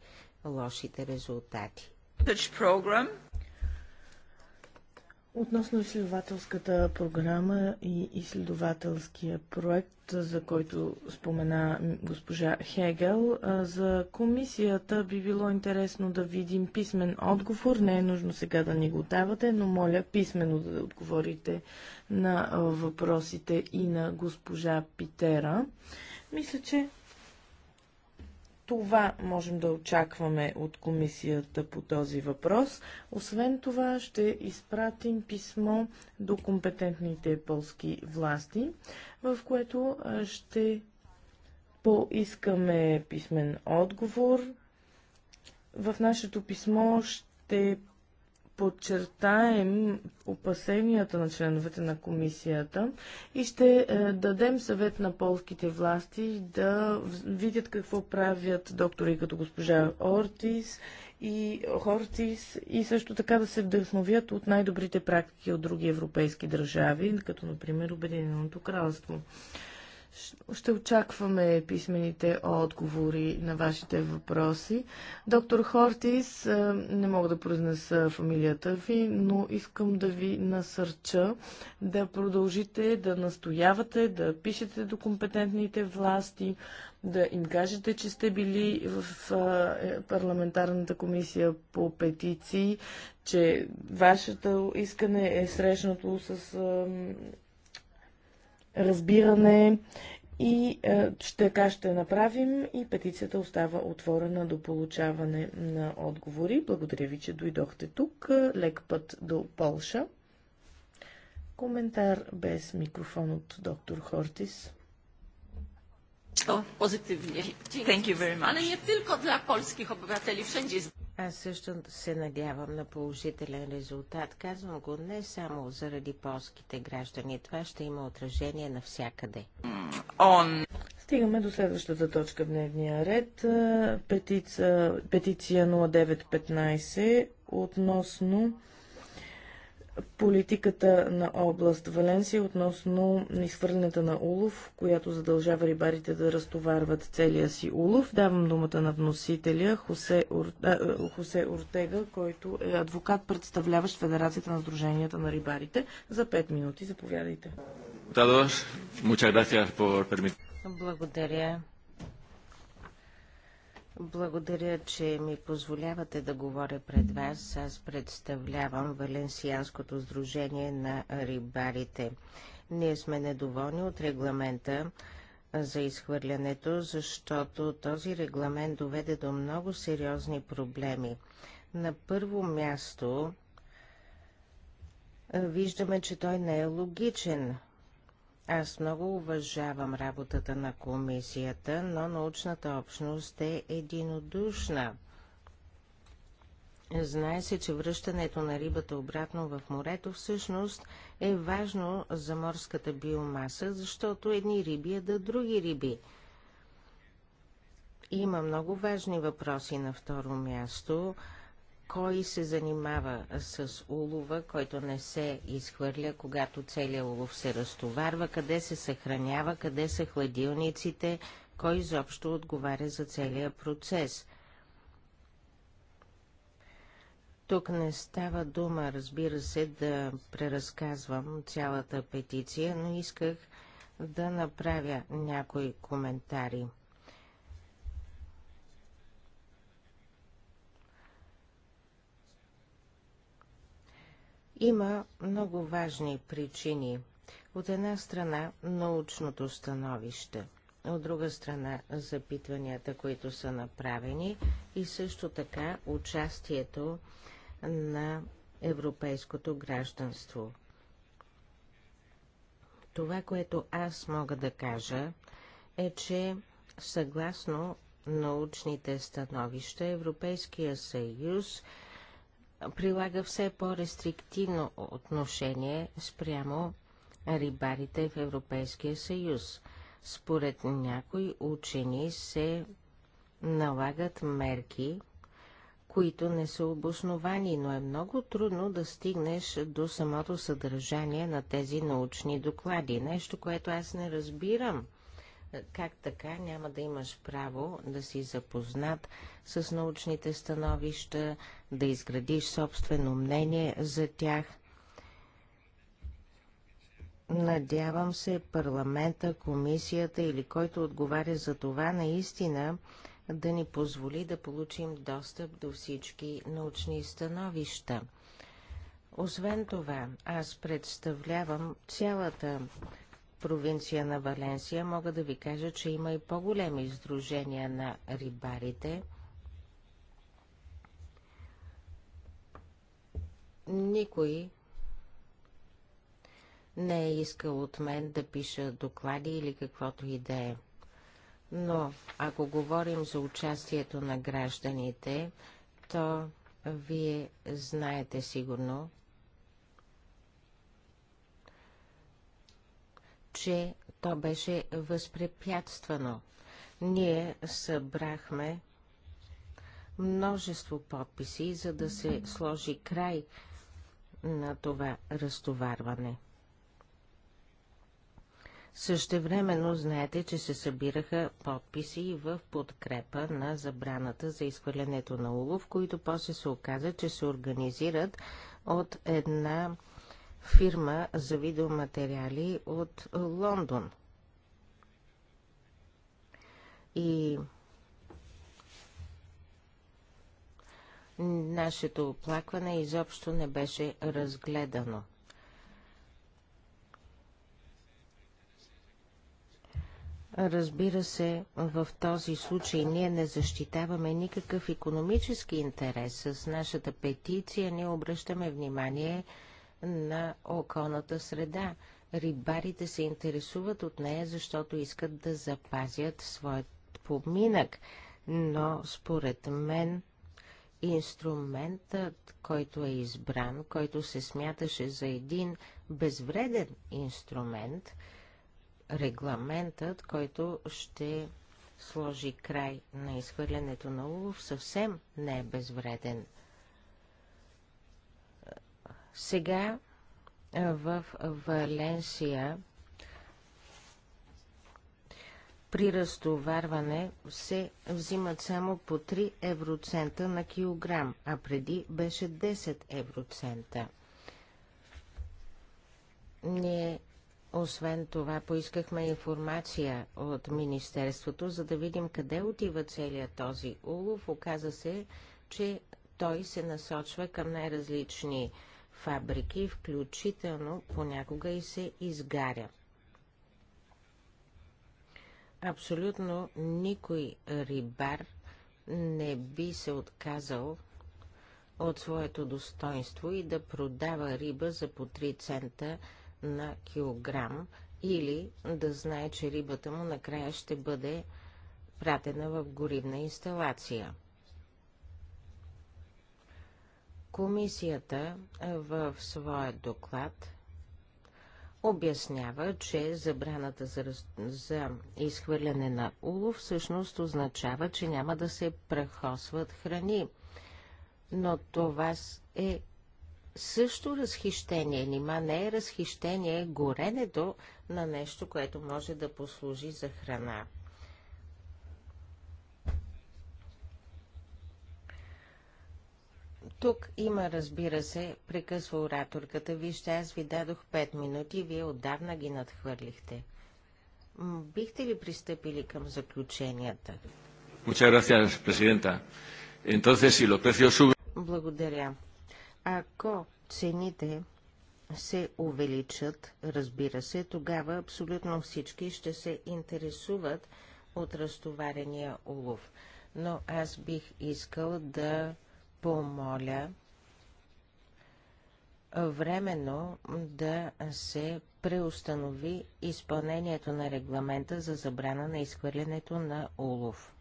лошите резултати. Относно изследователската програма и изследователския проект, за който спомена госпожа Хегел, за комисията би било интересно да видим писмен отговор. Не е нужно сега да ни го давате, но моля писменно да отговорите на въпросите и на госпожа Питера. Мисля, че това можем да очакваме от комисията по този въпрос. Освен това ще изпратим писмо до компетентните полски власти, в което ще поискаме писмен отговор. В нашето писмо ще подчертаем опасенията на членовете на комисията и ще е, дадем съвет на полските власти да видят какво правят доктори като госпожа Ортис и Хортис и също така да се вдъхновят от най-добрите практики от други европейски държави, като например Обединеното кралство. Ще очакваме писмените отговори на вашите въпроси. Доктор Хортис, е, не мога да произнеса фамилията ви, но искам да ви насърча да продължите да настоявате, да пишете до компетентните власти, да им кажете, че сте били в е, парламентарната комисия по петиции, че вашето искане е срещнато с разбиране и е, ще така ще направим и петицията остава отворена до получаване на отговори. Благодаря ви, че дойдохте тук. Лек път до Полша. Коментар без микрофон от доктор Хортис. Oh, pozytywnie. Dzięki. Thank you very much. Ale nie tylko dla polskich obywateli, wszędzie jest. Аз също се надявам на положителен резултат. Казвам го не само заради полските граждани. Това ще има отражение навсякъде. Он. Стигаме до следващата точка в дневния ред. Петица, петиция 0915 относно политиката на област Валенсия относно изхвърлянето на улов, която задължава рибарите да разтоварват целия си улов. Давам думата на вносителя Хосе, Ор... а, Хосе Ортега, който е адвокат, представляващ Федерацията на Сдруженията на рибарите. За 5 минути, заповядайте. Благодаря. Благодаря, че ми позволявате да говоря пред вас. Аз представлявам Валенсианското сдружение на рибарите. Ние сме недоволни от регламента за изхвърлянето, защото този регламент доведе до много сериозни проблеми. На първо място виждаме, че той не е логичен. Аз много уважавам работата на комисията, но научната общност е единодушна. Знае се, че връщането на рибата обратно в морето всъщност е важно за морската биомаса, защото едни риби ядат други риби. Има много важни въпроси на второ място – кой се занимава с улова, който не се изхвърля, когато целият улов се разтоварва, къде се съхранява, къде са хладилниците, кой изобщо отговаря за целия процес. Тук не става дума, разбира се, да преразказвам цялата петиция, но исках да направя някои коментари – Има много важни причини. От една страна научното становище, от друга страна запитванията, които са направени и също така участието на европейското гражданство. Това, което аз мога да кажа, е, че съгласно научните становища Европейския съюз – прилага все по-рестриктивно отношение спрямо рибарите в Европейския съюз. Според някои учени се налагат мерки, които не са обосновани, но е много трудно да стигнеш до самото съдържание на тези научни доклади. Нещо, което аз не разбирам – как така няма да имаш право да си запознат с научните становища, да изградиш собствено мнение за тях? Надявам се парламента, комисията или който отговаря за това наистина да ни позволи да получим достъп до всички научни становища. Освен това, аз представлявам цялата провинция на Валенсия, мога да ви кажа, че има и по-големи издружения на рибарите. Никой не е искал от мен да пиша доклади или каквото и да е. Но ако говорим за участието на гражданите, то вие знаете сигурно, че то беше възпрепятствано. Ние събрахме множество подписи, за да се сложи край на това разтоварване. Същевременно знаете, че се събираха подписи в подкрепа на забраната за изхвърлянето на улов, които после се оказа, че се организират от една фирма за видеоматериали от Лондон. И нашето оплакване изобщо не беше разгледано. Разбира се, в този случай ние не защитаваме никакъв економически интерес. С нашата петиция ние обръщаме внимание на на околната среда. Рибарите се интересуват от нея, защото искат да запазят своят поминък. Но според мен инструментът, който е избран, който се смяташе за един безвреден инструмент, регламентът, който ще сложи край на изхвърлянето на улов, съвсем не е безвреден. Сега в Валенсия при разтоварване се взимат само по 3 евроцента на килограм, а преди беше 10 евроцента. Ние освен това поискахме информация от Министерството, за да видим къде отива целият този улов. Оказа се, че той се насочва към най-различни фабрики, включително понякога и се изгаря. Абсолютно никой рибар не би се отказал от своето достоинство и да продава риба за по 3 цента на килограм или да знае, че рибата му накрая ще бъде пратена в горивна инсталация – Комисията в своя доклад обяснява, че забраната за, раз... за изхвърляне на улов всъщност означава, че няма да се прахосват храни. Но това е също разхищение. Нима не е разхищение е горенето на нещо, което може да послужи за храна. Тук има, разбира се, прекъсва ораторката. Вижте, аз ви дадох 5 минути, вие отдавна ги надхвърлихте. Бихте ли пристъпили към заключенията? Благодаря. Ако цените се увеличат, разбира се, тогава абсолютно всички ще се интересуват от разтоварения улов. Но аз бих искал да помоля временно да се преустанови изпълнението на регламента за забрана на изхвърлянето на улов.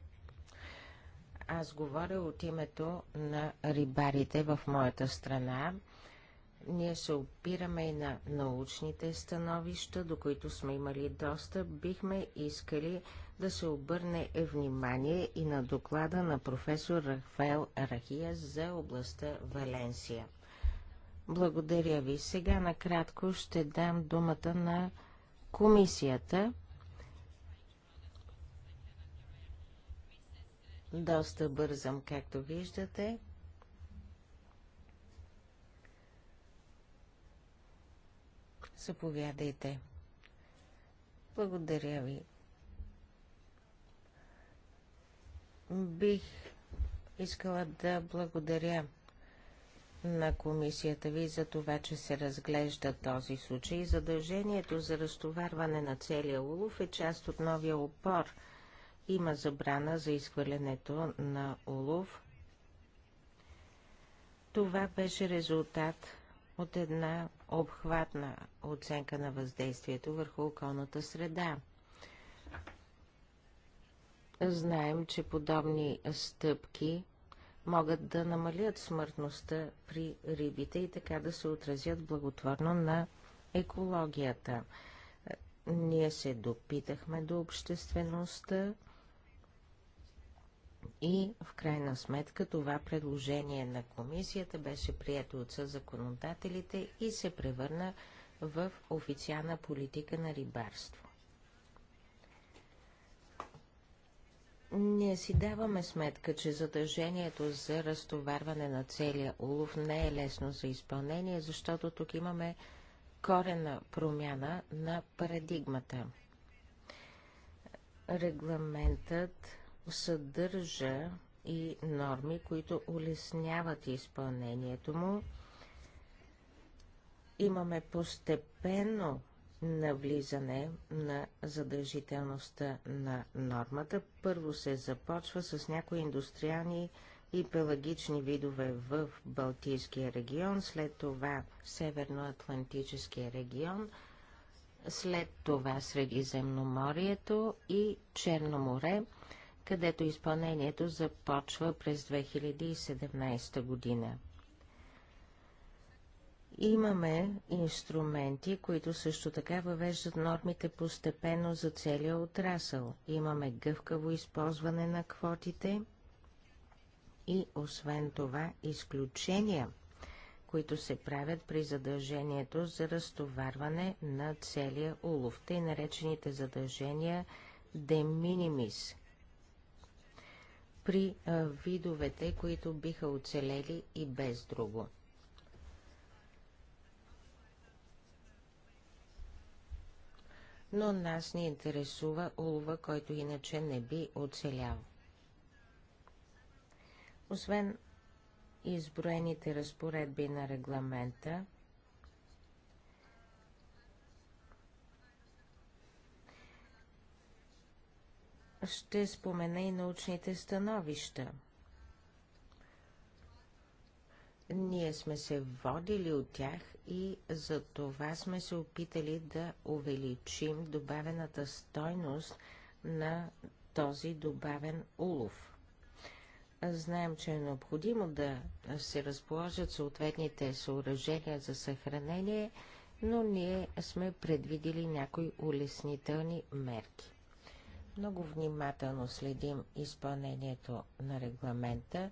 Аз говоря от името на рибарите в моята страна. Ние се опираме и на научните становища, до които сме имали достъп. Бихме искали да се обърне внимание и на доклада на професор Рафаел Рахия за областта Валенсия. Благодаря ви. Сега накратко ще дам думата на комисията. Доста бързам, както виждате. Заповядайте. Благодаря ви. Бих искала да благодаря на комисията ви за това, че се разглежда този случай. Задължението за разтоварване на целия улов е част от новия опор. Има забрана за изхвърлянето на улов. Това беше резултат от една обхватна оценка на въздействието върху околната среда – Знаем, че подобни стъпки могат да намалят смъртността при рибите и така да се отразят благотворно на екологията. Ние се допитахме до обществеността и в крайна сметка това предложение на комисията беше прието от законодателите и се превърна в официална политика на рибарство. Ние си даваме сметка, че задължението за разтоварване на целия улов не е лесно за изпълнение, защото тук имаме корена промяна на парадигмата. Регламентът съдържа и норми, които улесняват изпълнението му. Имаме постепенно навлизане на задължителността на нормата. Първо се започва с някои индустриални и пелагични видове в Балтийския регион, след това Северноатлантическия регион, след това Средиземноморието и Черноморе, където изпълнението започва през 2017 година. Имаме инструменти, които също така въвеждат нормите постепенно за целия отрасъл. Имаме гъвкаво използване на квотите и освен това изключения, които се правят при задължението за разтоварване на целия улов, тъй наречените задължения de minimis. При видовете, които биха оцелели и без друго – но нас ни интересува улова, който иначе не би оцелял. Освен изброените разпоредби на регламента, ще спомена и научните становища – ние сме се водили от тях и за това сме се опитали да увеличим добавената стойност на този добавен улов. Знаем, че е необходимо да се разположат съответните съоръжения за съхранение, но ние сме предвидили някои улеснителни мерки. Много внимателно следим изпълнението на регламента,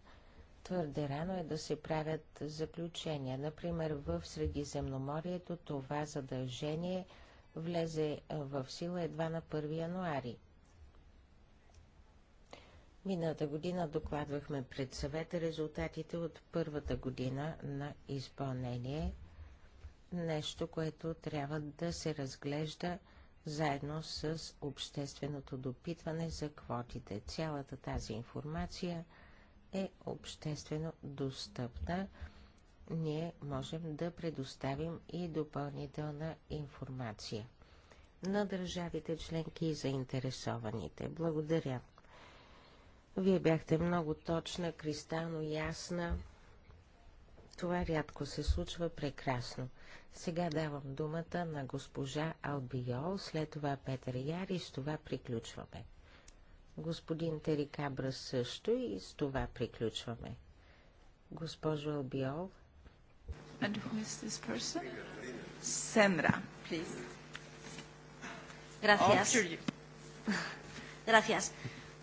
Твърде рано е да се правят заключения. Например, в Средиземноморието това задължение влезе в сила едва на 1 януари. Миналата година докладвахме пред съвета резултатите от първата година на изпълнение, нещо, което трябва да се разглежда заедно с общественото допитване за квотите. Цялата тази информация – е обществено достъпна, ние можем да предоставим и допълнителна информация на държавите членки и заинтересованите. Благодаря. Вие бяхте много точна, кристално ясна. Това рядко се случва прекрасно. Сега давам думата на госпожа Албиол, след това Петър Яри с това приключваме господин Терикабра също и с това приключваме. Госпожо Албиол. And who is this person? please. Gracias. [laughs] Gracias.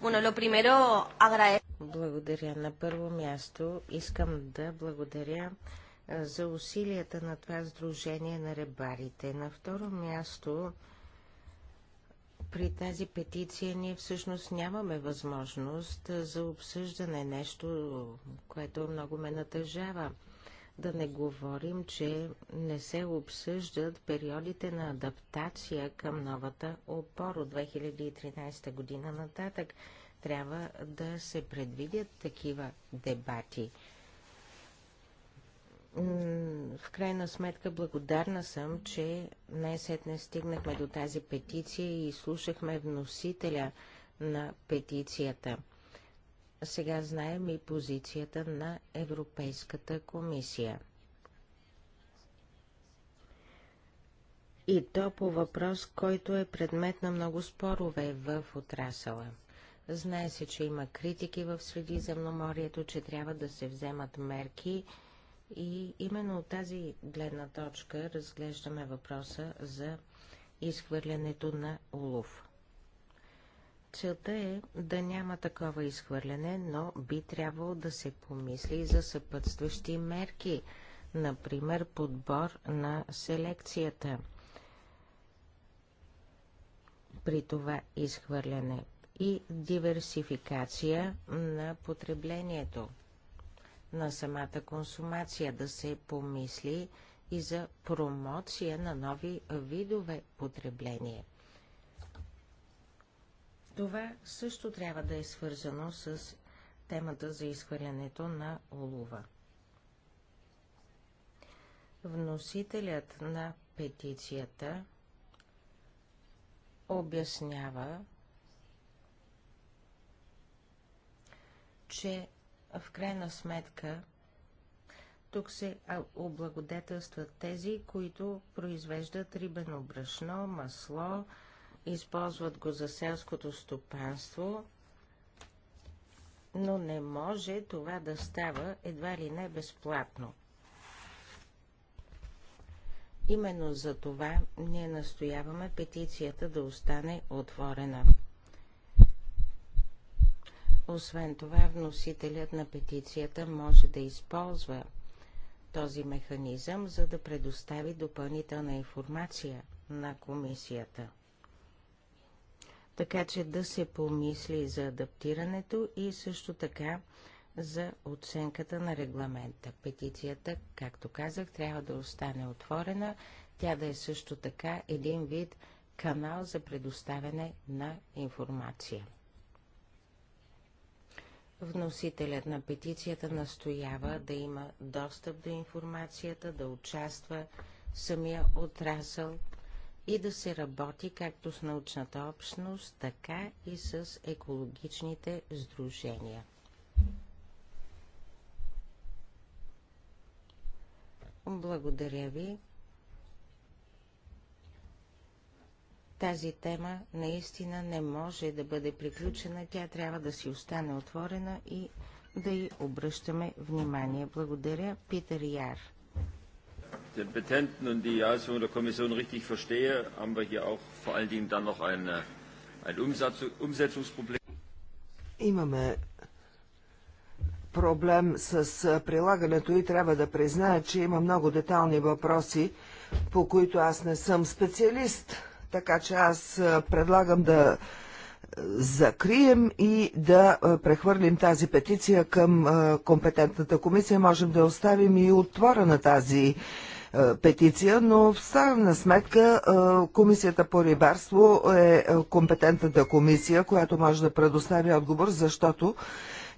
Bueno, lo primero Благодаря. На първо място искам да благодаря за усилията на това сдружение на ребарите. На второ място при тази петиция ние всъщност нямаме възможност за обсъждане нещо, което много ме натъжава. Да не говорим, че не се обсъждат периодите на адаптация към новата опора от 2013 година нататък. Трябва да се предвидят такива дебати в крайна сметка благодарна съм, че най-сетне стигнахме до тази петиция и слушахме вносителя на петицията. Сега знаем и позицията на Европейската комисия. И то по въпрос, който е предмет на много спорове в отрасъла. Знае се, че има критики в Средиземноморието, че трябва да се вземат мерки – и именно от тази гледна точка разглеждаме въпроса за изхвърлянето на улов. Целта е да няма такова изхвърляне, но би трябвало да се помисли и за съпътстващи мерки, например подбор на селекцията при това изхвърляне и диверсификация на потреблението на самата консумация, да се помисли и за промоция на нови видове потребление. Това също трябва да е свързано с темата за изхвърлянето на улова. Вносителят на петицията обяснява, че в крайна сметка, тук се облагодетелстват тези, които произвеждат рибено брашно, масло, използват го за селското стопанство, но не може това да става едва ли не безплатно. Именно за това ние настояваме петицията да остане отворена. Освен това, вносителят на петицията може да използва този механизъм, за да предостави допълнителна информация на комисията. Така че да се помисли за адаптирането и също така за оценката на регламента. Петицията, както казах, трябва да остане отворена. Тя да е също така един вид канал за предоставяне на информация. Вносителят на петицията настоява да има достъп до информацията, да участва самия отрасъл и да се работи както с научната общност, така и с екологичните сдружения. Благодаря ви. Тази тема наистина не може да бъде приключена, тя трябва да си остане отворена и да й обръщаме внимание. Благодаря, Питър Яр. Den Petenten und die Jahresführung der Kommission richtig verstehe, haben wir hier auch vor allen Dingen dann noch ein, äh, ein Umsatz, Umsetzungsproblem. Имаме проблем с прилагането и трябва да призная, че има много детални въпроси, по които аз не съм специалист. Така че аз предлагам да закрием и да прехвърлим тази петиция към компетентната комисия. Можем да оставим и отвора на тази петиция, но в крайна сметка Комисията по рибарство е, е компетентната комисия, която може да предостави отговор, защото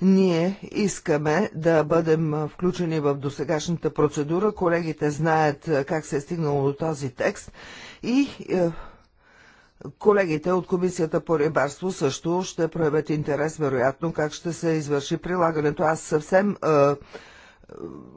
ние искаме да бъдем включени в досегашната процедура. Колегите знаят как се е стигнало до този текст и е, Колегите от Комисията по рибарство също ще проявят интерес, вероятно, как ще се извърши прилагането. Аз съвсем е,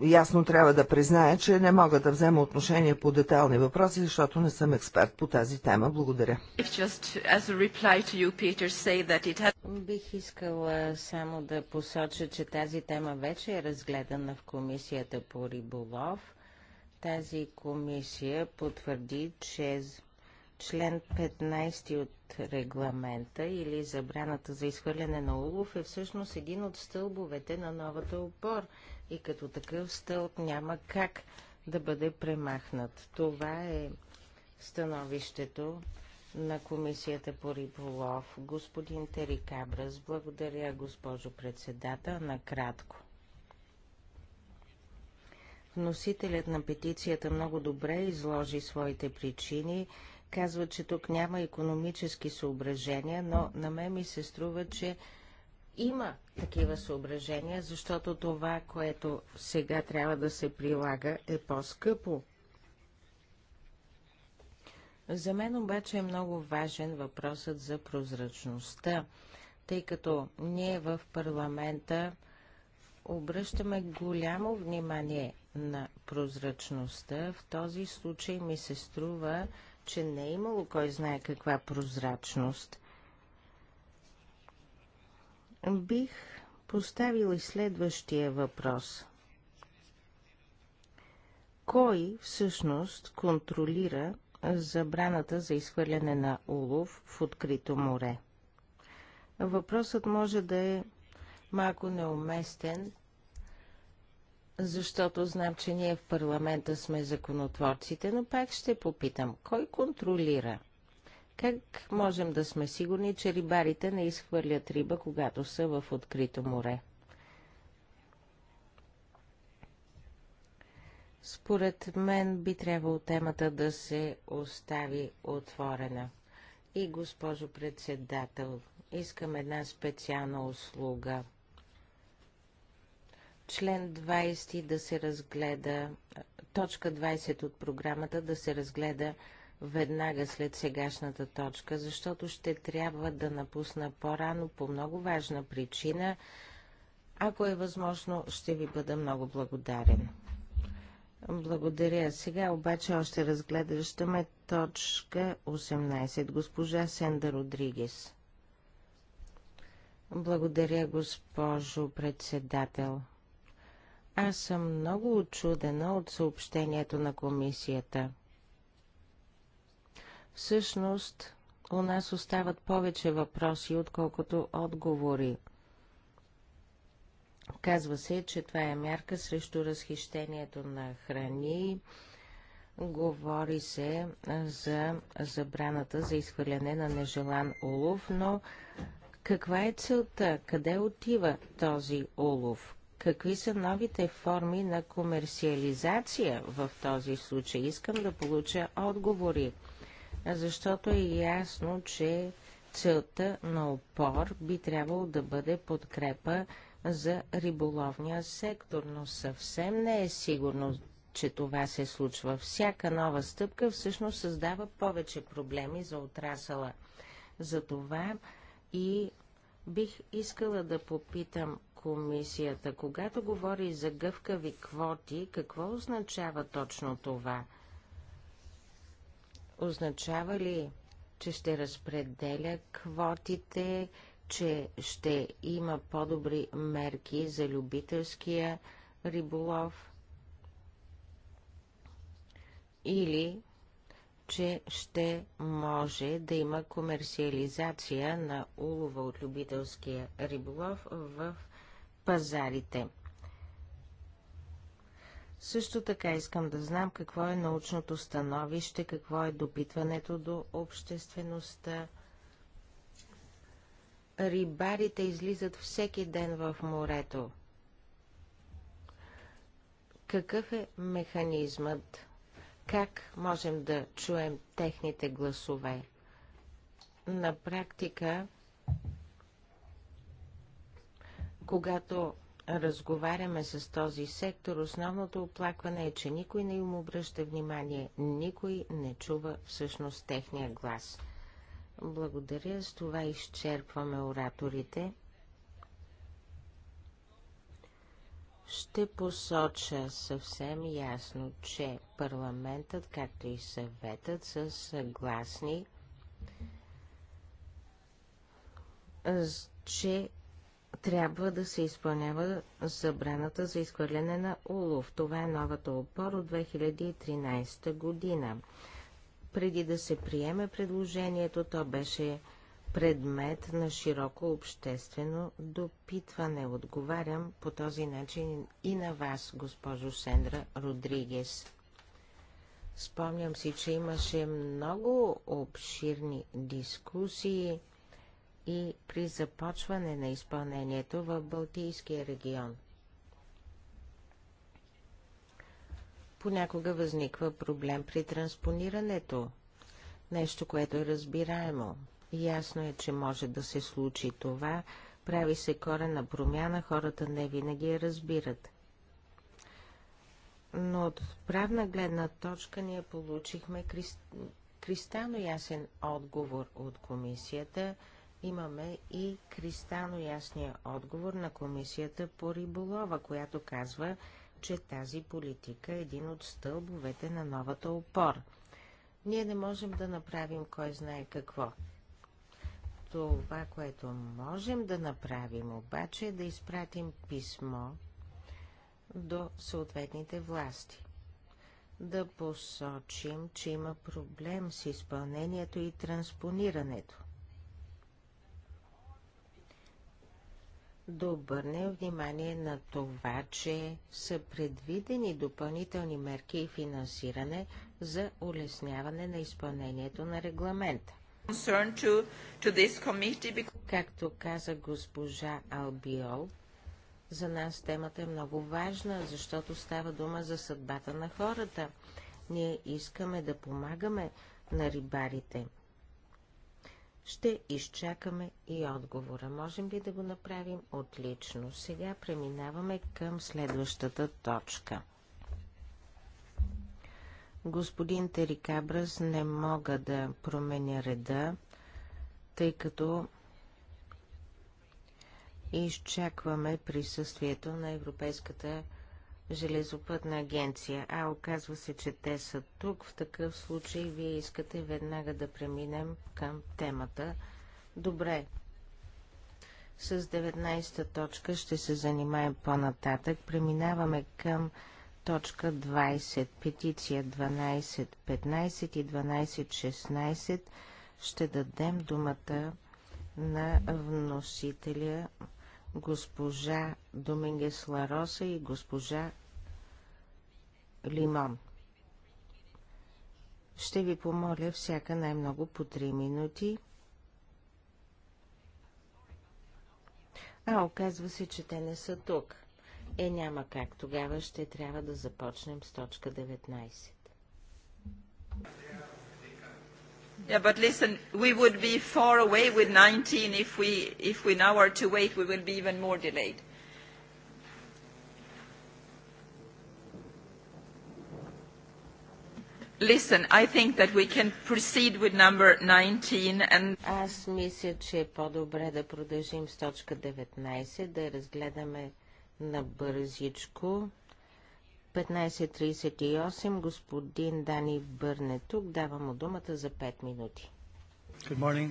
ясно трябва да призная, че не мога да взема отношение по детални въпроси, защото не съм експерт по тази тема. Благодаря. You, Peter, Бих искала само да посоча, че тази тема вече е разгледана в Комисията по риболов. Тази комисия потвърди, че Член 15 от регламента или забраната за изхвърляне на улов е всъщност един от стълбовете на новата опор и като такъв стълб няма как да бъде премахнат. Това е становището на Комисията по риболов. Господин Тери Кабрас, благодаря, госпожо председател, накратко. Вносителят на петицията много добре изложи своите причини казва, че тук няма економически съображения, но на мен ми се струва, че има такива съображения, защото това, което сега трябва да се прилага, е по-скъпо. За мен обаче е много важен въпросът за прозрачността, тъй като ние в парламента обръщаме голямо внимание на прозрачността. В този случай ми се струва, че не е имало кой знае каква прозрачност. Бих поставил и следващия въпрос. Кой всъщност контролира забраната за изхвърляне на улов в открито море? Въпросът може да е малко неуместен, защото знам, че ние в парламента сме законотворците, но пак ще попитам, кой контролира? Как можем да сме сигурни, че рибарите не изхвърлят риба, когато са в открито море? Според мен би трябвало темата да се остави отворена. И, госпожо председател, искам една специална услуга – член 20 да се разгледа, точка 20 от програмата да се разгледа веднага след сегашната точка, защото ще трябва да напусна по-рано по много важна причина. Ако е възможно, ще ви бъда много благодарен. Благодаря. Сега обаче още разгледащаме точка 18. Госпожа Сенда Родригес. Благодаря, госпожо председател. Аз съм много очудена от съобщението на комисията. Всъщност, у нас остават повече въпроси, отколкото отговори. Казва се, че това е мярка срещу разхищението на храни. Говори се за забраната за изхвърляне на нежелан улов, но каква е целта? Къде отива този улов? Какви са новите форми на комерциализация в този случай? Искам да получа отговори, защото е ясно, че целта на опор би трябвало да бъде подкрепа за риболовния сектор, но съвсем не е сигурно, че това се случва. Всяка нова стъпка всъщност създава повече проблеми за отрасъла. Затова и бих искала да попитам комисията. Когато говори за гъвкави квоти, какво означава точно това? Означава ли, че ще разпределя квотите, че ще има по-добри мерки за любителския риболов? Или че ще може да има комерциализация на улова от любителския риболов в пазарите. Също така искам да знам какво е научното становище, какво е допитването до обществеността. Рибарите излизат всеки ден в морето. Какъв е механизмът? Как можем да чуем техните гласове? На практика Когато разговаряме с този сектор, основното оплакване е, че никой не им обръща внимание, никой не чува всъщност техния глас. Благодаря, с това изчерпваме ораторите. Ще посоча съвсем ясно, че парламентът, както и съветът, са съгласни, че трябва да се изпълнява забраната за изхвърляне на улов. Това е новата опор от 2013 година. Преди да се приеме предложението, то беше предмет на широко обществено допитване. Отговарям по този начин и на вас, госпожо Сендра Родригес. Спомням си, че имаше много обширни дискусии и при започване на изпълнението в Балтийския регион. Понякога възниква проблем при транспонирането, нещо, което е разбираемо. Ясно е, че може да се случи това, прави се корена промяна, хората не винаги я разбират. Но от правна гледна точка ние получихме кристално ясен отговор от комисията – имаме и кристално ясния отговор на Комисията по риболова, която казва, че тази политика е един от стълбовете на новата опор. Ние не можем да направим кой знае какво. Това, което можем да направим обаче е да изпратим писмо до съответните власти. Да посочим, че има проблем с изпълнението и транспонирането. да обърне внимание на това, че са предвидени допълнителни мерки и финансиране за улесняване на изпълнението на регламента. To, to because... Както каза госпожа Албиол, за нас темата е много важна, защото става дума за съдбата на хората. Ние искаме да помагаме на рибарите – ще изчакаме и отговора. Можем ли да го направим? Отлично. Сега преминаваме към следващата точка. Господин Терикабрас, не мога да променя реда, тъй като изчакваме присъствието на Европейската железопътна агенция, а оказва се, че те са тук. В такъв случай вие искате веднага да преминем към темата. Добре. С 19-та точка ще се занимаем по-нататък. Преминаваме към точка 20, петиция 12.15 и 12.16. Ще дадем думата на вносителя госпожа Домингес Лароса и госпожа Лимон. Ще ви помоля всяка най-много по 3 минути. А, оказва се, че те не са тук. Е, няма как. Тогава ще трябва да започнем с точка 19. Yeah, but listen, we would be far away with 19 if we, if we now are too late, we will be even more delayed. Listen, I think that we can proceed with number 19 and... Аз мисля, че е по-добре да продължим с точка 19, да разгледаме на бързичко. 15.38, господин Дани Бърне тук. Давам му думата за 5 минути. Good morning.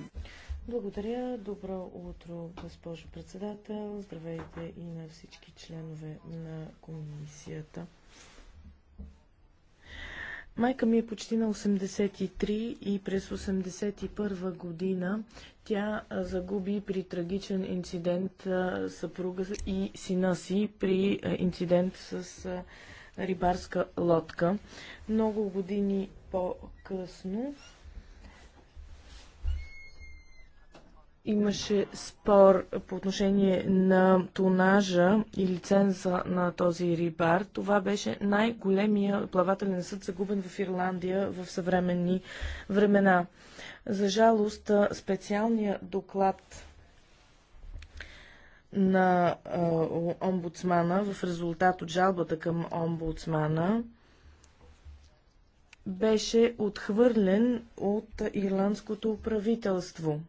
Благодаря. Добро утро, госпожо председател. Здравейте и на всички членове на комисията. Майка ми е почти на 83 и през 81 година тя загуби при трагичен инцидент съпруга и сина си при инцидент с рибарска лодка. Много години по-късно Имаше спор по отношение на тонажа и лиценза на този рибар. Това беше най-големия плавателен съд, загубен в Ирландия в съвременни времена. За жалост, специалният доклад на омбудсмана в резултат от жалбата към омбудсмана беше отхвърлен от ирландското правителство.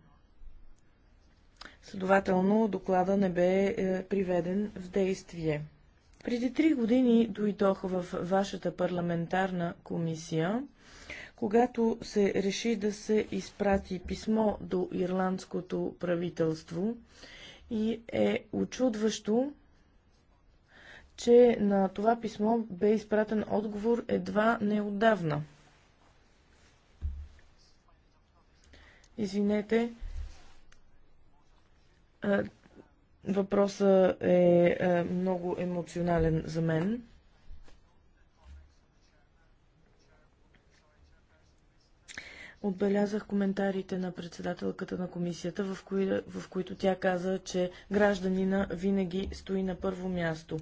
Следователно, доклада не бе е, приведен в действие. Преди три години дойдох в вашата парламентарна комисия, когато се реши да се изпрати писмо до ирландското правителство и е очудващо, че на това писмо бе изпратен отговор едва неодавна. Извинете, Въпросът е, е много емоционален за мен. Отбелязах коментарите на председателката на комисията, в, кои, в които тя каза, че гражданина винаги стои на първо място.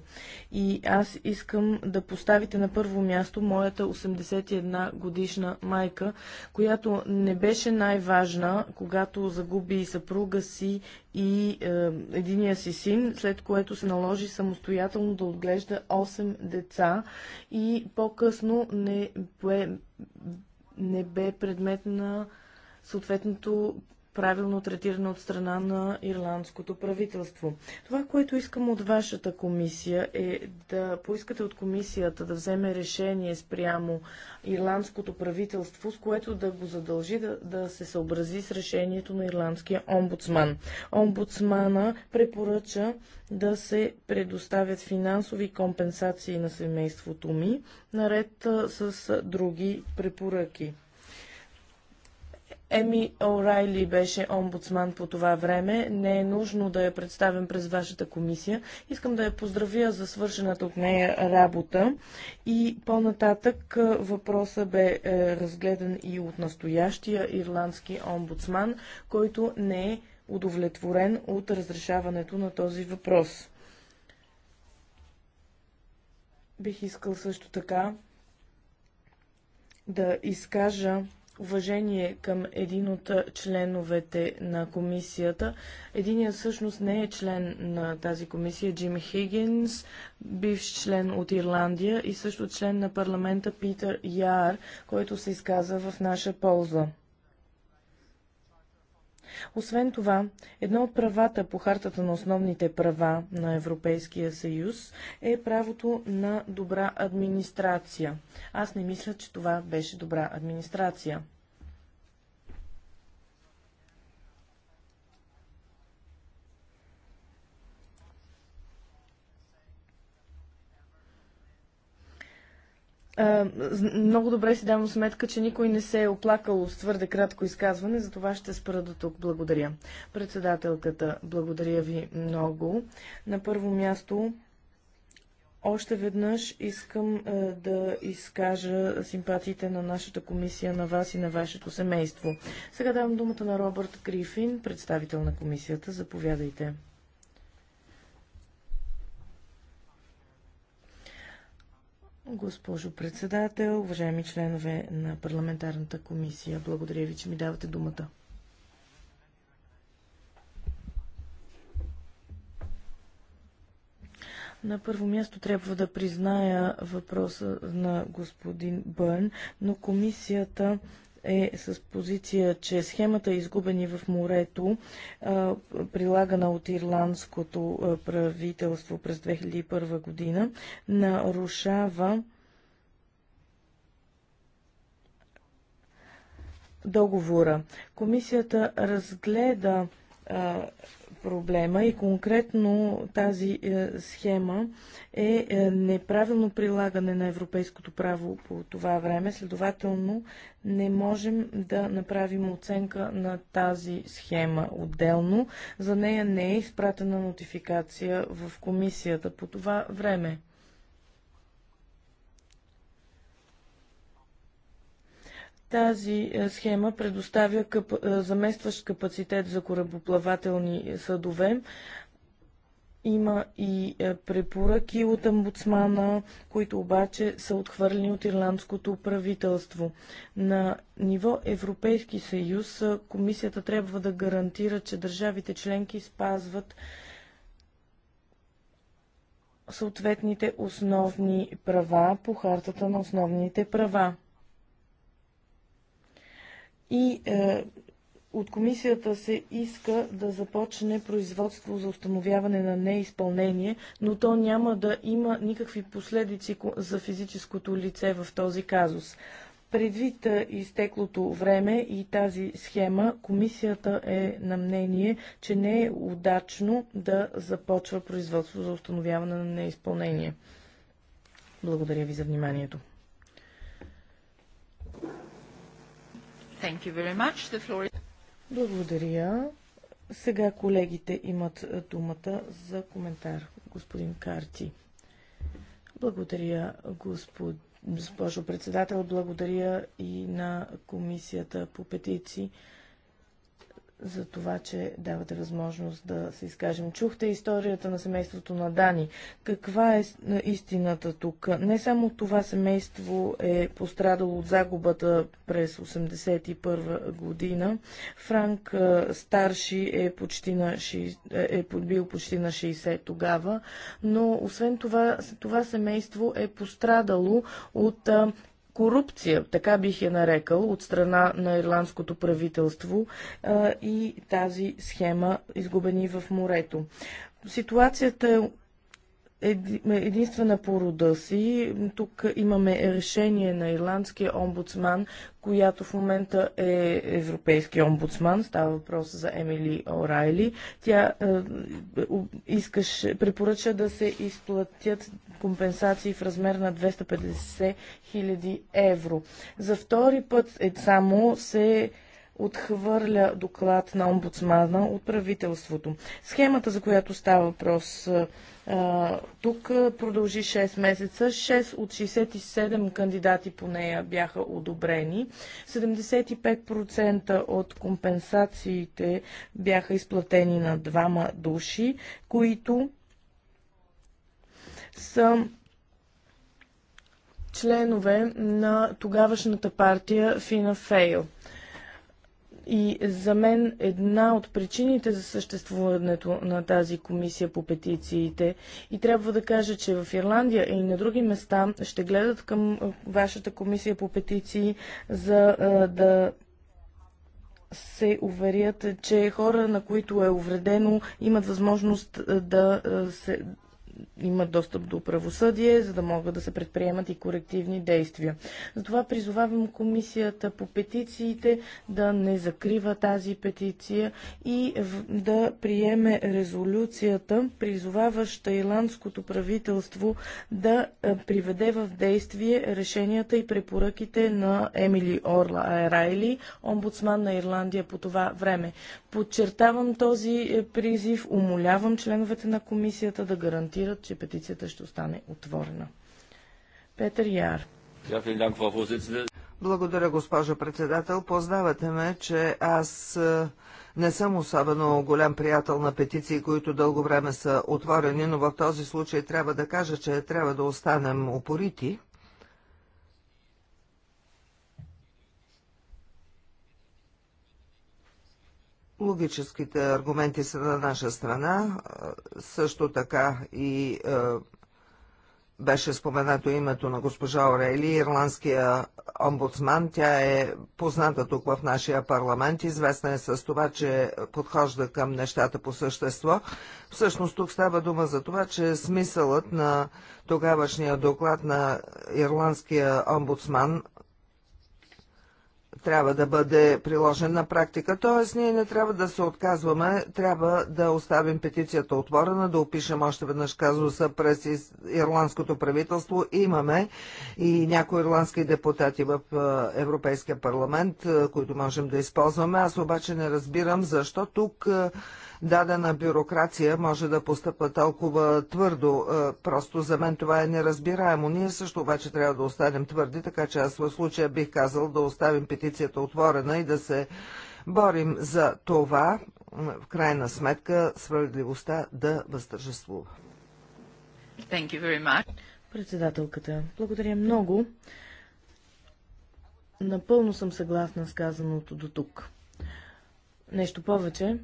И аз искам да поставите на първо място моята 81 годишна майка, която не беше най-важна, когато загуби съпруга си и е, единия си син, след което се наложи самостоятелно да отглежда 8 деца и по-късно не бе не бе предмет на съответното правилно третиране от страна на ирландското правителство. Това, което искам от вашата комисия е да поискате от комисията да вземе решение спрямо ирландското правителство, с което да го задължи да, да се съобрази с решението на ирландския омбудсман. Омбудсмана препоръча да се предоставят финансови компенсации на семейството ми, наред с други препоръки. Еми Орайли беше омбудсман по това време. Не е нужно да я представим през вашата комисия. Искам да я поздравя за свършената от нея работа. И по-нататък въпроса бе е, разгледан и от настоящия ирландски омбудсман, който не е удовлетворен от разрешаването на този въпрос. Бих искал също така да изкажа уважение към един от членовете на комисията. Единият всъщност не е член на тази комисия, Джим Хигинс, бивш член от Ирландия и също член на парламента Питър Яр, който се изказа в наша полза. Освен това, едно от правата по хартата на основните права на Европейския съюз е правото на добра администрация. Аз не мисля, че това беше добра администрация. много добре си давам сметка, че никой не се е оплакал от твърде кратко изказване, за това ще спра до тук. Благодаря. Председателката, благодаря ви много. На първо място, още веднъж искам да изкажа симпатиите на нашата комисия, на вас и на вашето семейство. Сега давам думата на Робърт Грифин, представител на комисията. Заповядайте. Госпожо председател, уважаеми членове на парламентарната комисия, благодаря ви, че ми давате думата. На първо място трябва да призная въпроса на господин Бърн, но комисията е с позиция, че схемата изгубени в морето, прилагана от ирландското правителство през 2001 година, нарушава договора. Комисията разгледа проблема и конкретно тази е, схема е, е неправилно прилагане на европейското право по това време. Следователно, не можем да направим оценка на тази схема отделно. За нея не е изпратена нотификация в комисията по това време. Тази е, схема предоставя къп... Е, заместващ капацитет за корабоплавателни съдове. Има и е, препоръки от амбудсмана, които обаче са отхвърлени от ирландското правителство. На ниво Европейски съюз комисията трябва да гарантира, че държавите членки спазват съответните основни права по хартата на основните права и е, от комисията се иска да започне производство за установяване на неизпълнение, но то няма да има никакви последици за физическото лице в този казус. Предвид е, изтеклото време и тази схема, комисията е на мнение, че не е удачно да започва производство за установяване на неизпълнение. Благодаря ви за вниманието. Thank you very much. The floor is... Благодаря. Сега колегите имат е, думата за коментар. Господин Карти. Благодаря, господ... госпожо председател. Благодаря и на комисията по петиции за това, че давате възможност да се изкажем. Чухте историята на семейството на Дани. Каква е истината тук? Не само това семейство е пострадало от загубата през 1981 година. Франк Старши е, почти на 6, е бил почти на 60 тогава, но освен това, това семейство е пострадало от корупция, така бих я нарекал, от страна на ирландското правителство и тази схема изгубени в морето. Ситуацията е единствена по рода си. Тук имаме решение на ирландския омбудсман, която в момента е европейски омбудсман. Става въпрос за Емили Орайли. Тя е, искаш, препоръча да се изплатят компенсации в размер на 250 000 евро. За втори път е само се отхвърля доклад на омбудсмана от правителството. Схемата, за която става въпрос тук продължи 6 месеца. 6 от 67 кандидати по нея бяха одобрени. 75% от компенсациите бяха изплатени на двама души, които са членове на тогавашната партия Фина Фейл. И за мен една от причините за съществуването на тази комисия по петициите и трябва да кажа, че в Ирландия и на други места ще гледат към вашата комисия по петиции за да се уверят, че хора, на които е увредено, имат възможност да се имат достъп до правосъдие, за да могат да се предприемат и корективни действия. Затова призовавам комисията по петициите да не закрива тази петиция и да приеме резолюцията, призоваваща ирландското правителство да е, приведе в действие решенията и препоръките на Емили Орла Райли, омбудсман на Ирландия по това време. Подчертавам този е, призив, умолявам членовете на комисията да гарантират, че петицията ще остане отворена. Петър Яр. Благодаря, госпожо председател. Познавате ме, че аз е, не съм особено голям приятел на петиции, които дълго време са отворени, но в този случай трябва да кажа, че трябва да останем упорити. логическите аргументи са на наша страна. Също така и беше споменато името на госпожа Орели, ирландския омбудсман. Тя е позната тук в нашия парламент, известна е с това, че подхожда към нещата по същество. Всъщност тук става дума за това, че смисълът на тогавашния доклад на ирландския омбудсман трябва да бъде приложен на практика. Тоест, ние не трябва да се отказваме, трябва да оставим петицията отворена, да опишем още веднъж казуса през ирландското правителство. Имаме и някои ирландски депутати в Европейския парламент, които можем да използваме. Аз обаче не разбирам защо тук дадена бюрокрация може да постъпва толкова твърдо. Е, просто за мен това е неразбираемо. Ние също обаче трябва да останем твърди, така че аз в случая бих казал да оставим петицията отворена и да се борим за това, в крайна сметка, справедливостта да възтържествува. Председателката, благодаря много. Напълно съм съгласна с казаното до тук. Нещо повече,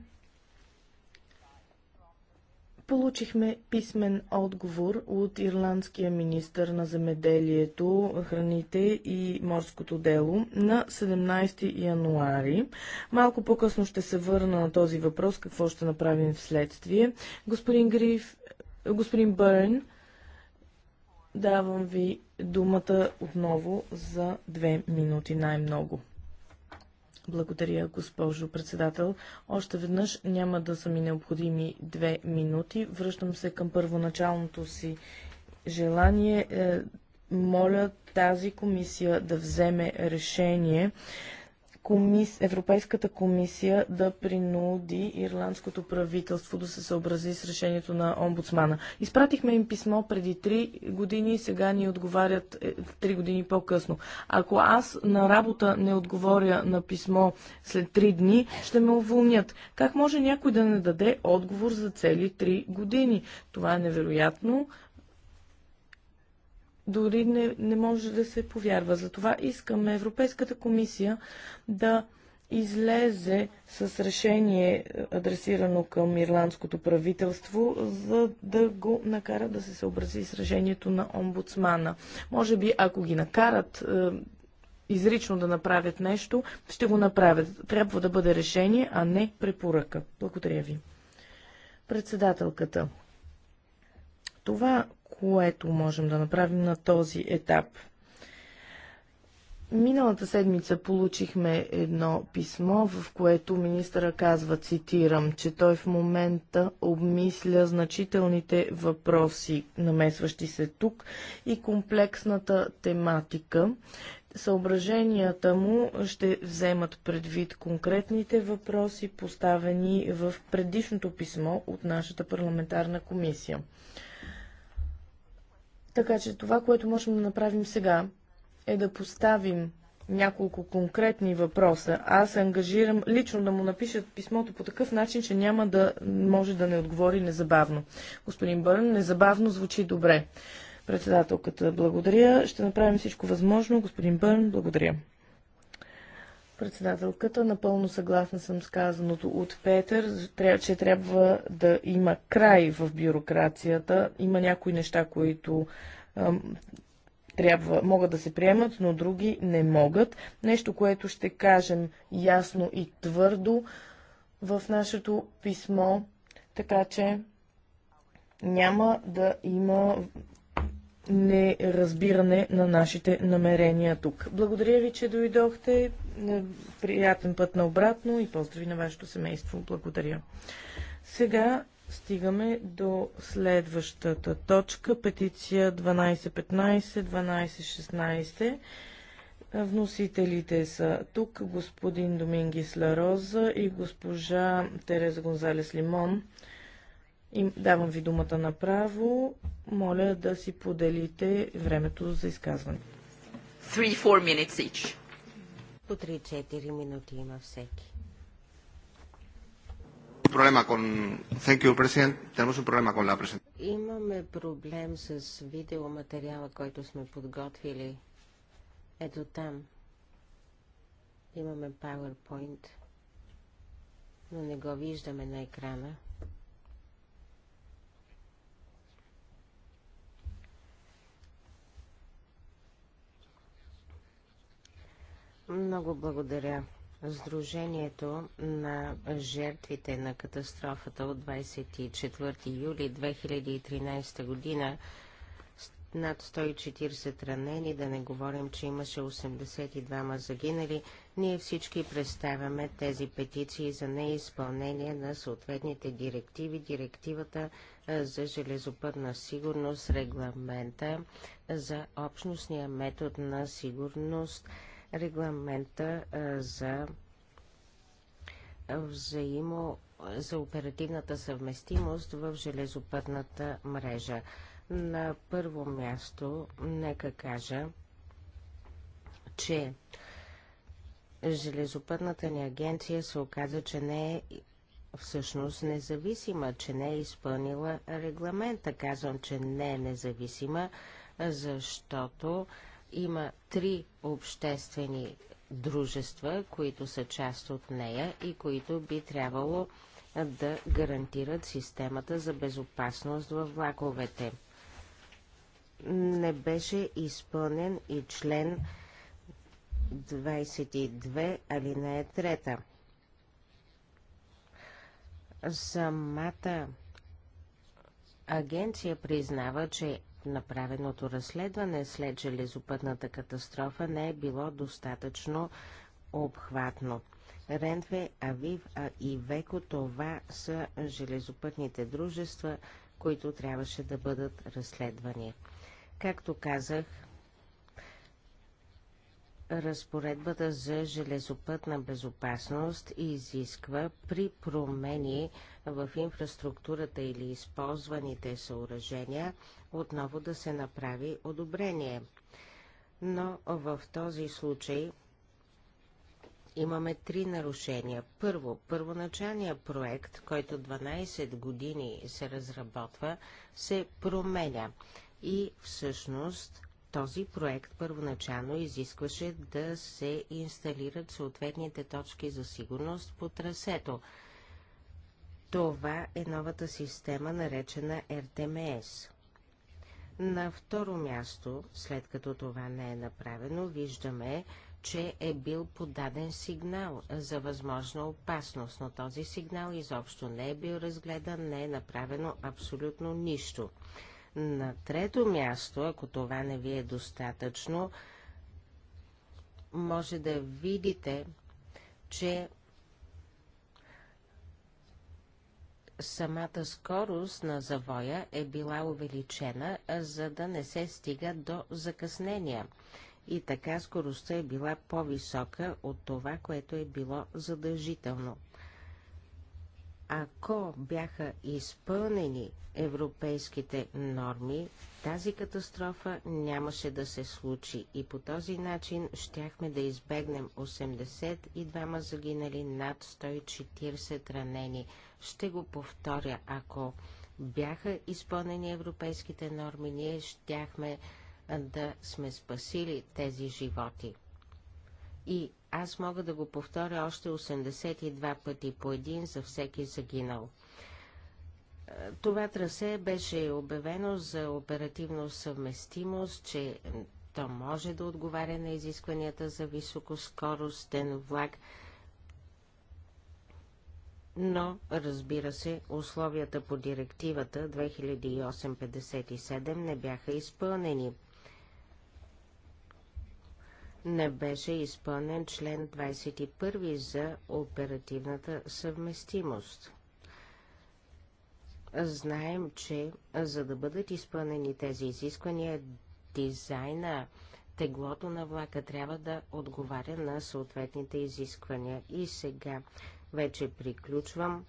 Получихме писмен отговор от ирландския министр на земеделието, храните и морското дело на 17 януари. Малко по-късно ще се върна на този въпрос, какво ще направим в следствие. Господин Гриф, господин Бърн, давам ви думата отново за две минути най-много. Благодаря, госпожо председател. Още веднъж няма да са ми необходими две минути. Връщам се към първоначалното си желание. Е, моля тази комисия да вземе решение комис... Европейската комисия да принуди ирландското правителство да се съобрази с решението на омбудсмана. Изпратихме им писмо преди 3 години, сега ни отговарят 3 е, години по-късно. Ако аз на работа не отговоря на писмо след 3 дни, ще ме уволнят. Как може някой да не даде отговор за цели 3 години? Това е невероятно, дори не, не може да се повярва. Затова искаме Европейската комисия да излезе с решение, адресирано към ирландското правителство, за да го накара да се съобрази с решението на омбудсмана. Може би, ако ги накарат е, изрично да направят нещо, ще го направят. Трябва да бъде решение, а не препоръка. Благодаря ви. Председателката. Това, което можем да направим на този етап. Миналата седмица получихме едно писмо, в което министъра казва, цитирам, че той в момента обмисля значителните въпроси, намесващи се тук и комплексната тематика. Съображенията му ще вземат предвид конкретните въпроси, поставени в предишното писмо от нашата парламентарна комисия. Така че това, което можем да направим сега, е да поставим няколко конкретни въпроса. Аз се ангажирам лично да му напишат писмото по такъв начин, че няма да може да не отговори незабавно. Господин Бърн, незабавно звучи добре. Председателката, благодаря. Ще направим всичко възможно. Господин Бърн, благодаря. Председателката, напълно съгласна съм с казаното от Петър, че трябва да има край в бюрокрацията. Има някои неща, които трябва, могат да се приемат, но други не могат. Нещо, което ще кажем ясно и твърдо в нашето писмо, така че няма да има неразбиране на нашите намерения тук. Благодаря ви, че дойдохте. Е, приятен път на обратно и поздрави на вашето семейство. Благодаря. Сега стигаме до следващата точка, петиция 1215-1216. Вносителите са тук господин Домингис Лароза и госпожа Тереза Гонзалес Лимон. И давам ви думата направо. Моля да си поделите времето за изказване. 3-4 minutes each. По 3-4 минути има всеки. Имаме проблем с видеоматериала, който сме подготвили. Ето там. Имаме PowerPoint, но не го виждаме на екрана. Много благодаря. Сдружението на жертвите на катастрофата от 24 юли 2013 година над 140 ранени, да не говорим, че имаше 82 загинали, ние всички представяме тези петиции за неизпълнение на съответните директиви, директивата за железопътна сигурност, регламента за общностния метод на сигурност – регламента за взаимо за оперативната съвместимост в железопътната мрежа. На първо място, нека кажа, че железопътната ни агенция се оказа, че не е всъщност независима, че не е изпълнила регламента. Казвам, че не е независима, защото има три обществени дружества, които са част от нея и които би трябвало да гарантират системата за безопасност във влаковете. Не беше изпълнен и член 22 алинея 3. Самата агенция признава, че направеното разследване след железопътната катастрофа не е било достатъчно обхватно. Ренве, Авив и Веко това са железопътните дружества, които трябваше да бъдат разследвани. Както казах, Разпоредбата за железопътна безопасност изисква при промени в инфраструктурата или използваните съоръжения отново да се направи одобрение. Но в този случай имаме три нарушения. Първо, първоначалният проект, който 12 години се разработва, се променя и всъщност този проект първоначално изискваше да се инсталират съответните точки за сигурност по трасето. Това е новата система, наречена РТМС. На второ място, след като това не е направено, виждаме, че е бил подаден сигнал за възможна опасност, но този сигнал изобщо не е бил разгледан, не е направено абсолютно нищо. На трето място, ако това не ви е достатъчно, може да видите, че самата скорост на завоя е била увеличена, за да не се стига до закъснения. И така скоростта е била по-висока от това, което е било задължително. Ако бяха изпълнени европейските норми, тази катастрофа нямаше да се случи и по този начин щяхме да избегнем 82 загинали, над 140 ранени. Ще го повторя, ако бяха изпълнени европейските норми, ние щяхме да сме спасили тези животи. И аз мога да го повторя още 82 пъти по един за всеки загинал. Е, това трасе беше обявено за оперативно съвместимост, че то може да отговаря на изискванията за високоскоростен влак, но, разбира се, условията по директивата 2008-57 не бяха изпълнени не беше изпълнен член 21 за оперативната съвместимост. Знаем, че за да бъдат изпълнени тези изисквания, дизайна, теглото на влака трябва да отговаря на съответните изисквания. И сега вече приключвам.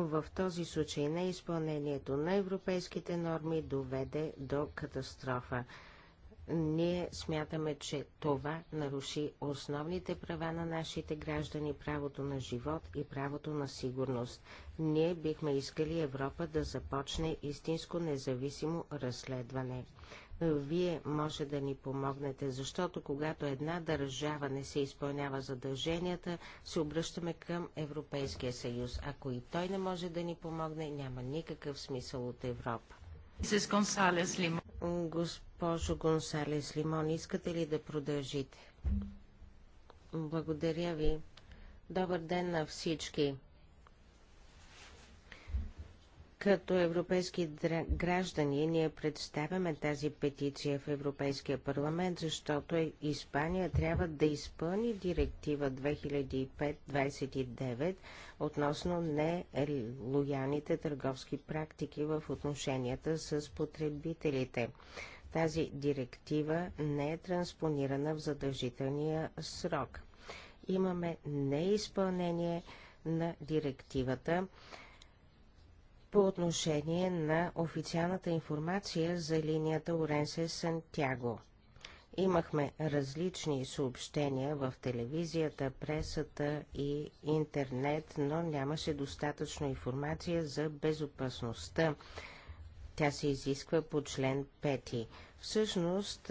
в този случай неизпълнението на европейските норми доведе до катастрофа. Ние смятаме, че това наруши основните права на нашите граждани, правото на живот и правото на сигурност. Ние бихме искали Европа да започне истинско независимо разследване вие може да ни помогнете, защото когато една държава не се изпълнява задълженията, се обръщаме към Европейския съюз. Ако и той не може да ни помогне, няма никакъв смисъл от Европа. Госпожо Гонсалес Лимон, искате ли да продължите? Благодаря ви. Добър ден на всички. Като европейски граждани ние представяме тази петиция в Европейския парламент, защото е- Испания трябва да изпълни директива 2005-29 относно нелоялните търговски практики в отношенията с потребителите. Тази директива не е транспонирана в задължителния срок. Имаме неизпълнение на директивата по отношение на официалната информация за линията Оренсе-Сантяго. Имахме различни съобщения в телевизията, пресата и интернет, но нямаше достатъчно информация за безопасността. Тя се изисква по член 5. Всъщност,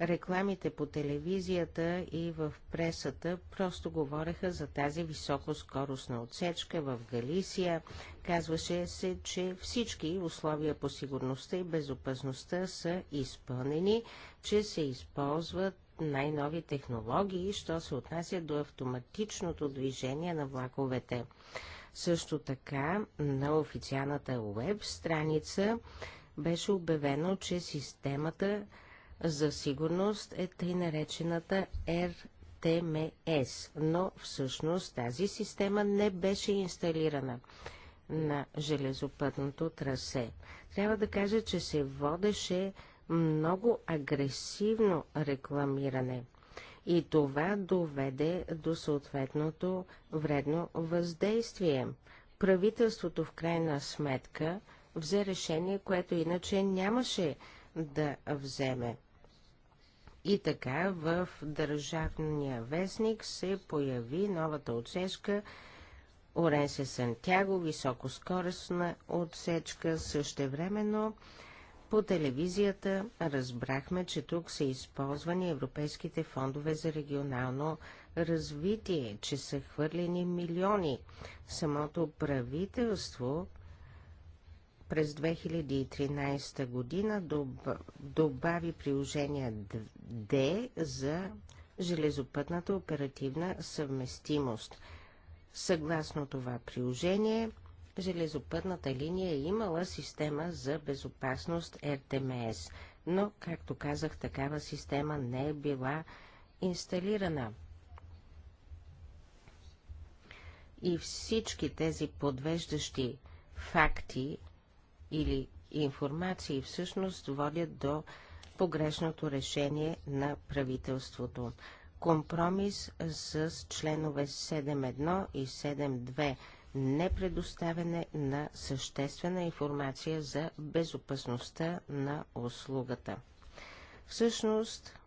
рекламите по телевизията и в пресата просто говореха за тази високоскоростна отсечка в Галисия, Казваше се, че всички условия по сигурността и безопасността са изпълнени, че се използват най-нови технологии, що се отнася до автоматичното движение на влаковете. Също така на официалната веб страница беше обявено, че системата за сигурност е тъй наречената RTMS, но всъщност тази система не беше инсталирана на железопътното трасе. Трябва да кажа, че се водеше много агресивно рекламиране и това доведе до съответното вредно въздействие. Правителството в крайна сметка взе решение, което иначе нямаше да вземе. И така в Държавния вестник се появи новата отсечка Оренсе Сантяго, високоскоростна отсечка. Същевременно по телевизията разбрахме, че тук са използвани европейските фондове за регионално развитие, че са хвърлени милиони. Самото правителство през 2013 година добави приложение D за железопътната оперативна съвместимост – Съгласно това приложение, железопътната линия е имала система за безопасност РТМС, но, както казах, такава система не е била инсталирана. И всички тези подвеждащи факти или информации всъщност водят до погрешното решение на правителството компромис с членове 7.1 и 7.2 непредоставяне на съществена информация за безопасността на услугата. Всъщност,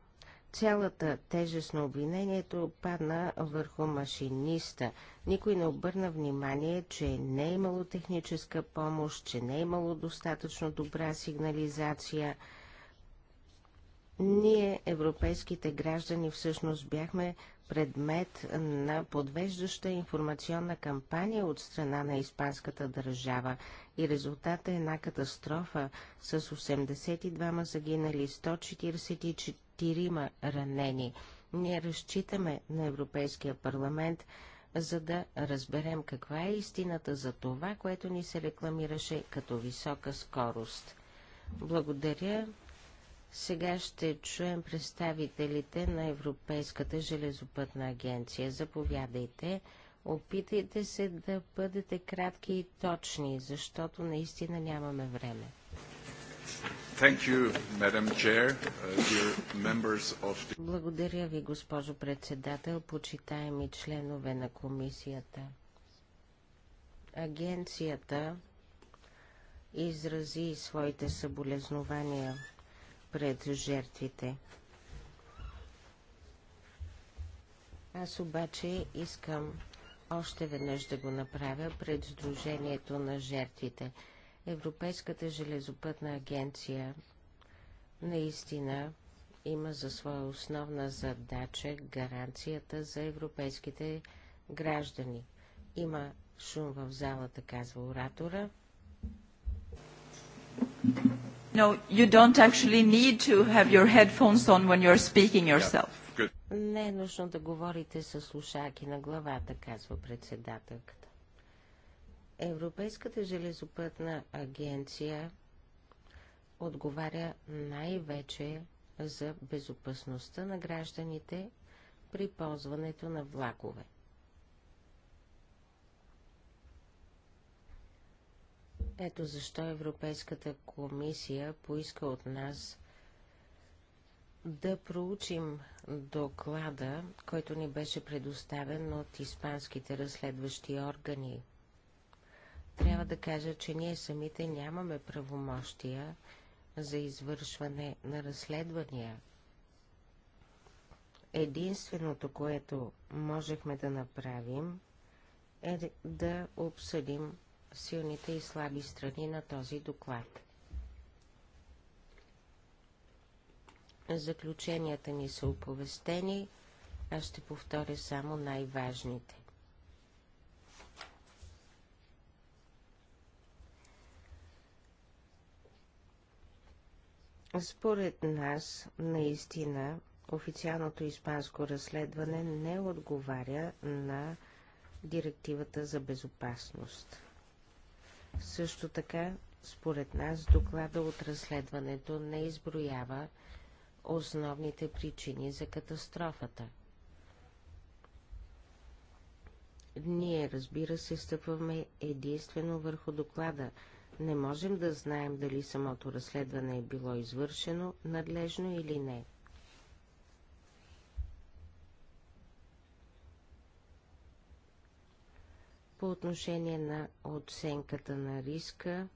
цялата тежест на обвинението падна върху машиниста. Никой не обърна внимание, че не е имало техническа помощ, че не е имало достатъчно добра сигнализация – ние, европейските граждани, всъщност бяхме предмет на подвеждаща информационна кампания от страна на испанската държава и резултата е една катастрофа с 82 загинали, 144 ранени. Ние разчитаме на Европейския парламент, за да разберем каква е истината за това, което ни се рекламираше като висока скорост. Благодаря. Сега ще чуем представителите на Европейската железопътна агенция. Заповядайте, опитайте се да бъдете кратки и точни, защото наистина нямаме време. You, Chair, uh, the... Благодаря ви, госпожо председател, почитаеми членове на комисията. Агенцията изрази своите съболезнования пред жертвите. Аз обаче искам още веднъж да го направя пред Сдружението на жертвите. Европейската железопътна агенция наистина има за своя основна задача гаранцията за европейските граждани. Има шум в залата, казва оратора. No, you don't actually need to have your headphones on when you're speaking yourself. Yeah. Не е нужно да говорите с слушалки на главата, казва председателката. Европейската железопътна агенция отговаря най-вече за безопасността на гражданите при ползването на влакове. Ето защо Европейската комисия поиска от нас да проучим доклада, който ни беше предоставен от испанските разследващи органи. Трябва да кажа, че ние самите нямаме правомощия за извършване на разследвания. Единственото, което можехме да направим, е да обсъдим силните и слаби страни на този доклад. Заключенията ни са оповестени, аз ще повторя само най-важните. Според нас, наистина, официалното испанско разследване не отговаря на директивата за безопасност. Също така, според нас, доклада от разследването не изброява основните причини за катастрофата. Ние, разбира се, стъпваме единствено върху доклада. Не можем да знаем дали самото разследване е било извършено надлежно или не. по отношение на оценката на риска.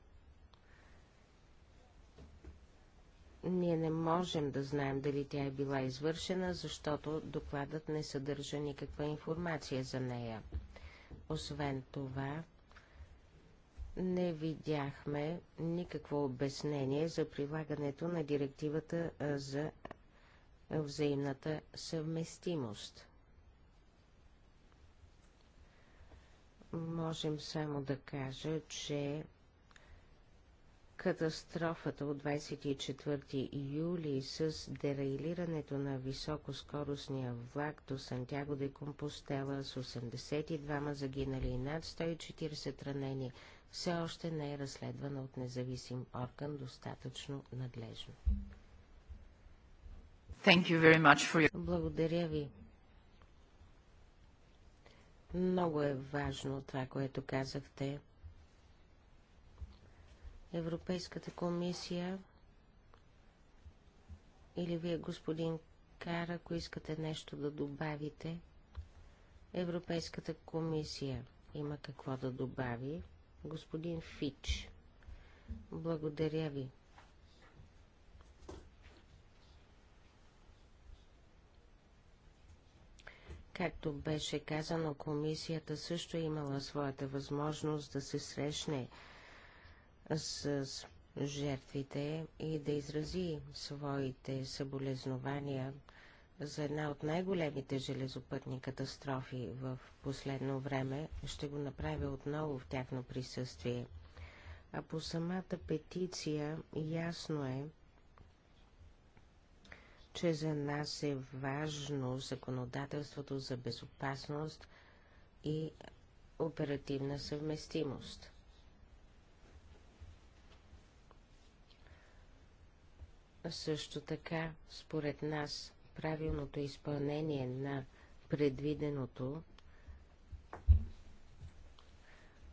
Ние не можем да знаем дали тя е била извършена, защото докладът не съдържа никаква информация за нея. Освен това, не видяхме никакво обяснение за прилагането на директивата за взаимната съвместимост. можем само да кажа, че катастрофата от 24 юли с дерайлирането на високоскоростния влак до Сантяго де Компостела с 82 загинали и над 140 ранени все още не е разследвана от независим орган достатъчно надлежно. Your... Благодаря ви много е важно това, което казахте. Европейската комисия или вие, господин Кара, ако искате нещо да добавите, Европейската комисия има какво да добави. Господин Фич, благодаря ви. Както беше казано, комисията също е имала своята възможност да се срещне с жертвите и да изрази своите съболезнования за една от най-големите железопътни катастрофи в последно време. Ще го направя отново в тяхно присъствие. А по самата петиция ясно е, че за нас е важно законодателството за безопасност и оперативна съвместимост. Също така, според нас, правилното изпълнение на предвиденото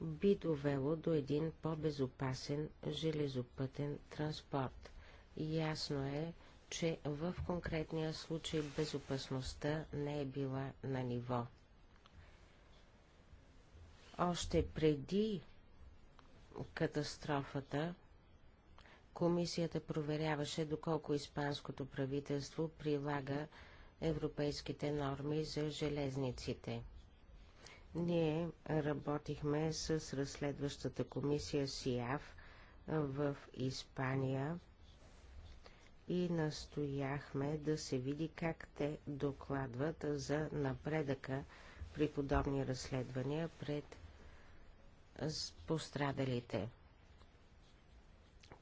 би довело до един по-безопасен железопътен транспорт. Ясно е, че в конкретния случай безопасността не е била на ниво. Още преди катастрофата, комисията проверяваше доколко испанското правителство прилага европейските норми за железниците. Ние работихме с разследващата комисия СИАВ в Испания – и настояхме да се види как те докладват за напредъка при подобни разследвания пред пострадалите.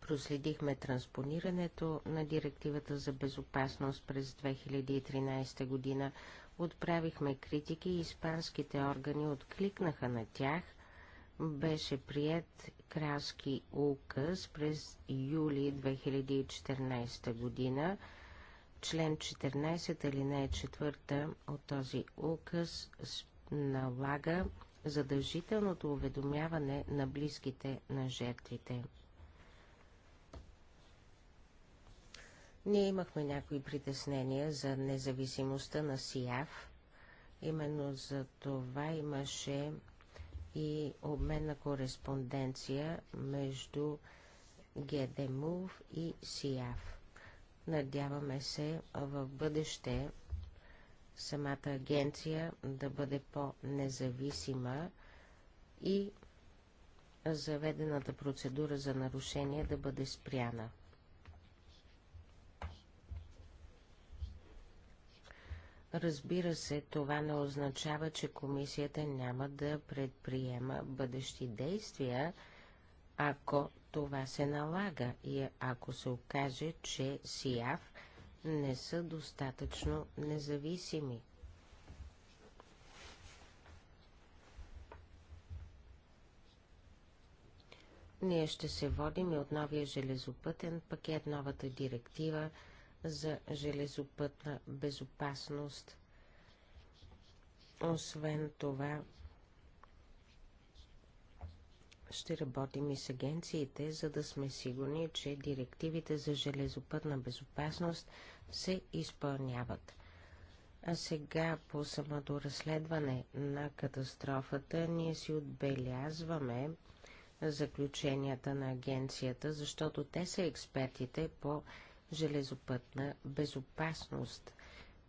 Проследихме транспонирането на директивата за безопасност през 2013 година. Отправихме критики и испанските органи откликнаха на тях – беше прият кралски указ през юли 2014 година. Член 14 алинея 4 от този указ налага задължителното уведомяване на близките на жертвите. Ние имахме някои притеснения за независимостта на СИАВ. Именно за това имаше и обмен на кореспонденция между ГДМУВ и СИАФ. Надяваме се в бъдеще самата агенция да бъде по-независима и заведената процедура за нарушение да бъде спряна. Разбира се, това не означава, че комисията няма да предприема бъдещи действия, ако това се налага и ако се окаже, че СИАВ не са достатъчно независими. Ние ще се водим и от новия железопътен пакет, новата директива – за железопътна безопасност. Освен това, ще работим и с агенциите, за да сме сигурни, че директивите за железопътна безопасност се изпълняват. А сега по самото разследване на катастрофата ние си отбелязваме заключенията на агенцията, защото те са експертите по железопътна безопасност.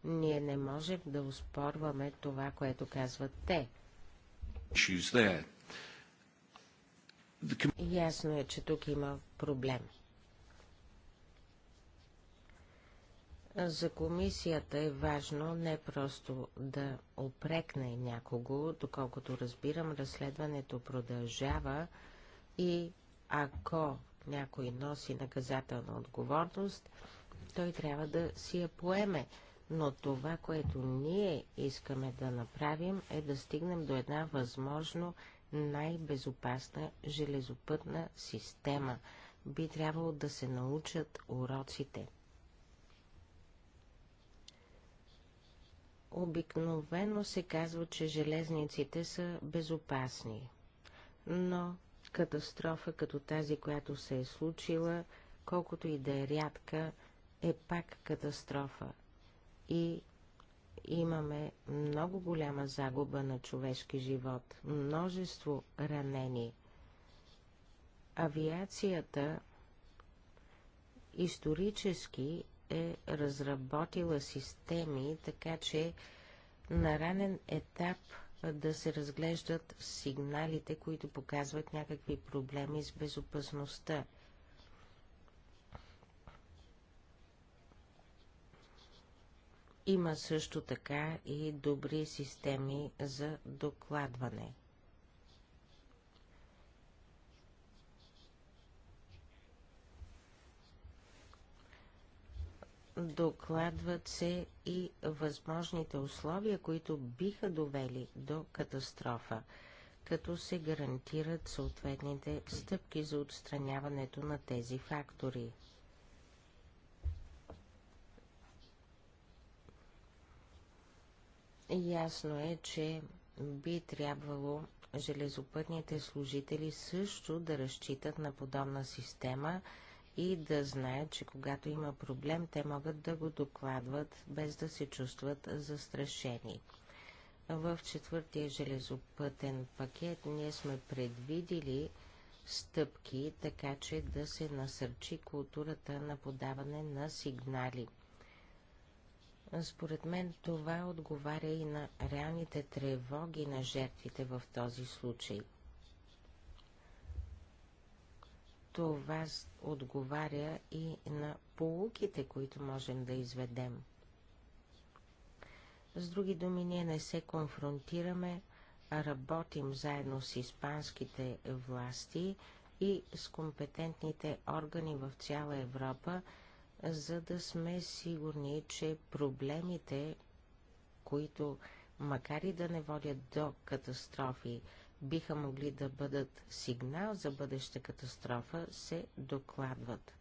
Ние не можем да успорваме това, което казват те. Ясно е, че тук има проблем. За комисията е важно не просто да опрекне някого, доколкото разбирам, разследването продължава и ако някой носи наказателна отговорност, той трябва да си я поеме. Но това, което ние искаме да направим, е да стигнем до една възможно най-безопасна железопътна система. Би трябвало да се научат уроците. Обикновено се казва, че железниците са безопасни, но катастрофа като тази, която се е случила, колкото и да е рядка, е пак катастрофа. И имаме много голяма загуба на човешки живот, множество ранени. Авиацията исторически е разработила системи, така че на ранен етап да се разглеждат сигналите, които показват някакви проблеми с безопасността. Има също така и добри системи за докладване – Докладват се и възможните условия, които биха довели до катастрофа, като се гарантират съответните стъпки за отстраняването на тези фактори. Ясно е, че би трябвало железопътните служители също да разчитат на подобна система – и да знаят, че когато има проблем, те могат да го докладват, без да се чувстват застрашени. В четвъртия железопътен пакет ние сме предвидили стъпки, така че да се насърчи културата на подаване на сигнали. Според мен това отговаря и на реалните тревоги на жертвите в този случай – това отговаря и на полуките, които можем да изведем. С други думи, ние не се конфронтираме, а работим заедно с испанските власти и с компетентните органи в цяла Европа, за да сме сигурни, че проблемите, които макар и да не водят до катастрофи, биха могли да бъдат сигнал за бъдеща катастрофа, се докладват.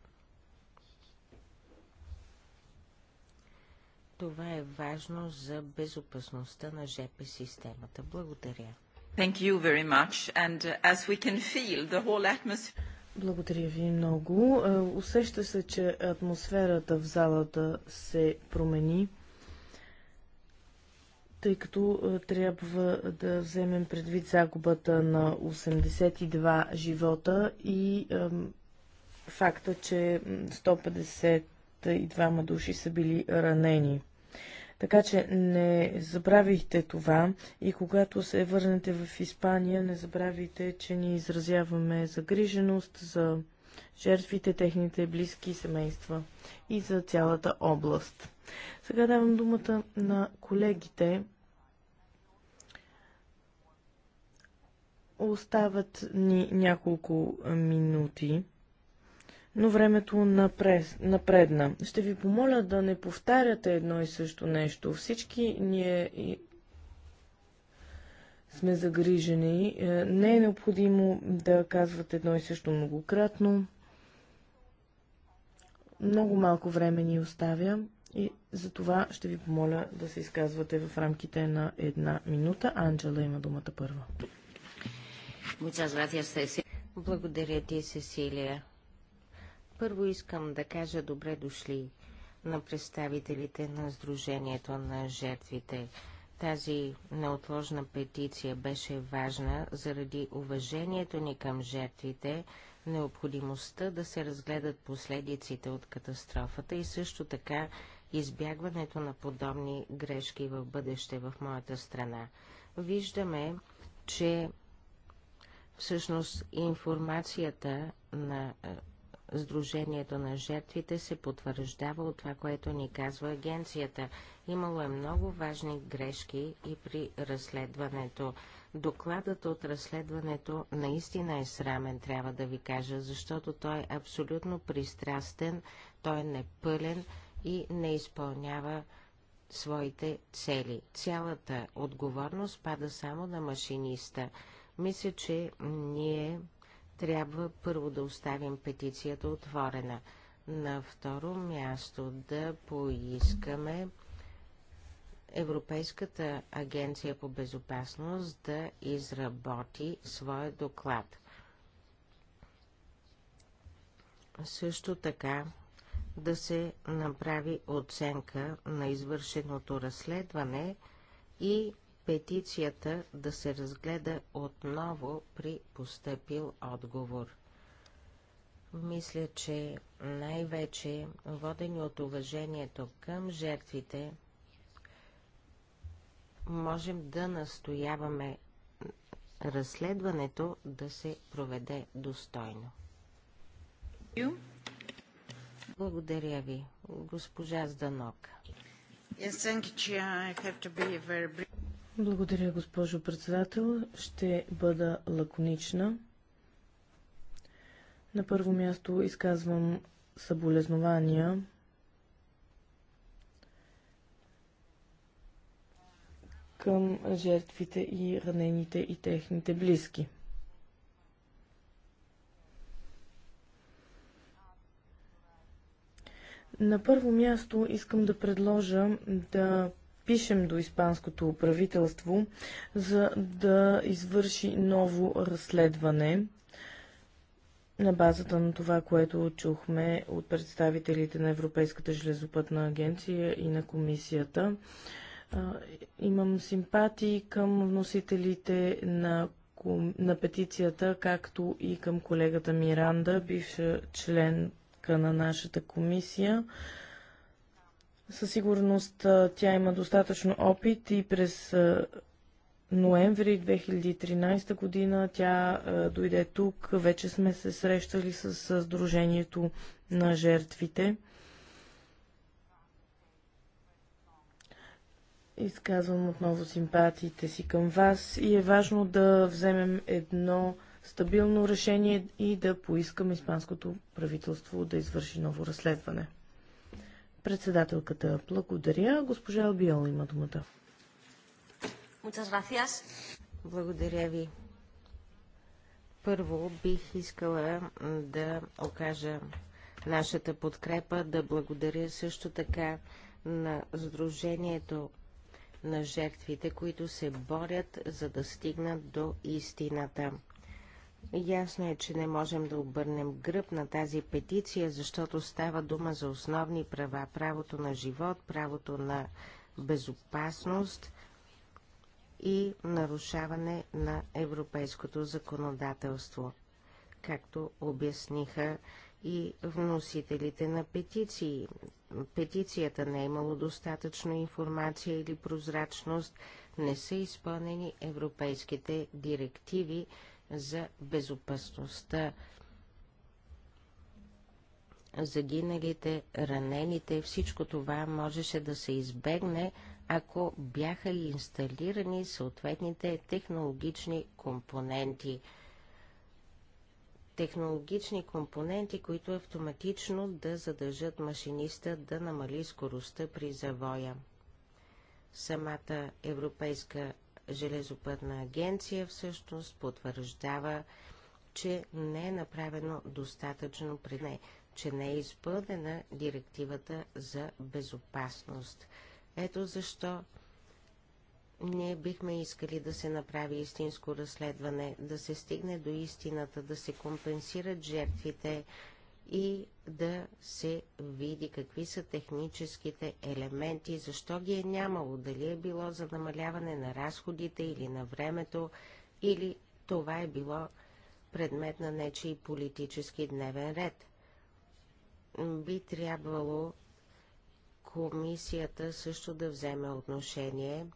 Това е важно за безопасността на ЖП системата. Благодаря. Thank you very much. And uh, as we can feel the whole atmosphere... Благодаря ви много. Е, усеща се, че атмосферата в залата се промени тъй като е, трябва да вземем предвид загубата на 82 живота и факта, че 152 души са били ранени. Така че не забравихте това и когато се върнете в Испания, не забравяйте, че ни изразяваме загриженост за жертвите, техните близки семейства и за цялата област. Сега давам думата на колегите. Остават ни няколко минути, но времето напредна. Ще ви помоля да не повтаряте едно и също нещо. Всички ние сме загрижени. Е, не е необходимо да казват едно и също многократно. Много малко време ни оставя и за това ще ви помоля да се изказвате в рамките на една минута. Анджела има думата първа. Благодаря ти, Сесилия. Първо искам да кажа добре дошли на представителите на Сдружението на жертвите. Тази неотложна петиция беше важна заради уважението ни към жертвите, необходимостта да се разгледат последиците от катастрофата и също така избягването на подобни грешки в бъдеще в моята страна. Виждаме, че всъщност информацията на е, Сдружението на жертвите се потвърждава от това, което ни казва агенцията. Имало е много важни грешки и при разследването. Докладът от разследването наистина е срамен, трябва да ви кажа, защото той е абсолютно пристрастен, той е непълен и не изпълнява своите цели. Цялата отговорност пада само на машиниста. Мисля, че ние трябва първо да оставим петицията отворена. На второ място да поискаме Европейската агенция по безопасност да изработи своя доклад. Също така да се направи оценка на извършеното разследване и петицията да се разгледа отново при постъпил отговор. Мисля, че най-вече водени от уважението към жертвите, можем да настояваме разследването да се проведе достойно. Благодаря ви, госпожа Зданок. Yes, very... Благодаря, госпожо председател. Ще бъда лаконична. На първо място изказвам съболезнования към жертвите и ранените и техните близки. На първо място искам да предложа да пишем до испанското правителство, за да извърши ново разследване на базата на това, което чухме от представителите на Европейската железопътна агенция и на комисията. Имам симпатии към вносителите на на петицията, както и към колегата Миранда, бивша членка на нашата комисия. Със сигурност тя има достатъчно опит и през ноември 2013 година тя дойде тук. Вече сме се срещали с Сдружението на жертвите. Изказвам отново симпатиите си към вас и е важно да вземем едно стабилно решение и да поискам испанското правителство да извърши ново разследване. Председателката, благодаря. Госпожа Биол, има думата. Благодаря ви. Първо бих искала да окажа нашата подкрепа, да благодаря също така на Сдружението на жертвите, които се борят за да стигнат до истината. Ясно е, че не можем да обърнем гръб на тази петиция, защото става дума за основни права – правото на живот, правото на безопасност и нарушаване на европейското законодателство, както обясниха и вносителите на петиции. Петицията не е имало достатъчно информация или прозрачност, не са изпълнени европейските директиви – за безопасността, загиналите, ранените, всичко това можеше да се избегне, ако бяха инсталирани съответните технологични компоненти. Технологични компоненти, които автоматично да задържат машиниста да намали скоростта при завоя. Самата Европейска железопътна агенция всъщност потвърждава, че не е направено достатъчно при не, че не е изпълнена директивата за безопасност. Ето защо ние бихме искали да се направи истинско разследване, да се стигне до истината, да се компенсират жертвите, и да се види какви са техническите елементи, защо ги е нямало, дали е било за намаляване на разходите или на времето, или това е било предмет на нечи политически дневен ред. Би трябвало комисията също да вземе отношение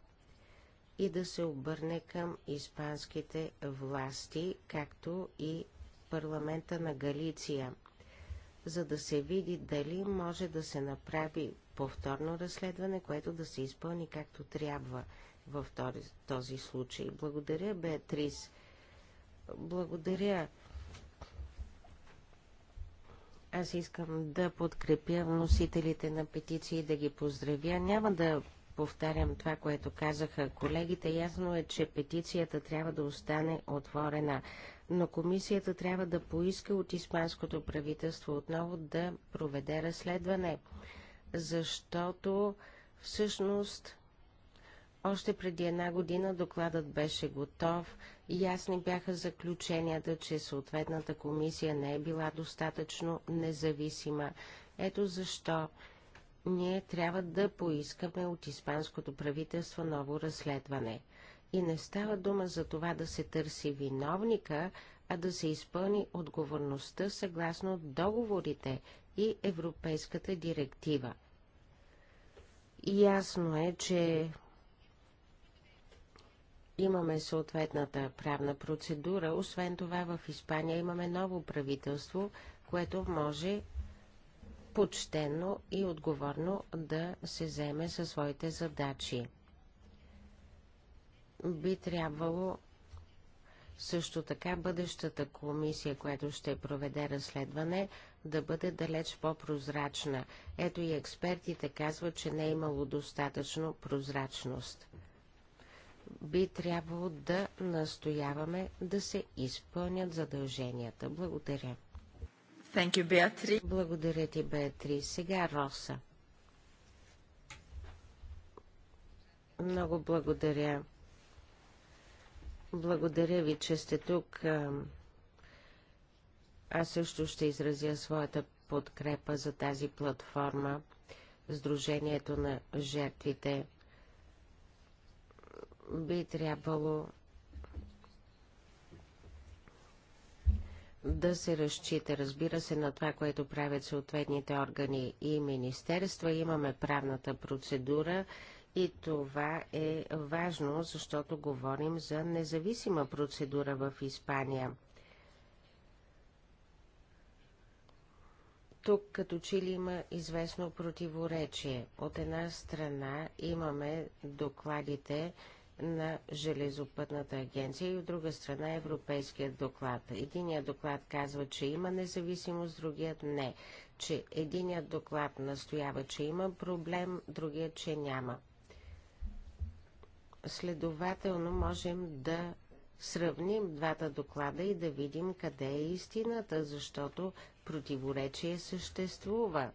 и да се обърне към испанските власти, както и парламента на Галиция – за да се види дали може да се направи повторно разследване, което да се изпълни както трябва в този случай. Благодаря, Беатрис. Благодаря. Аз искам да подкрепя вносителите на петиции и да ги поздравя. Няма да повтарям това, което казаха колегите. Ясно е, че петицията трябва да остане отворена но комисията трябва да поиска от испанското правителство отново да проведе разследване, защото всъщност още преди една година докладът беше готов и ясни бяха заключенията, че съответната комисия не е била достатъчно независима. Ето защо ние трябва да поискаме от испанското правителство ново разследване. И не става дума за това да се търси виновника, а да се изпълни отговорността съгласно договорите и Европейската директива. Ясно е, че имаме съответната правна процедура. Освен това, в Испания имаме ново правителство, което може почтенно и отговорно да се вземе със своите задачи би трябвало също така бъдещата комисия, която ще проведе разследване, да бъде далеч по-прозрачна. Ето и експертите казват, че не е имало достатъчно прозрачност. Би трябвало да настояваме да се изпълнят задълженията. Благодаря. Thank you, Благодаря ти, Беатри. Сега Роса. Много благодаря. Благодаря ви, че сте тук. Аз също ще изразя своята подкрепа за тази платформа, Сдружението на жертвите. Би трябвало да се разчита, разбира се, на това, което правят съответните органи и министерства. Имаме правната процедура и това е важно, защото говорим за независима процедура в Испания. Тук като че ли има известно противоречие. От една страна имаме докладите на Железопътната агенция и от друга страна Европейският доклад. Единият доклад казва, че има независимост, другият не. Че единият доклад настоява, че има проблем, другият, че няма. Следователно можем да сравним двата доклада и да видим къде е истината, защото противоречие съществува.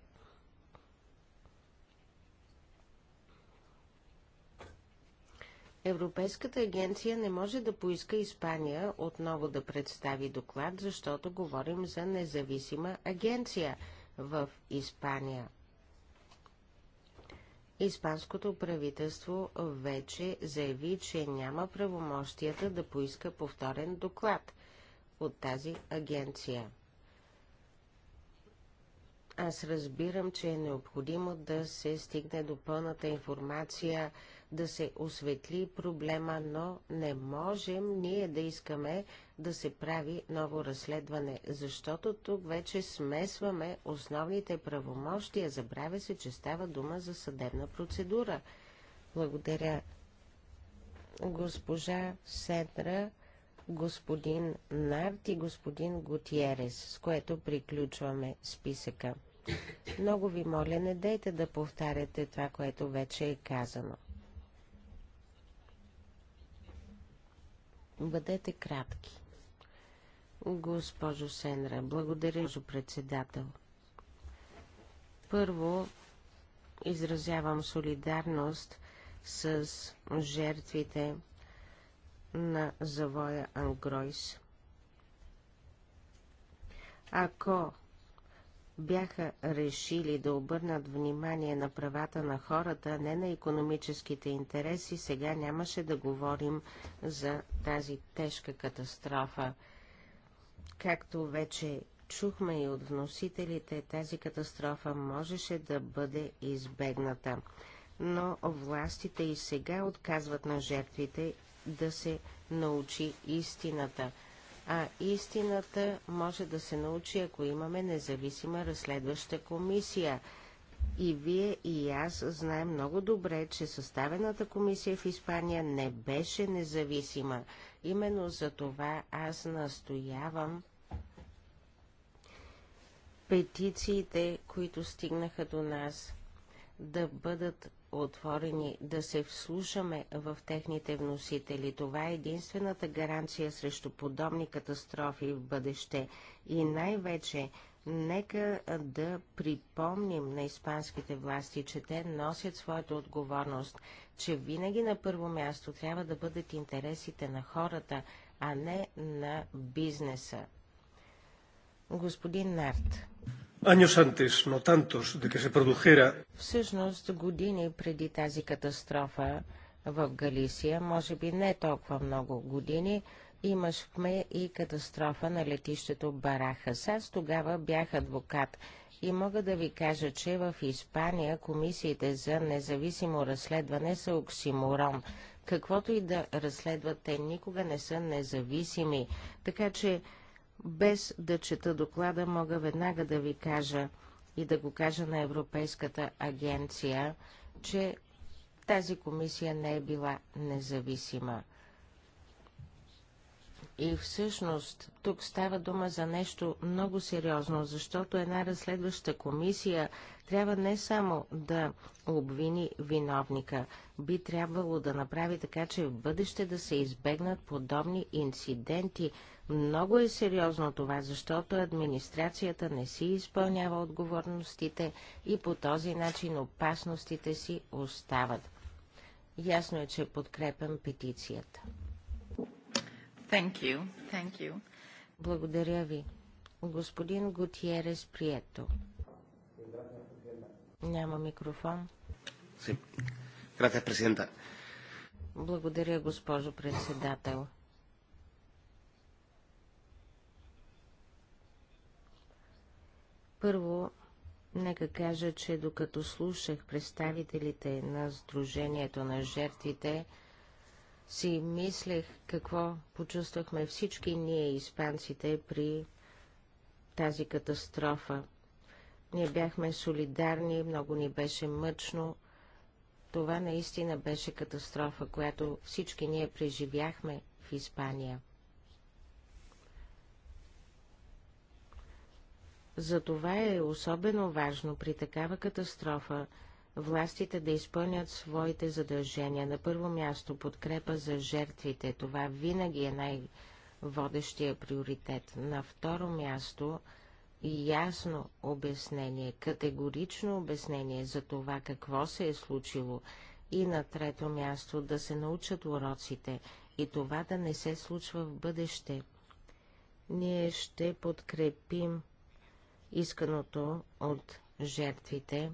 Европейската агенция не може да поиска Испания отново да представи доклад, защото говорим за независима агенция в Испания. Испанското правителство вече заяви, че няма правомощията да поиска повторен доклад от тази агенция. Аз разбирам, че е необходимо да се стигне до пълната информация, да се осветли проблема, но не можем ние да искаме да се прави ново разследване, защото тук вече смесваме основните правомощия. Забравя се, че става дума за съдебна процедура. Благодаря госпожа Седра, господин Нарт и господин Готиерес, с което приключваме списъка. Много ви моля, не дейте да повтаряте това, което вече е казано. Бъдете кратки. Госпожо Сенра, благодаря, госпожо председател. Първо, изразявам солидарност с жертвите на завоя Ангройс. Ако бяха решили да обърнат внимание на правата на хората, не на економическите интереси, сега нямаше да говорим за тази тежка катастрофа. Както вече чухме и от вносителите, тази катастрофа можеше да бъде избегната. Но властите и сега отказват на жертвите да се научи истината. А истината може да се научи, ако имаме независима разследваща комисия. И вие и аз знаем много добре, че съставената комисия в Испания не беше независима. Именно за това аз настоявам петициите, които стигнаха до нас, да бъдат отворени, да се вслушаме в техните вносители. Това е единствената гаранция срещу подобни катастрофи в бъдеще и най-вече Нека да припомним на испанските власти, че те носят своята отговорност, че винаги на първо място трябва да бъдат интересите на хората, а не на бизнеса. Господин Нарт. Años antes, no tantos, de que se produjera... Всъщност, години преди тази катастрофа в Галисия, може би не толкова много години, имахме и катастрофа на летището Барахас. Аз тогава бях адвокат и мога да ви кажа, че в Испания комисиите за независимо разследване са оксиморон. Каквото и да разследват, те никога не са независими. Така че, без да чета доклада, мога веднага да ви кажа и да го кажа на Европейската агенция, че тази комисия не е била независима. И всъщност тук става дума за нещо много сериозно, защото една разследваща комисия трябва не само да обвини виновника, би трябвало да направи така, че в бъдеще да се избегнат подобни инциденти. Много е сериозно това, защото администрацията не си изпълнява отговорностите и по този начин опасностите си остават. Ясно е, че подкрепям петицията. Thank you. Thank you. Благодаря ви. Господин Гутиерес Прието. Няма микрофон. Благодаря, госпожо председател. Първо, нека кажа, че докато слушах представителите на Сдружението на жертвите, си мислех какво почувствахме всички ние, испанците, при тази катастрофа. Ние бяхме солидарни, много ни беше мъчно. Това наистина беше катастрофа, която всички ние преживяхме в Испания. Затова е особено важно при такава катастрофа властите да изпълнят своите задължения. На първо място подкрепа за жертвите. Това винаги е най-водещия приоритет. На второ място ясно обяснение, категорично обяснение за това какво се е случило. И на трето място да се научат уроците и това да не се случва в бъдеще. Ние ще подкрепим исканото от жертвите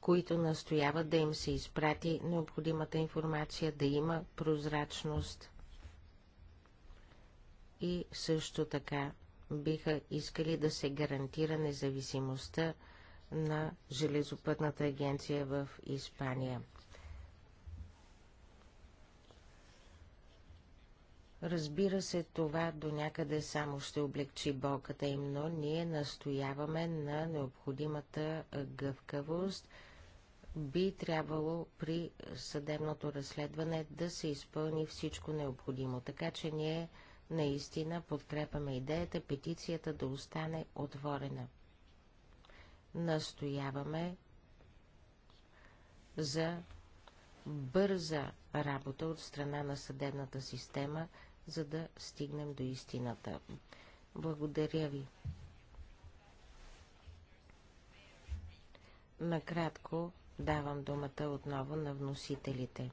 които настояват да им се изпрати необходимата информация, да има прозрачност и също така биха искали да се гарантира независимостта на Железопътната агенция в Испания. Разбира се, това до някъде само ще облегчи болката им, но ние настояваме на необходимата гъвкавост – би трябвало при съдебното разследване да се изпълни всичко необходимо. Така че ние наистина подкрепяме идеята петицията да остане отворена. Настояваме за бърза работа от страна на съдебната система, за да стигнем до истината. Благодаря ви. Накратко Давам думата отново на вносителите.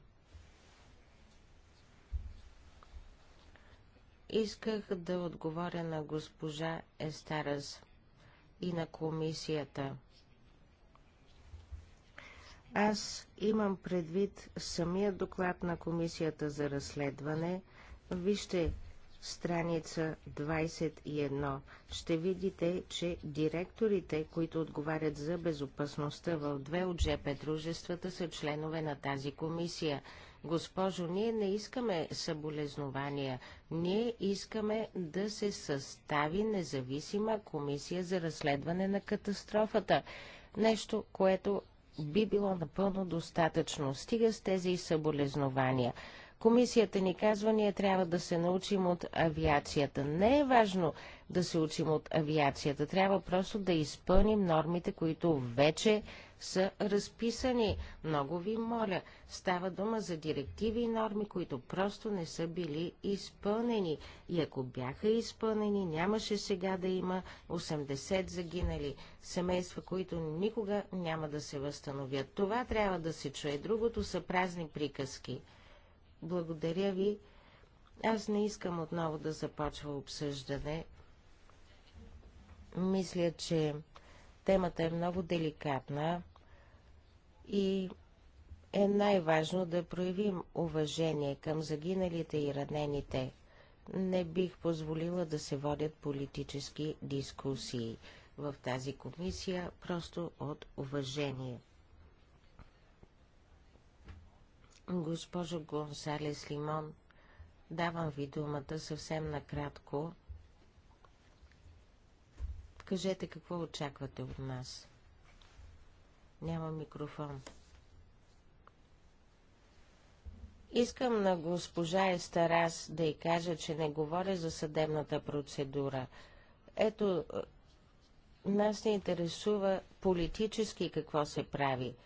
Исках да отговоря на госпожа Естарас и на комисията. Аз имам предвид самия доклад на комисията за разследване. Вижте страница 21 ще видите, че директорите, които отговарят за безопасността в две от ЖП дружествата, са членове на тази комисия. Госпожо, ние не искаме съболезнования. Ние искаме да се състави независима комисия за разследване на катастрофата. Нещо, което би било напълно достатъчно. Стига с тези съболезнования. Комисията ни казва, ние трябва да се научим от авиацията. Не е важно да се учим от авиацията, трябва просто да изпълним нормите, които вече са разписани. Много ви моля, става дума за директиви и норми, които просто не са били изпълнени. И ако бяха изпълнени, нямаше сега да има 80 загинали семейства, които никога няма да се възстановят. Това трябва да се чуе. Другото са празни приказки. Благодаря ви. Аз не искам отново да започва обсъждане. Мисля, че темата е много деликатна и е най-важно да проявим уважение към загиналите и ранените. Не бих позволила да се водят политически дискусии в тази комисия, просто от уважение. Госпожо Гонсалес Лимон, давам ви думата съвсем накратко. Кажете какво очаквате от нас. Няма микрофон. Искам на госпожа Естарас да й кажа, че не говоря за съдебната процедура. Ето, нас не интересува политически какво се прави –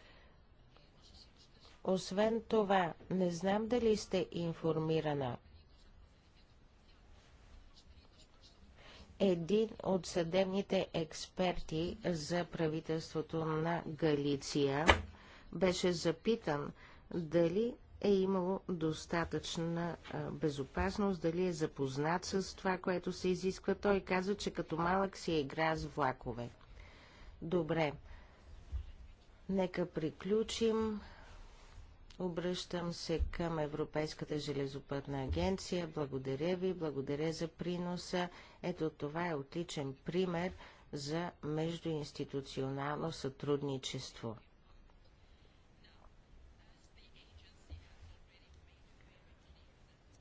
освен това, не знам дали сте информирана. Един от съдебните експерти за правителството на Галиция беше запитан дали е имало достатъчна безопасност, дали е запознат с това, което се изисква. Той каза, че като малък си е игра с влакове. Добре, нека приключим. Обръщам се към Европейската железопътна агенция. Благодаря ви, благодаря за приноса. Ето това е отличен пример за междуинституционално сътрудничество.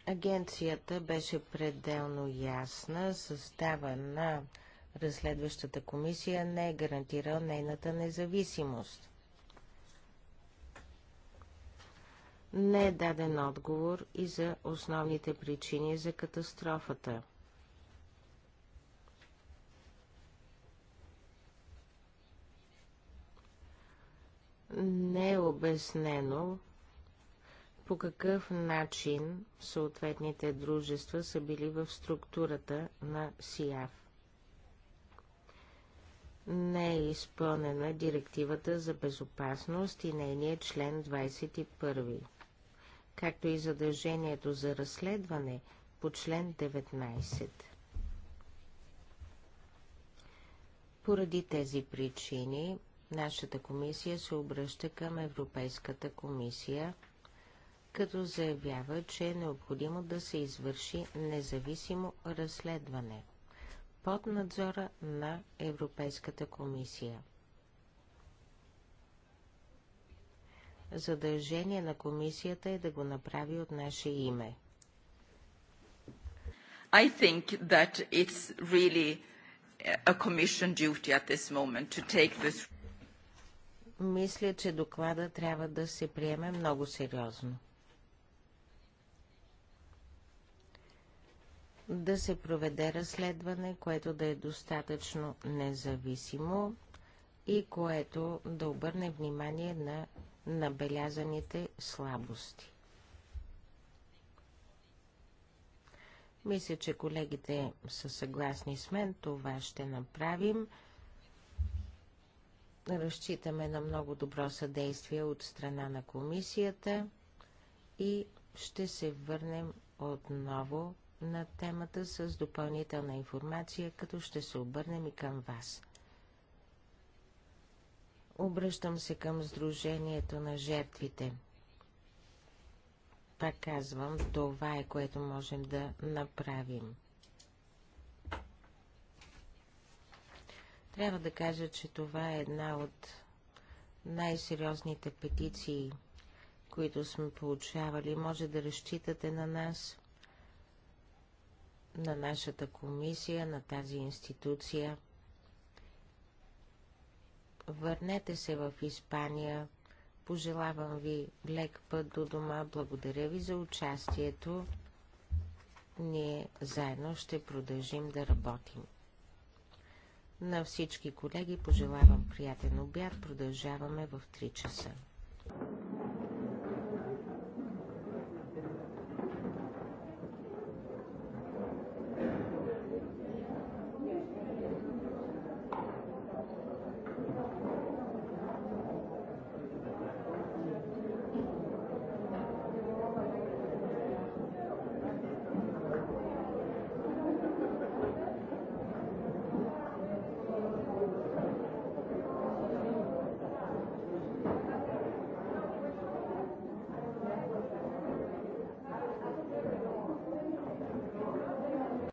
Агенцията беше пределно ясна, състава на разследващата комисия не е гарантирал нейната независимост. Не е даден отговор и за основните причини за катастрофата. Не е обяснено по какъв начин съответните дружества са били в структурата на СИАФ. Не е изпълнена директивата за безопасност и нейният член 21 както и задължението за разследване по член 19. Поради тези причини нашата комисия се обръща към Европейската комисия, като заявява, че е необходимо да се извърши независимо разследване под надзора на Европейската комисия – Задължение на комисията е да го направи от наше име. I think that it's really a commission duty at this moment to take this мисля, че доклада трябва да се приеме много сериозно. Да се проведе разследване, което да е достатъчно независимо и което да обърне внимание на набелязаните слабости. Мисля, че колегите са съгласни с мен. Това ще направим. Разчитаме на много добро съдействие от страна на комисията и ще се върнем отново на темата с допълнителна информация, като ще се обърнем и към вас. Обръщам се към Сдружението на жертвите. Пак казвам, това е което можем да направим. Трябва да кажа, че това е една от най-сериозните петиции, които сме получавали. Може да разчитате на нас, на нашата комисия, на тази институция – Върнете се в Испания. Пожелавам ви лек път до дома. Благодаря ви за участието. Ние заедно ще продължим да работим. На всички колеги пожелавам приятен обяд. Продължаваме в 3 часа.